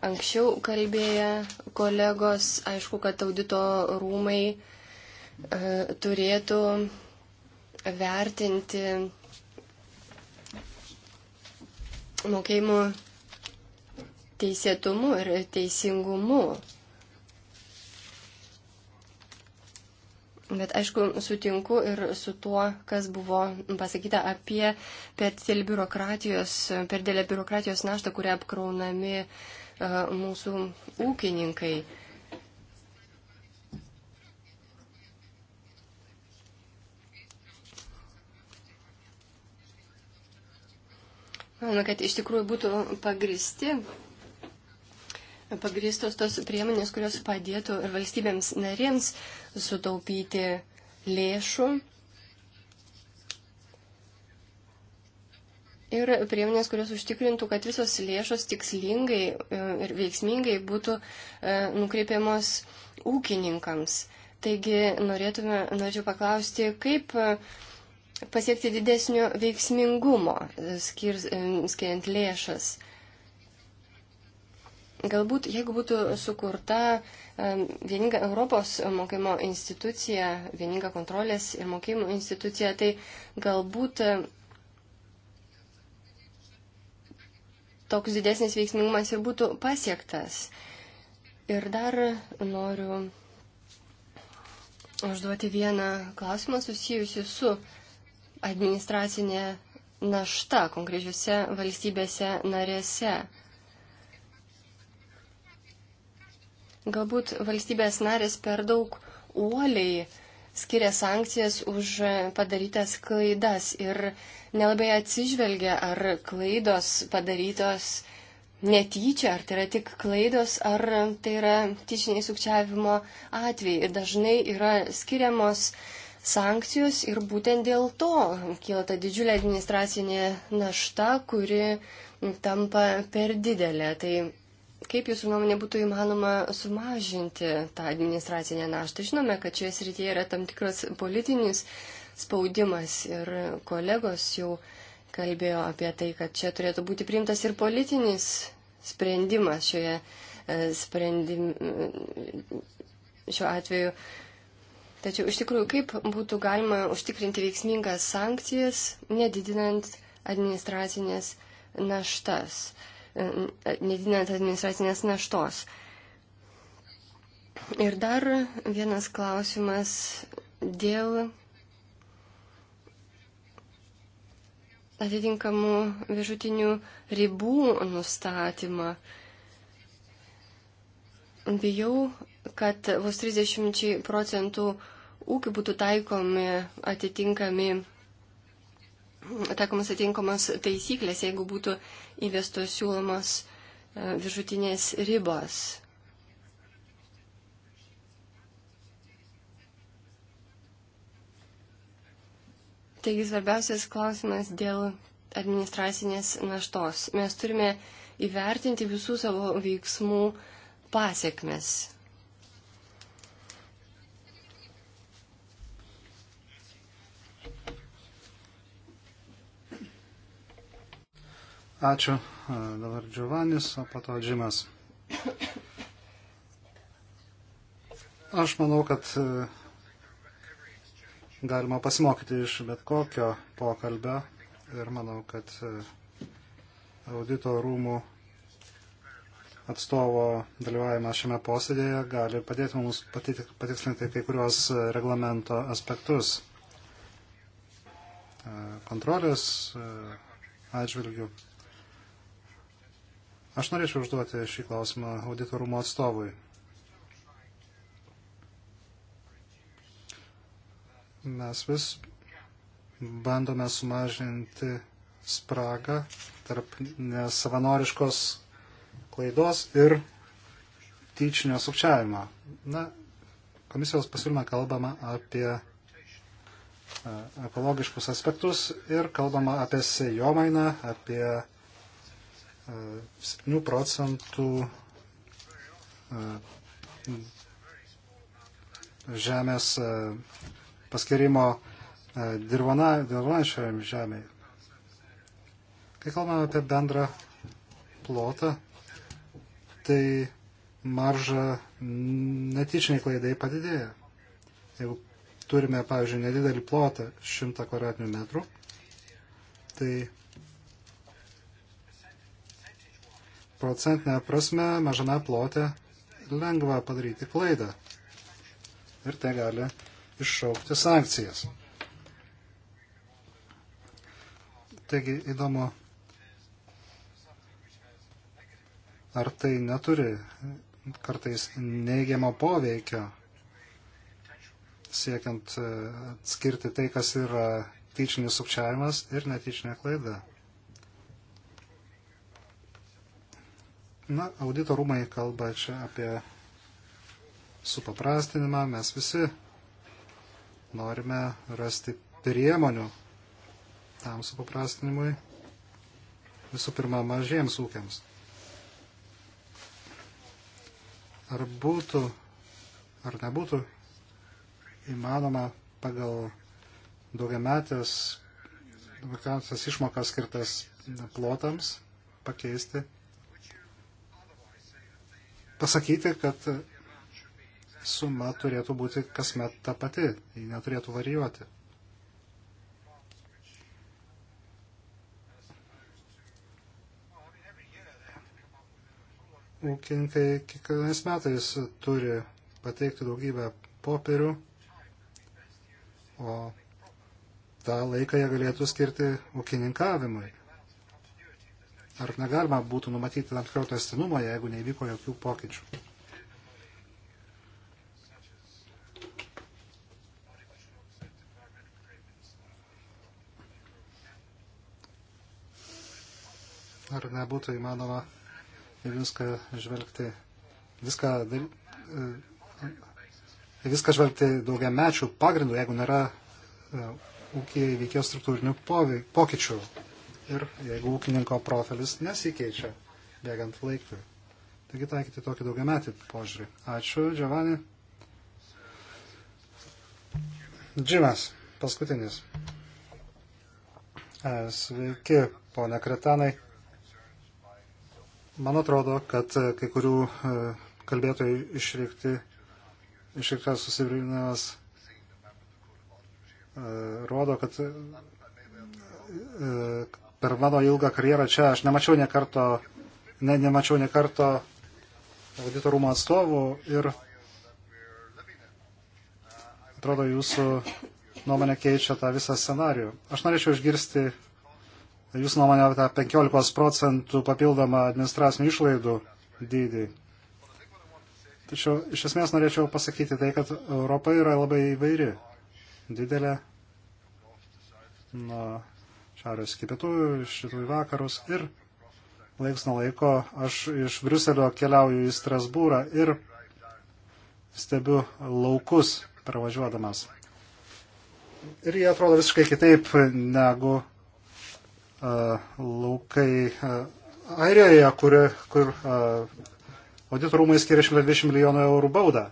anksčiau kalbėję kolegos, aišku, kad audito rūmai e, turėtų vertinti mokėjimų teisėtumu ir teisingumu. Bet aišku, sutinku ir su tuo, kas buvo pasakyta apie per dėlę biurokratijos, per dėlę biurokratijos naštą, kurią apkraunami e, mūsų ūkininkai. Manau, kad iš tikrųjų būtų pagristi pagrįstos tos priemonės, kurios padėtų ir valstybėms narėms sutaupyti lėšų. Ir priemonės, kurios užtikrintų, kad visos lėšos tikslingai e, ir veiksmingai būtų e, nukreipiamos ūkininkams. Taigi norėtume, norėčiau paklausti, kaip e, pasiekti didesnio veiksmingumo, skir, skiriant lėšas. Galbūt, jeigu būtų sukurta e, vieninga Europos mokymo institucija, vieninga kontrolės ir mokymo institucija, tai galbūt e, toks didesnis veiksmingumas ir būtų pasiektas. Ir dar noriu užduoti vieną klausimą susijusiu su administracinė našta konkrečiuose valstybėse narėse. Galbūt valstybės narės per daug uoliai skiria sankcijas už padarytas klaidas ir nelabai atsižvelgia, ar klaidos padarytos netyčia, ar tai yra tik klaidos, ar tai yra tyčiniai sukčiavimo atvejai. Ir dažnai yra skiriamos sankcijos ir būtent dėl to kyla ta didžiulė administracinė našta, kuri tampa per didelė. Tai kaip jūsų nuomonė būtų įmanoma sumažinti tą administracinę naštą? Žinome, kad šioje srityje yra tam tikras politinis spaudimas ir kolegos jau kalbėjo apie tai, kad čia turėtų būti priimtas ir politinis sprendimas šioje e, sprendim, šiuo atveju. Tačiau iš tikrųjų, kaip būtų galima užtikrinti veiksmingas sankcijas, nedidinant administracinės naštas? Uh, nedinant administracinės naštos. Ir dar vienas klausimas dėl atitinkamų viršutinių ribų nustatymą. Bijau, kad vos 30 procentų ūkių būtų taikomi atitinkami taikomas atinkamos taisyklės, jeigu būtų įvestos siūlomos e, viršutinės ribos. Taigi svarbiausias klausimas dėl administracinės naštos. Mes turime įvertinti visų savo veiksmų pasiekmes. Ačiū. E, dabar Giovannis, o po to Džimas. Aš manau, kad e, galima pasimokyti iš bet kokio pokalbio ir manau, kad e, audito rūmų atstovo dalyvavimas šiame posėdėje gali padėti mums patikslinti kai kuriuos reglamento aspektus kontrolės atžvilgių. Aš norėčiau užduoti šį klausimą auditorumo atstovui. Mes vis bandome sumažinti spragą tarp nesavanoriškos klaidos ir tyčinio sukčiavimo. Na, komisijos pasiūlyme kalbama apie e, ekologiškus aspektus ir kalbama apie sejomainą, apie 7 nu, procentų žemės paskirimo dirvanančioje žemėje. Kai kalbame apie bendrą plotą, tai marža netyčiniai klaidai padidėja. Jeigu turime, pavyzdžiui, nedidelį plotą 100 kvadratinių metrų, tai procentinę prasme mažame plote lengva padaryti klaidą. Ir tai gali iššaukti sankcijas. Taigi įdomu, ar tai neturi kartais neigiamo poveikio, siekiant e, atskirti tai, kas yra tyčinis sukčiavimas ir netyčinė klaida. Na, audito rūmai kalba čia apie supaprastinimą. Mes visi norime rasti priemonių tam supaprastinimui. Visų pirma, mažiems ūkiams. Ar būtų, ar nebūtų įmanoma pagal daugiametės, daugiametės išmokas skirtas plotams pakeisti pasakyti, kad suma turėtų būti kasmet ta pati, ji neturėtų varijuoti. Ūkininkai kiekvienais metais turi pateikti daugybę popierių, o tą laiką jie galėtų skirti ūkininkavimui. Ar negalima būtų numatyti tam tikro testinumo, jeigu nevyko jokių pokyčių? Ar nebūtų įmanoma į viską žvelgti, viską, e, į viską žvelgti daugia mečių pagrindų, jeigu nėra e, ūkiai veikėjo struktūrinių pokyčių ir jeigu ūkininko profilis nesikeičia bėgant laikui. Taigi taikyti tokį daugiametį požiūrį. Ačiū, Giovanni. Džimas, paskutinis. E, sveiki, ponia Kretanai. Man atrodo, kad e, kai kurių e, kalbėtojų išreikti, išreiktas susivirinimas rodo, kad per mano ilgą karjerą čia aš nemačiau nekarto, ne, nemačiau nekarto auditorumo atstovų ir atrodo jūsų nuomonė keičia tą visą scenarių. Aš norėčiau išgirsti jūsų nuomonę apie 15 procentų papildomą administracinių išlaidų dydį. Tačiau iš esmės norėčiau pasakyti tai, kad Europa yra labai įvairi. Didelė nuo šiaurės iki pietų, iš rytų į vakarus ir laiks nuo laiko aš iš Briuselio keliauju į Strasbūrą ir stebiu laukus pravažiuodamas. Ir jie atrodo visiškai kitaip negu uh, laukai uh, Airijoje, kur, kur uh, auditorumai skiria 120 milijonų eurų baudą.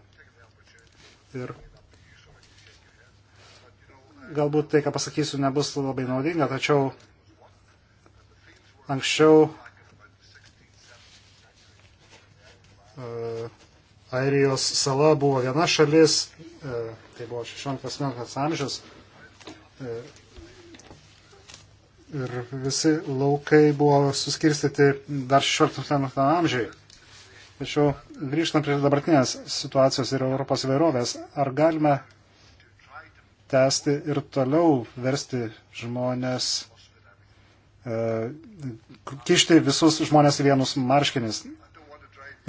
Ir galbūt tai, ką pasakysiu, nebus labai naudinga, tačiau anksčiau e, Airijos sala buvo viena šalis, e, tai buvo 16-17 amžius, e, ir visi laukai buvo suskirstyti dar 16 amžiai. Tačiau grįžtant prie dabartinės situacijos ir Europos įvairovės, ar galime tęsti ir toliau versti žmonės, e, kišti visus žmonės į vienus marškinis.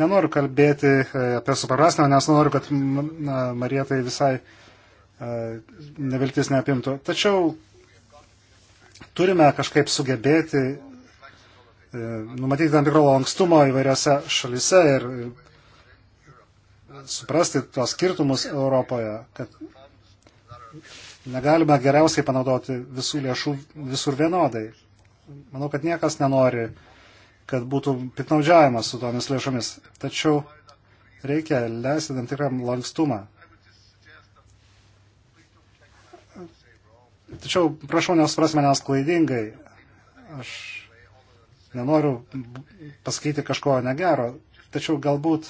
Nenoriu kalbėti e, apie suprastinę, nes noriu, kad Marija tai visai e, neviltis neapimtų. Tačiau turime kažkaip sugebėti numatyti tam tikro lankstumo įvairiose šalise ir suprasti tuos skirtumus Europoje, kad negalime geriausiai panaudoti visų lėšų visur vienodai. Manau, kad niekas nenori, kad būtų piknaudžiavimas su tomis lėšomis. Tačiau reikia leisti tam tikrą lankstumą. Tačiau prašau nesupras manęs klaidingai. Aš nenoriu pasakyti kažko negero. Tačiau galbūt,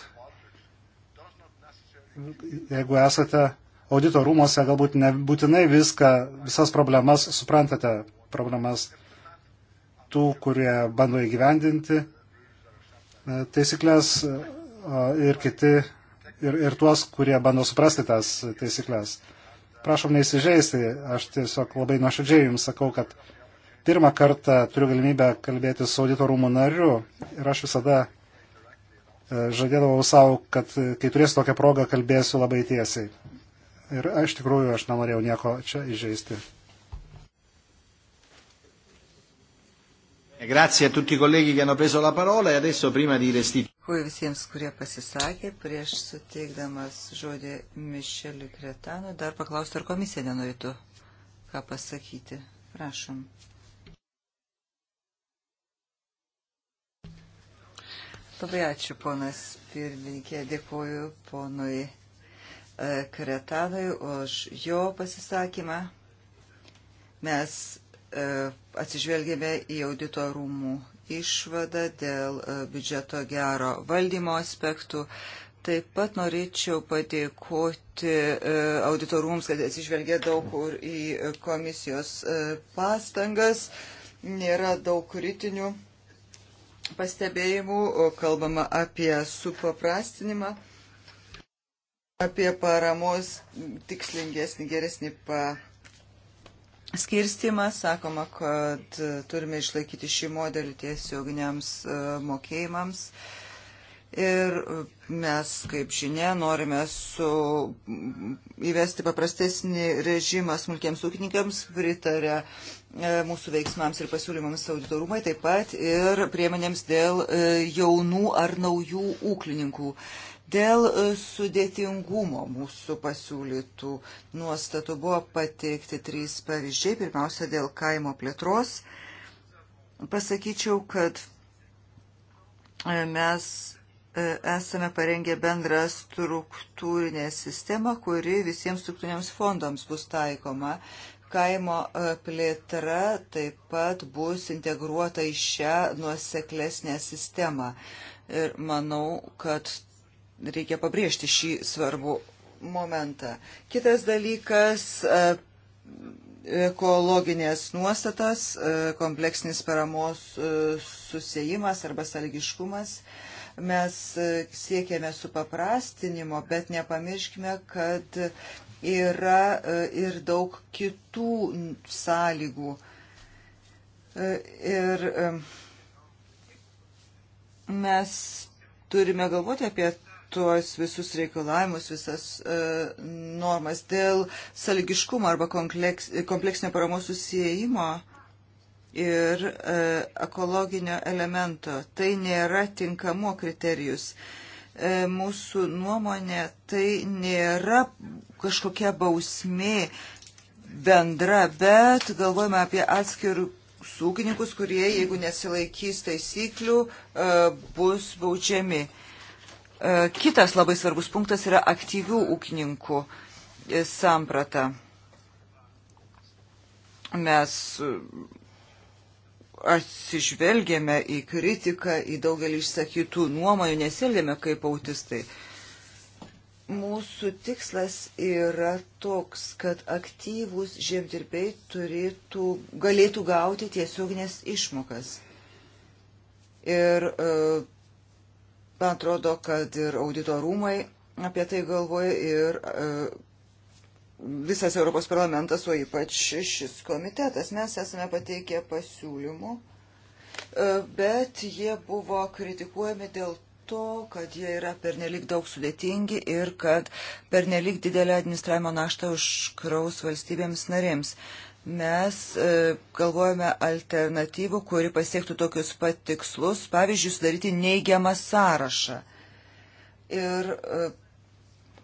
jeigu esate audito rūmose galbūt nebūtinai viską, visas problemas suprantate, problemas tų, kurie bando įgyvendinti e, taisyklės e, ir kiti, ir, ir tuos, kurie bando suprasti tas taisyklės. Prašom neįsižeisti, aš tiesiog labai nuoširdžiai jums sakau, kad pirmą kartą turiu galimybę kalbėti su audito rūmų nariu ir aš visada e, žadėdavau savo, kad kai turėsiu tokią progą, kalbėsiu labai tiesiai. Ir iš tikrųjų aš nenorėjau nieko čia įžeisti. E grazie a tutti i colleghi che hanno preso la parola e adesso prima di restituire. Dėkuoju visiems, kurie pasisakė. Prieš suteikdamas žodį Mišeliu Kretanui, dar paklausti, ar komisija nenorėtų ką pasakyti. Prašom. Labai ačiū, ponas pirmininkė. Dėkuoju ponui E, Kretanui už jo pasisakymą. Mes e, atsižvelgėme į audito rūmų išvadą dėl e, biudžeto gero valdymo aspektų. Taip pat norėčiau padėkoti auditorums, kad atsižvelgė daug kur į komisijos pastangas. Nėra daug kritinių pastebėjimų, kalbama apie supaprastinimą apie paramos tikslingesnį, geresnį paskirstimą. Sakoma, kad turime išlaikyti šį modelį tiesioginiams e, mokėjimams. Ir mes, kaip žinia, norime su, įvesti paprastesnį režimą smulkiems ūkininkams, pritarė e, mūsų veiksmams ir pasiūlymams auditorumai, taip pat ir priemonėms dėl e, jaunų ar naujų ūkininkų. E, Dėl e, sudėtingumo mūsų pasiūlytų nuostatų buvo pateikti trys pavyzdžiai. Pirmiausia, dėl kaimo plėtros. Pasakyčiau, kad e, mes e, esame parengę bendrą struktūrinę sistemą, kuri visiems struktūriniams fondams bus taikoma kaimo plėtra taip pat bus integruota į šią nuoseklesnę sistemą. Ir manau, kad reikia pabrėžti šį svarbų momentą. Kitas dalykas e, - ekologinės nuostatas, e, kompleksinis paramos e, susijimas arba salgiškumas mes siekiame supaprastinimo, bet nepamirškime, kad yra ir daug kitų sąlygų. Ir mes turime galvoti apie tuos visus reikalavimus, visas e, normas dėl saligiškumo arba kompleks, kompleksinio paramos susijėjimo ir e, ekologinio elemento. Tai nėra tinkamo kriterijus. E, mūsų nuomonė tai nėra kažkokia bausmė bendra, bet galvojame apie atskirų ūkininkus, kurie, jeigu nesilaikys taisyklių, e, bus baudžiami. E, kitas labai svarbus punktas yra aktyvių ūkininkų e, samprata. Mes e, atsižvelgėme į kritiką, į daugelį išsakytų nuomonių, nesielgėme kaip autistai. Mūsų tikslas yra toks, kad aktyvūs žemdirbiai turėtų, galėtų gauti tiesioginės išmokas. Ir uh, Man atrodo, kad ir audito rūmai apie tai galvoja ir e, visas Europos parlamentas, o ypač šis komitetas. Mes esame pateikę pasiūlymų, e, bet jie buvo kritikuojami dėl to, kad jie yra pernelik daug sudėtingi ir kad pernelik didelę administravimo naštą užkraus valstybėms narėms mes e, galvojame alternatyvų, kuri pasiektų tokius pat tikslus, pavyzdžiui, sudaryti neigiamą sąrašą. Ir e,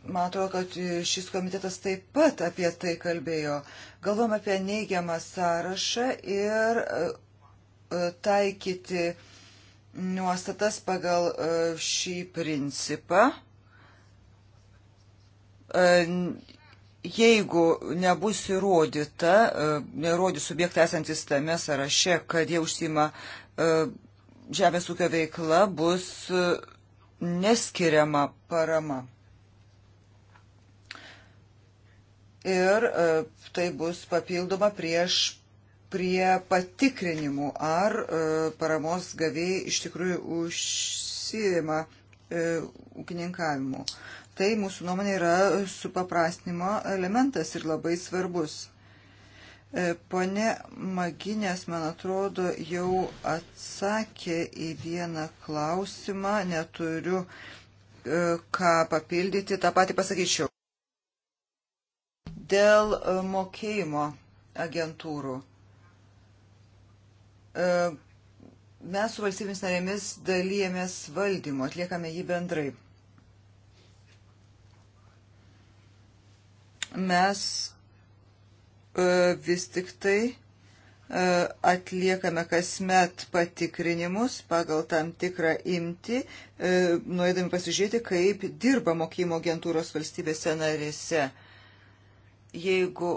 man atrodo, kad šis komitetas taip pat apie tai kalbėjo. Galvom apie neigiamą sąrašą ir e, taikyti nuostatas pagal šį principą jeigu nebus įrodyta, e, nerodys subjektai esantis tame sąraše, kad jie užsima e, žemės ūkio veikla, bus e, neskiriama parama. Ir tai bus papildoma prieš prie patikrinimų, ar paramos gavėjai iš tikrųjų užsijima ūkininkavimu. E, tai mūsų nuomonė yra supaprastinimo elementas ir labai svarbus. E, Pone Maginės, man atrodo, jau atsakė į vieną klausimą, neturiu e, ką papildyti, tą patį pasakyčiau. Dėl e, mokėjimo agentūrų. Mes su valstybės narėmis dalyjėmės valdymo, atliekame jį bendrai. mes e, vis tik tai e, atliekame kasmet patikrinimus pagal tam tikrą imti, e, norėdami pasižiūrėti, kaip dirba mokymo agentūros valstybėse narėse. Jeigu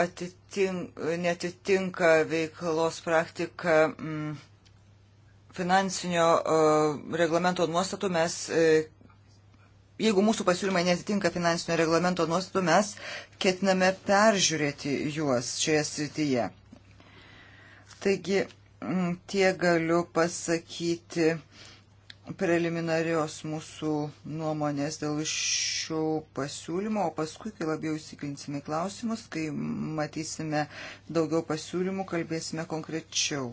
atitink, netitinka veiklos praktika mm, finansinio reglamento nuostatų, mes jeigu mūsų pasiūlymai netitinka finansinio reglamento nuostatų, mes ketiname peržiūrėti juos šioje srityje. Taigi, tie galiu pasakyti preliminarios mūsų nuomonės dėl šio pasiūlymo, o paskui, kai labiau įsiklinsime į klausimus, kai matysime daugiau pasiūlymų, kalbėsime konkrečiau.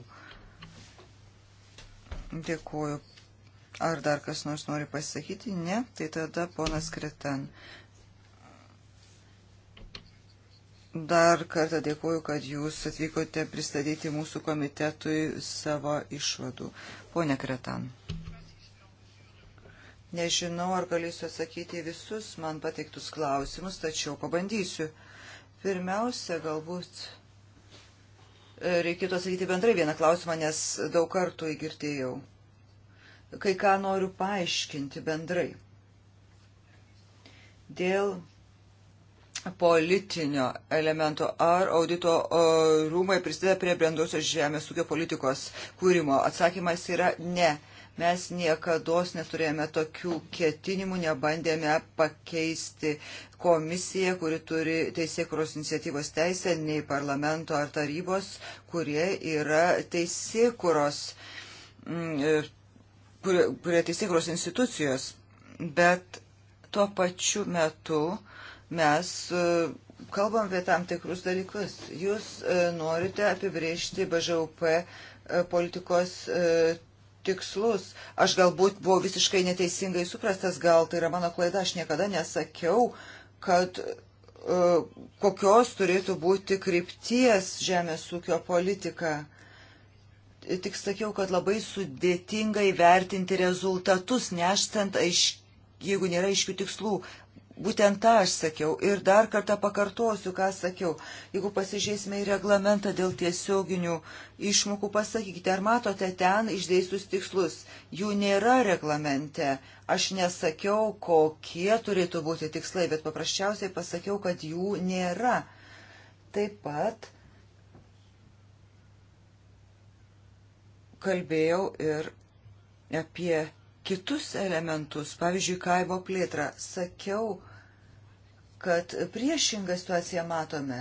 Dėkuoju Ar dar kas nors nori pasakyti? Ne, tai tada ponas Kretan. Dar kartą dėkuoju, kad jūs atvykote pristatyti mūsų komitetui savo išvadų. Pone Kretan. Nežinau, ar galėsiu atsakyti visus man pateiktus klausimus, tačiau pabandysiu. Pirmiausia, galbūt e, reikėtų atsakyti bendrai vieną klausimą, nes daug kartų įgirtėjau kai ką noriu paaiškinti bendrai. Dėl politinio elemento. Ar audito rūmai prisideda prie brendosios žemės ūkio politikos kūrimo? Atsakymas yra ne. Mes niekada neturėjome tokių ketinimų, nebandėme pakeisti komisiją, kuri turi teisėkuros iniciatyvos teisę, nei parlamento ar tarybos, kurie yra teisėkuros mm, prie, prie teisėkros institucijos, bet tuo pačiu metu mes e, kalbam apie tam tikrus dalykus. Jūs e, norite apibriežti BŽUP e, politikos tikslus. Aš galbūt buvau visiškai neteisingai suprastas, gal tai yra mano klaida, aš niekada nesakiau, kad kokios turėtų būti krypties žemės ūkio politika tik sakiau, kad labai sudėtinga įvertinti rezultatus, neštant, aiš, jeigu nėra aiškių tikslų. Būtent tą aš sakiau ir dar kartą pakartosiu, ką sakiau. Jeigu pasižiūrėsime į reglamentą dėl tiesioginių išmokų, pasakykite, ar matote ten išdėstus tikslus. Jų nėra reglamente. Aš nesakiau, kokie turėtų būti tikslai, bet paprasčiausiai pasakiau, kad jų nėra. Taip pat kalbėjau ir apie kitus elementus, pavyzdžiui, kaimo plėtrą. Sakiau, kad priešingą situaciją matome.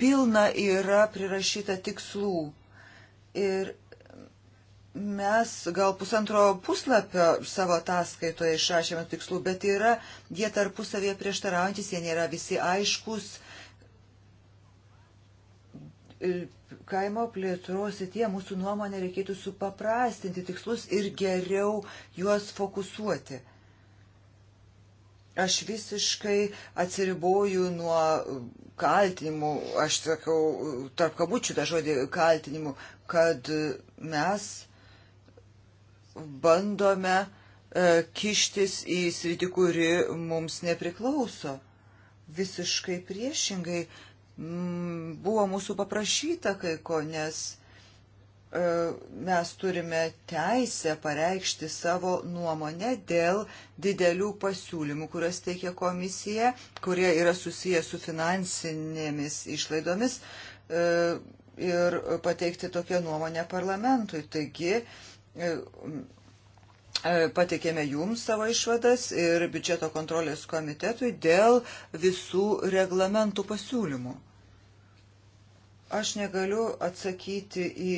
Pilna yra prirašyta tikslų. Ir mes gal pusantro puslapio savo ataskaitoje išrašėme tikslų, bet yra jie tarpusavėje prieštaraujantis, jie nėra visi aiškus, E, kaimo plėtros ir tie mūsų nuomonė reikėtų supaprastinti tikslus ir geriau juos fokusuoti. Aš visiškai atsiriboju nuo kaltinimų, aš sakau, tarp kabučių tą žodį kaltinimų, kad mes bandome e, kištis į sritį, kuri mums nepriklauso. Visiškai priešingai buvo mūsų paprašyta kai ko, nes e, mes turime teisę pareikšti savo nuomonę dėl didelių pasiūlymų, kurias teikia komisija, kurie yra susiję su finansinėmis išlaidomis e, ir pateikti tokią nuomonę parlamentui. Taigi, e, E, pateikėme jums savo išvadas ir biudžeto kontrolės komitetui dėl visų reglamentų pasiūlymų. Aš negaliu atsakyti į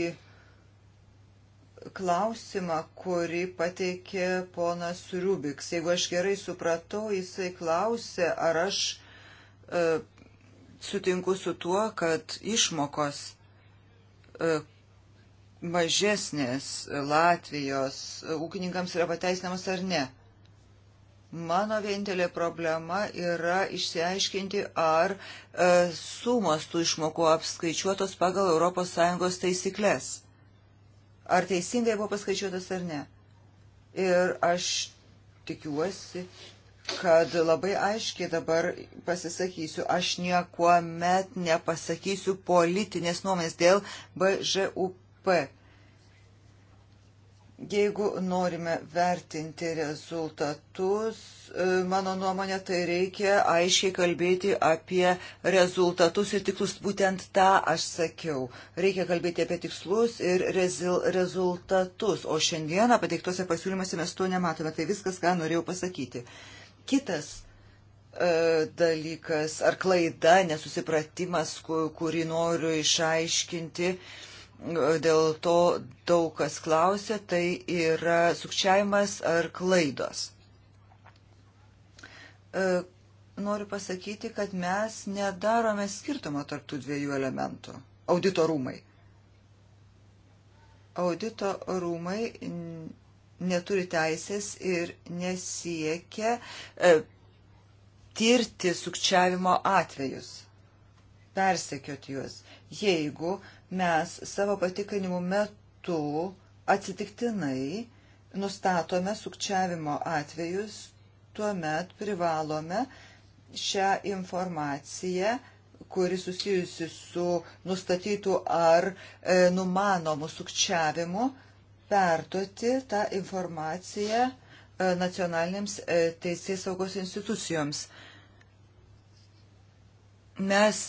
klausimą, kurį pateikė ponas Rubiks. Jeigu aš gerai supratau, jisai klausė, ar aš e, sutinku su tuo, kad išmokos e, mažesnės Latvijos ūkininkams yra pateisinamos ar ne. Mano vienintelė problema yra išsiaiškinti, ar e, sumos tų išmokų apskaičiuotos pagal ES taisyklės. Ar teisingai buvo paskaičiuotas ar ne. Ir aš tikiuosi, kad labai aiškiai dabar pasisakysiu, aš niekuomet nepasakysiu politinės nuomonės dėl BŽUP BVP. Jeigu norime vertinti rezultatus, e, mano nuomonė, tai reikia aiškiai kalbėti apie rezultatus ir tikslus. Būtent tą aš sakiau. Reikia kalbėti apie tikslus ir rezultatus. O šiandieną pateiktose pasiūlymuose mes to nematome. Tai viskas, ką norėjau pasakyti. Kitas e, dalykas ar klaida, nesusipratimas, kurį noriu išaiškinti. Uh, dėl to daug kas klausia, tai yra sukčiavimas ar klaidos. E, noriu pasakyti, kad mes nedarome skirtumo tarptų dviejų elementų. Audito rūmai. Audito rūmai neturi teisės ir nesiekia e, tirti sukčiavimo atvejus, persekioti juos. Jeigu e, Mes savo patikrinimų metu atsitiktinai nustatome sukčiavimo atvejus, tuomet privalome šią informaciją kuri susijusi su nustatytų ar e, numanomų sukčiavimu, perduoti tą informaciją e, nacionalinėms e, teisės saugos institucijoms mes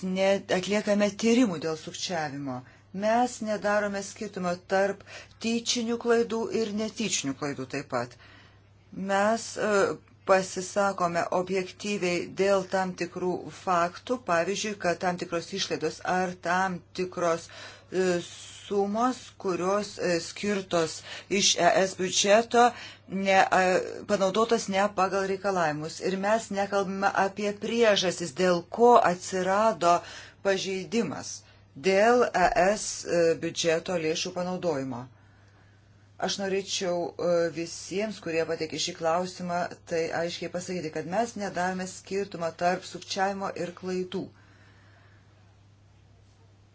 atliekame tyrimų dėl sukčiavimo. Mes nedarome skirtumo tarp tyčinių klaidų ir netyčinių klaidų taip pat. Mes e, pasisakome objektyviai dėl tam tikrų faktų, pavyzdžiui, kad tam tikros išlaidos ar tam tikros e, sumos, kurios e, skirtos iš ES biudžeto, ne, panaudotos ne pagal reikalavimus. Ir mes nekalbame apie priežastis, dėl ko atsirado pažeidimas dėl ES e, biudžeto lėšų panaudojimo. Aš norėčiau e, visiems, kurie patekė šį klausimą, tai aiškiai pasakyti, kad mes nedavome skirtumą tarp sukčiavimo ir klaidų.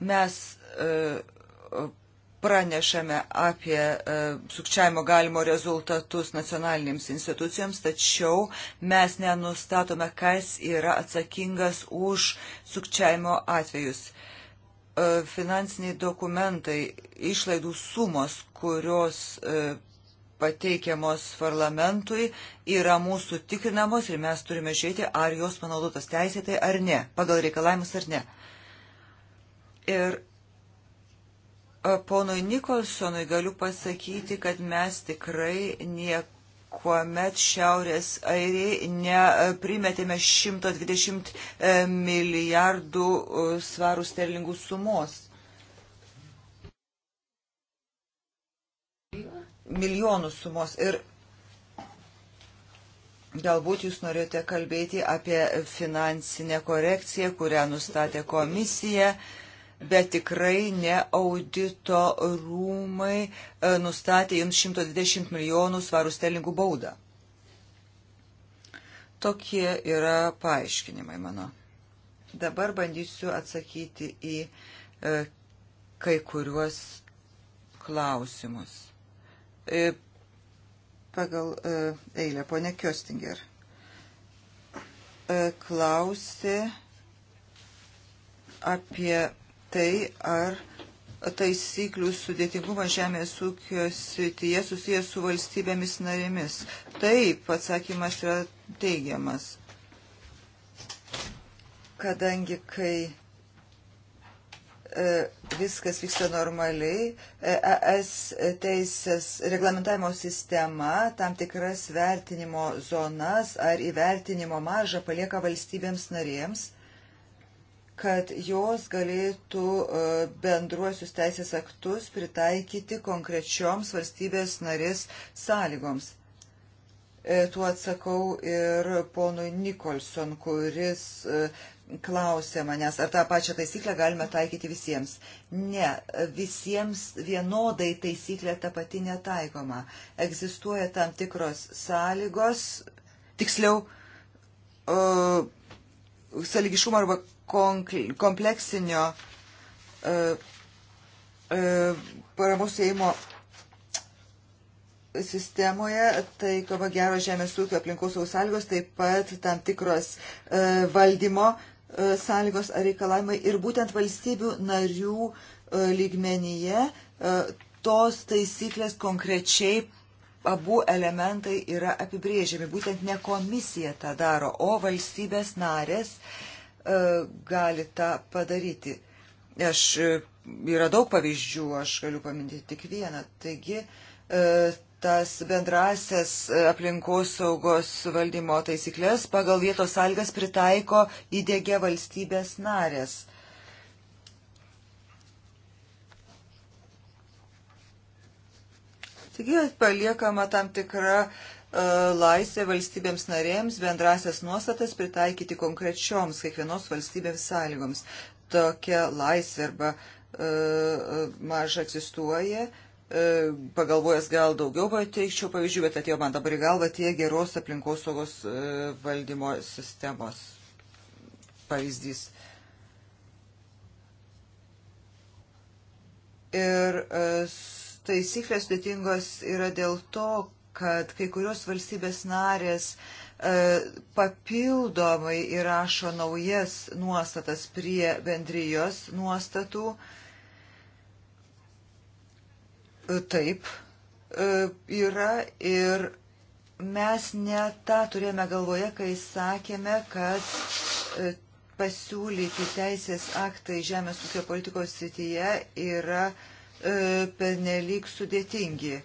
Mes e, pranešame apie e, sukčiavimo galimo rezultatus nacionalinėms institucijoms, tačiau mes nenustatome, kas yra atsakingas už sukčiavimo atvejus. E, finansiniai dokumentai, išlaidų sumos, kurios e, pateikiamos parlamentui, yra mūsų tikrinamos ir mes turime žiūrėti, ar jos panaudotos teisėtai ar ne, pagal reikalavimus ar ne. Ir Ponui Nikolsonui galiu pasakyti, kad mes tikrai niekuomet Šiaurės Airijai neprimetėme 120 e, milijardų e, svarų sterlingų sumos. Milijonų sumos. Ir Galbūt jūs norėjote kalbėti apie finansinę korekciją, kurią nustatė komisija. Uh, bet tikrai ne audito rūmai e, nustatė jums 120 milijonų svarų stelingų baudą. Tokie yra paaiškinimai mano. Dabar bandysiu atsakyti į e, kai kuriuos klausimus. E, pagal eilę, ponė Kjostinger. Klausė apie tai, ar taisyklių sudėtingumas žemės ūkio srityje susijęs su valstybėmis narėmis. Taip, atsakymas yra teigiamas. Kadangi, kai e, viskas vyksta normaliai. ES e teisės reglamentavimo sistema tam tikras vertinimo zonas ar įvertinimo maržą palieka valstybėms narėms kad jos galėtų e, bendruosius teisės aktus pritaikyti konkrečioms valstybės narės sąlygoms. E, tuo atsakau ir ponui Nikolson, kuris e, klausė manęs, ar tą pačią taisyklę galime taikyti visiems. Ne, visiems vienodai taisyklė ta pati netaikoma. Egzistuoja tam tikros sąlygos, tiksliau, uh, sąlygiškumo arba kompleksinio e, e, paramos įėjimo sistemoje, tai kava gero žemės ūkio aplinkos sąlygos, taip pat tam tikros e, valdymo e, sąlygos ar reikalavimai ir būtent valstybių narių e, lygmenyje e, tos taisyklės konkrečiai abu elementai yra apibrėžiami. Būtent ne komisija tą daro, o valstybės narės e, E, gali tą padaryti. Aš e, yra daug pavyzdžių, aš galiu paminėti tik vieną. Taigi, e, tas bendrasias aplinkos saugos valdymo taisyklės pagal vietos sąlygas pritaiko įdėgė valstybės narės. Taigi paliekama tam tikra uh, E, laisvę valstybėms narėms bendrasias nuostatas pritaikyti konkrečioms kiekvienos valstybėms sąlygoms. Tokia laisvė arba e, e, maža egzistuoja. Pagalvojęs gal daugiau pateikčiau pavyzdžių, bet atėjo man dabar į galvą tie geros aplinkosaugos valdymo sistemos pavyzdys. Ir taisyklės sudėtingos yra dėl to, kad kai kurios valstybės narės e, papildomai įrašo naujas nuostatas prie bendrijos nuostatų. E, taip, e, yra ir mes ne tą turėjome galvoje, kai sakėme, kad pasiūlyti teisės aktai žemės ūkio politikos srityje yra pernelyg sudėtingi.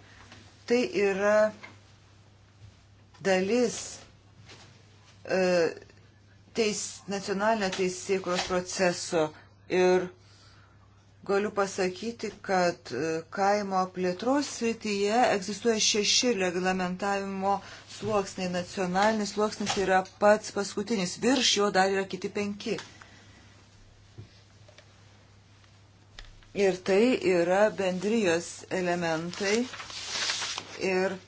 Tai yra dalis e, teis, nacionalinio teisėkros proceso ir galiu pasakyti, kad e, kaimo plėtros srityje egzistuoja šeši reglamentavimo sluoksniai. Nacionalinis sluoksnis yra pats paskutinis, virš jo dar yra kiti penki. Ir tai yra bendrijos elementai ir e,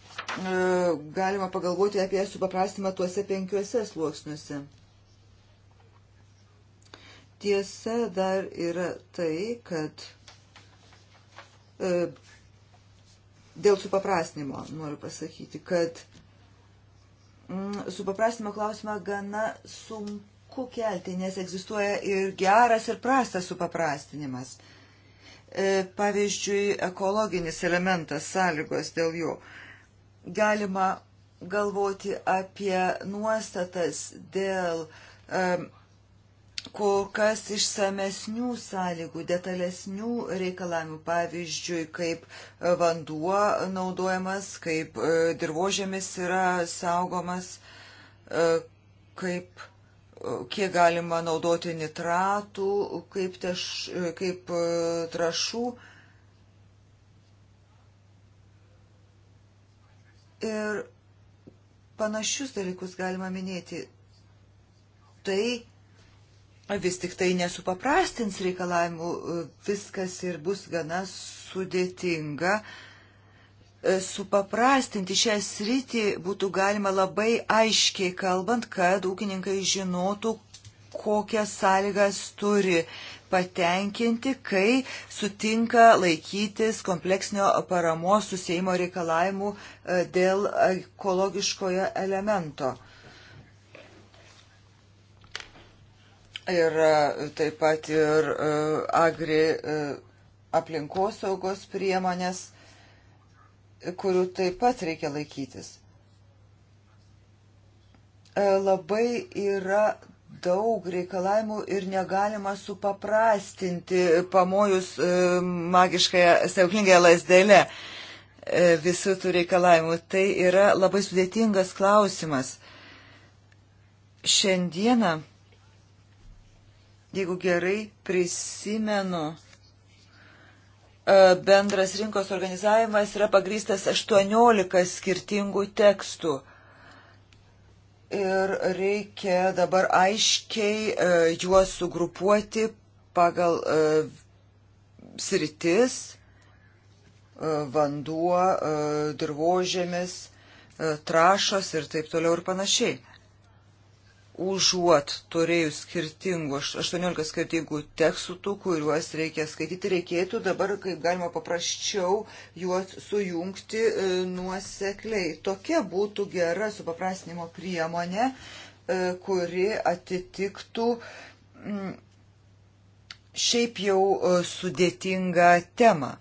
galima pagalvoti apie supaprastimą tuose penkiuose sluoksniuose. Tiesa dar yra tai, kad e, dėl supaprastinimo noriu pasakyti, kad mm, supaprastinimo klausimą gana sunku kelti, nes egzistuoja ir geras, ir prastas supaprastinimas. E, E, pavyzdžiui, ekologinis elementas, sąlygos dėl jų. Galima galvoti apie nuostatas dėl um, kol kas išsamesnių sąlygų, detalesnių reikalavimų, pavyzdžiui, kaip vanduo naudojamas, kaip e, dirbožėmis yra saugomas, kaip kiek galima naudoti nitratų, kaip, teš, kaip e, trašų. Ir panašius dalykus galima minėti. Tai vis tik tai nesupaprastins reikalavimų, e, viskas ir bus gana sudėtinga. Uh, E, supaprastinti šią sritį būtų galima labai aiškiai kalbant, kad ūkininkai žinotų, kokias sąlygas turi patenkinti, kai sutinka laikytis kompleksinio paramos susėjimo reikalavimų e, dėl ekologiškojo elemento. Ir e, taip pat ir agri aplinkosaugos priemonės kurių taip pat reikia laikytis. E, labai yra daug reikalavimų ir negalima supaprastinti pamojus e, magiškąją, steuklingąją lasdėlę e, visų tų reikalavimų. Tai yra labai sudėtingas klausimas. Šiandieną, jeigu gerai prisimenu, E, bendras rinkos organizavimas yra pagrystas 18 skirtingų tekstų. Ir reikia dabar aiškiai e, juos sugrupuoti pagal e, sritis - vanduo, dirbožėmis, trašos ir taip toliau ir panašiai užuot turėjus skirtingų, 18 skirtingų tekstų, tų, kuriuos reikia skaityti, reikėtų dabar, kaip galima paprasčiau, juos sujungti e, nuosekliai. Tokia būtų gera supaprastinimo priemonė, e, kuri atitiktų. Mm, šiaip jau e, sudėtingą temą.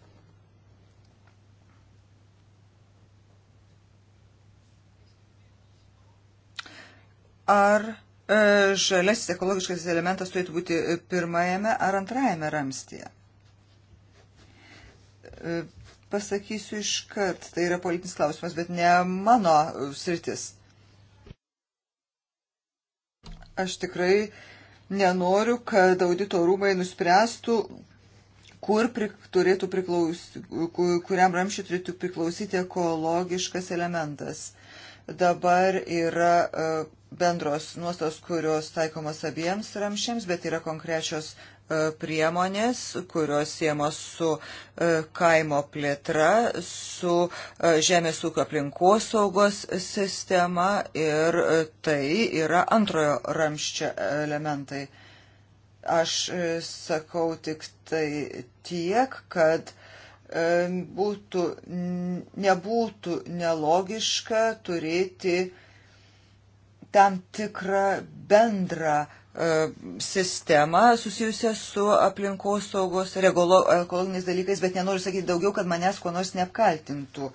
Ar E, žalesis ekologiškas elementas turėtų būti e, pirmajame ar antrajame ramstyje. E, pasakysiu iškart, tai yra politinis klausimas, bet ne mano sritis. Aš tikrai nenoriu, kad audito rūmai nuspręstų, kur pri, turėtų priklausyti, kuriam ramšiui turėtų priklausyti ekologiškas elementas Dabar yra e, bendros nuostos, kurios taikomos abiems ramšiams, bet yra konkrečios e, priemonės, kurios siemos su e, kaimo plėtra, su žemės ūkio aplinkosaugos sistema ir tai yra antrojo ramščio elementai. Aš sakau tik tai tiek, kad uh, E, būtų, nebūtų nelogiška turėti tam tikrą bendrą e, sistemą susijusią su aplinkos saugos ir ekologiniais dalykais, bet nenoriu sakyti daugiau, kad manęs kuo nors neapkaltintų.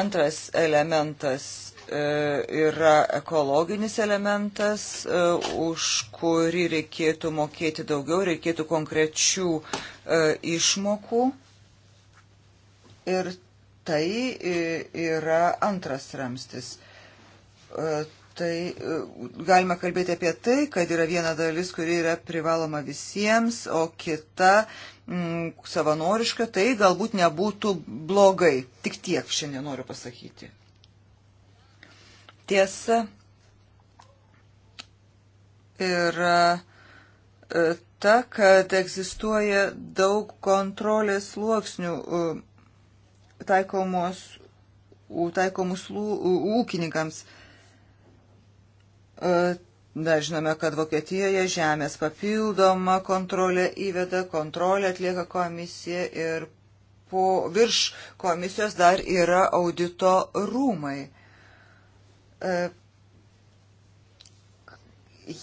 Antras elementas E, yra ekologinis elementas, e, už kurį reikėtų mokėti daugiau, reikėtų konkrečių e, išmokų. Ir tai yra antras ramstis. Tai galime kalbėti apie tai, kad yra viena dalis, kuri yra privaloma visiems, o kita m, mm, savanoriška, tai galbūt nebūtų blogai. Tik tiek šiandien noriu pasakyti. Tiesa yra e, ta, kad egzistuoja daug kontrolės sluoksnių e, taikomos, taikomus ūkininkams. E, na, žinome, kad Vokietijoje žemės papildoma kontrolė įveda, kontrolė atlieka komisija ir po virš komisijos dar yra audito rūmai. E,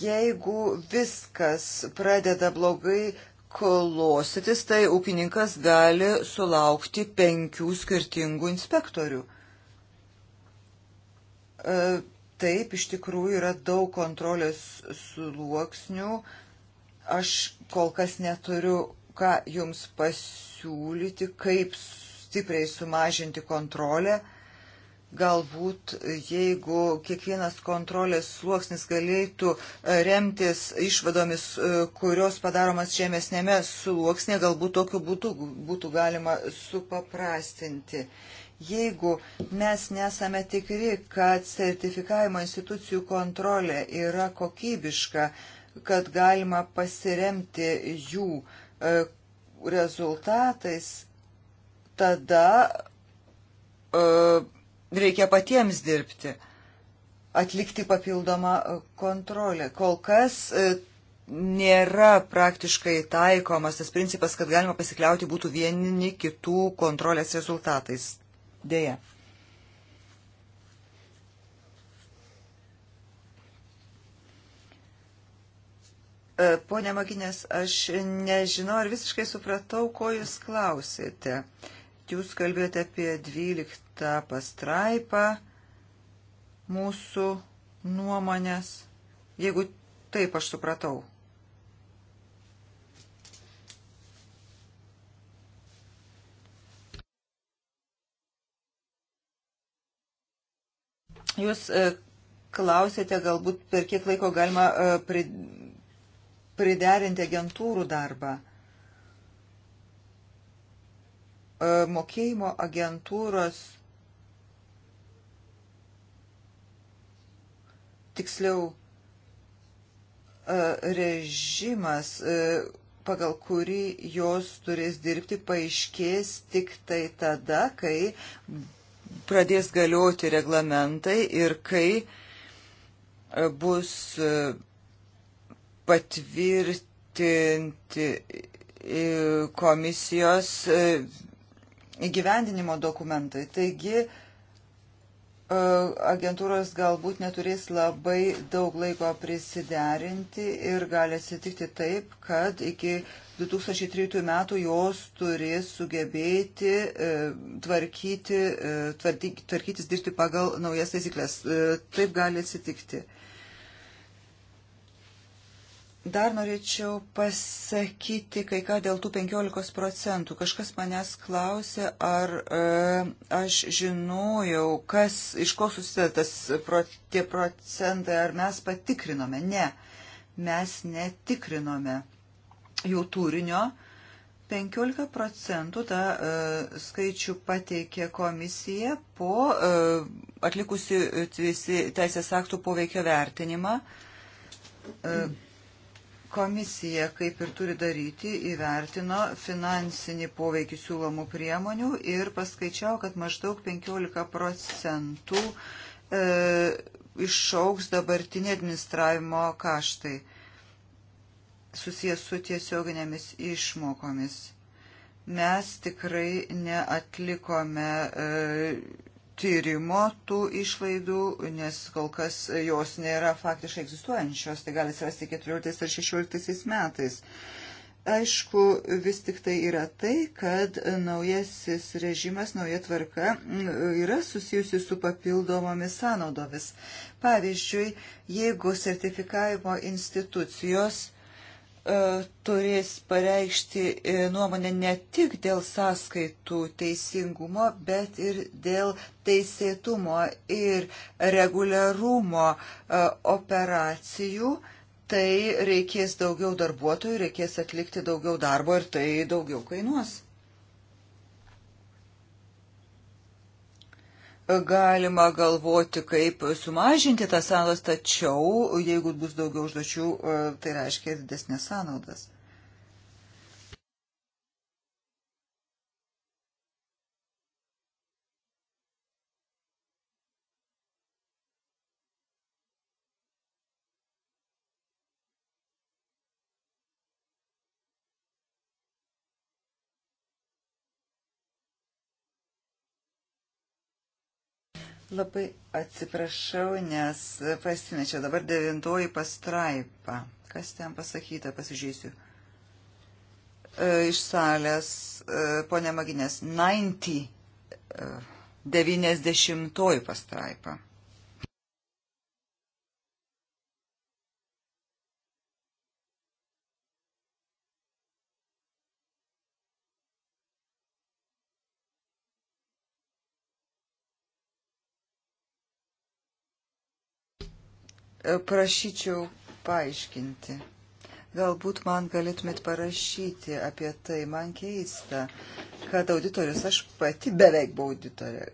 jeigu viskas pradeda blogai klostytis, tai ūkininkas gali sulaukti penkių skirtingų inspektorių. E, taip, iš tikrųjų yra daug kontrolės sluoksnių. Aš kol kas neturiu ką jums pasiūlyti, kaip stipriai sumažinti kontrolę. Uh, Galbūt jeigu kiekvienas kontrolės sluoksnis galėtų e, remtis išvadomis, e, kurios padaromas žemesnėme sluoksnė, galbūt tokiu būtų, būtų galima supaprastinti. Jeigu mes nesame tikri, kad sertifikavimo institucijų kontrolė yra kokybiška, kad galima pasiremti jų e, rezultatais, tada uh, reikia patiems dirbti, atlikti papildomą kontrolę. Kol kas e, nėra praktiškai taikomas tas principas, kad galima pasikliauti būtų vieni kitų kontrolės rezultatais. Deja. E, Pone Maginės, aš nežinau, ar visiškai supratau, ko jūs klausėte. Jūs kalbėjote apie 12 tą pastraipą mūsų nuomonės, jeigu taip aš supratau. Jūs e, klausėte, galbūt per kiek laiko galima e, priderinti agentūrų darbą. E, mokėjimo agentūros tiksliau e, režimas, e, pagal kurį jos turės dirbti, paaiškės tik tai tada, kai pradės galioti reglamentai ir kai e, bus patvirtinti komisijos įgyvendinimo dokumentai. Taigi, E, agentūros galbūt neturės labai daug laiko prisiderinti ir gali atsitikti taip, kad iki 2003 metų jos turės sugebėti e, tvarkyti, e, tvarkytis dirbti pagal naujas taisyklės. Taip gali atsitikti. Dar norėčiau pasakyti kai ką dėl tų 15 procentų. Kažkas manęs klausė, ar e, aš žinojau, kas, iš ko susideda tas pro, tie procentai, ar mes patikrinome. Ne, mes netikrinome jų turinio. 15 procentų tą e, skaičių pateikė komisija po e, atlikusi visi teisės aktų poveikio vertinimą. E, mm Komisija, kaip ir turi daryti, įvertino finansinį poveikį siūlomų priemonių ir paskaičiavo, kad maždaug 15 procentų e, išauks dabartinė administravimo kaštai susijęs su tiesioginėmis išmokomis. Mes tikrai neatlikome e, tyrimo tų išlaidų, nes kol kas jos nėra faktiškai egzistuojančios, tai gali atsirasti 14 ar 16 metais. Aišku, vis tik tai yra tai, kad naujasis režimas, nauja tvarka yra susijusi su papildomomis sąnaudomis. Pavyzdžiui, jeigu sertifikavimo institucijos E, turės pareikšti e, nuomonę ne tik dėl sąskaitų teisingumo, bet ir dėl teisėtumo ir reguliarumo e, operacijų. Tai reikės daugiau darbuotojų, reikės atlikti daugiau darbo ir tai daugiau kainuos. galima galvoti, kaip sumažinti tas sąnaudas, tačiau jeigu bus daugiau užduočių, e, tai reiškia didesnės sąnaudas. Labai atsiprašau, nes pasimečiau dabar devintoji pastraipa. Kas ten pasakyta, pasižiūrėsiu. E, iš salės, e, ponė Maginės, 90, e, 90 pastraipa. prašyčiau paaiškinti. Galbūt man galėtumėt parašyti apie tai. Man keista, kad auditorius, aš pati beveik buvau auditorė,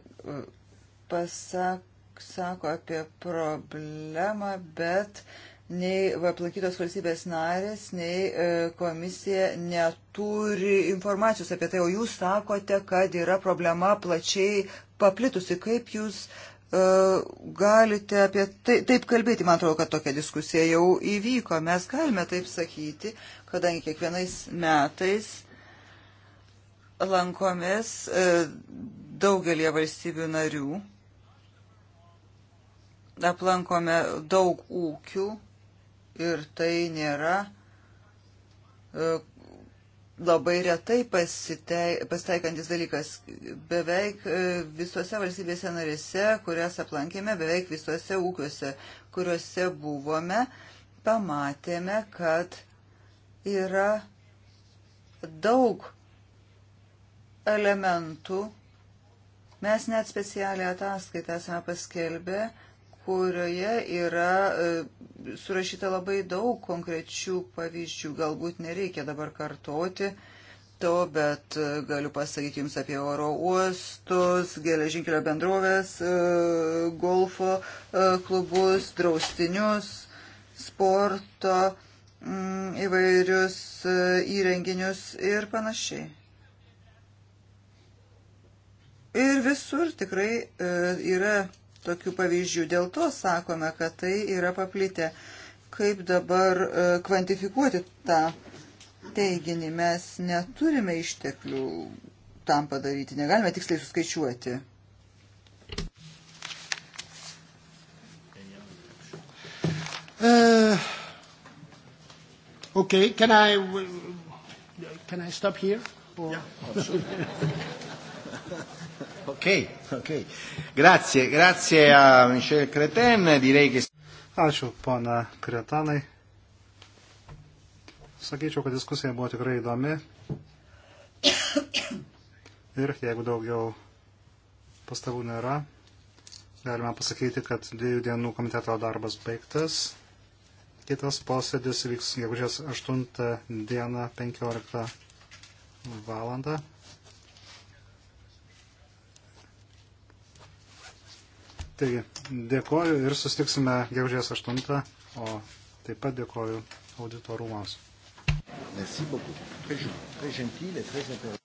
pasako apie problemą, bet nei aplankytos valstybės narės, nei e, komisija neturi informacijos apie tai, o jūs sakote, kad yra problema plačiai paplitusi. Kaip jūs uh, E, galite apie tai, taip kalbėti. Man atrodo, kad tokia diskusija jau įvyko. Mes galime taip sakyti, kadangi kiekvienais metais lankomės e, daugelie valstybių narių, aplankome daug ūkių ir tai nėra e, labai retai pasitaikantis dalykas. Beveik e, visose valstybėse narėse, kurias aplankėme, beveik visose ūkiuose, kuriuose buvome, pamatėme, kad yra daug elementų. Mes net specialią ataskaitą esame paskelbę kurioje yra e, surašyta labai daug konkrečių pavyzdžių. Galbūt nereikia dabar kartoti to, bet e, galiu pasakyti Jums apie oro uostus, geležinkelio bendrovės, e, golfo klubus, draustinius, sporto mm, įvairius įrenginius ir panašiai. Ir visur tikrai yra tokių pavyzdžių. Dėl to sakome, kad tai yra paplitę. Kaip dabar e, kvantifikuoti tą teiginį? Mes neturime išteklių tam padaryti, negalime tiksliai suskaičiuoti. Uh, okay, can I can I stop here? Or? Yeah, absolutely. Ok, ok. Grazie, grazie a Michel Creten. Direi che... Ačiū, pana Kretanai. Sakyčiau, kad diskusija buvo tikrai įdomi. Ir jeigu daugiau pastabų nėra, galime pasakyti, kad dviejų dienų komiteto darbas baigtas. Kitas posėdis vyks gegužės 8 dieną 15 valandą. Taigi, dėkoju ir sustiksime gegužės 8, o taip pat dėkoju auditorumams. Merci beaucoup. Très, très gentil et très intéressant.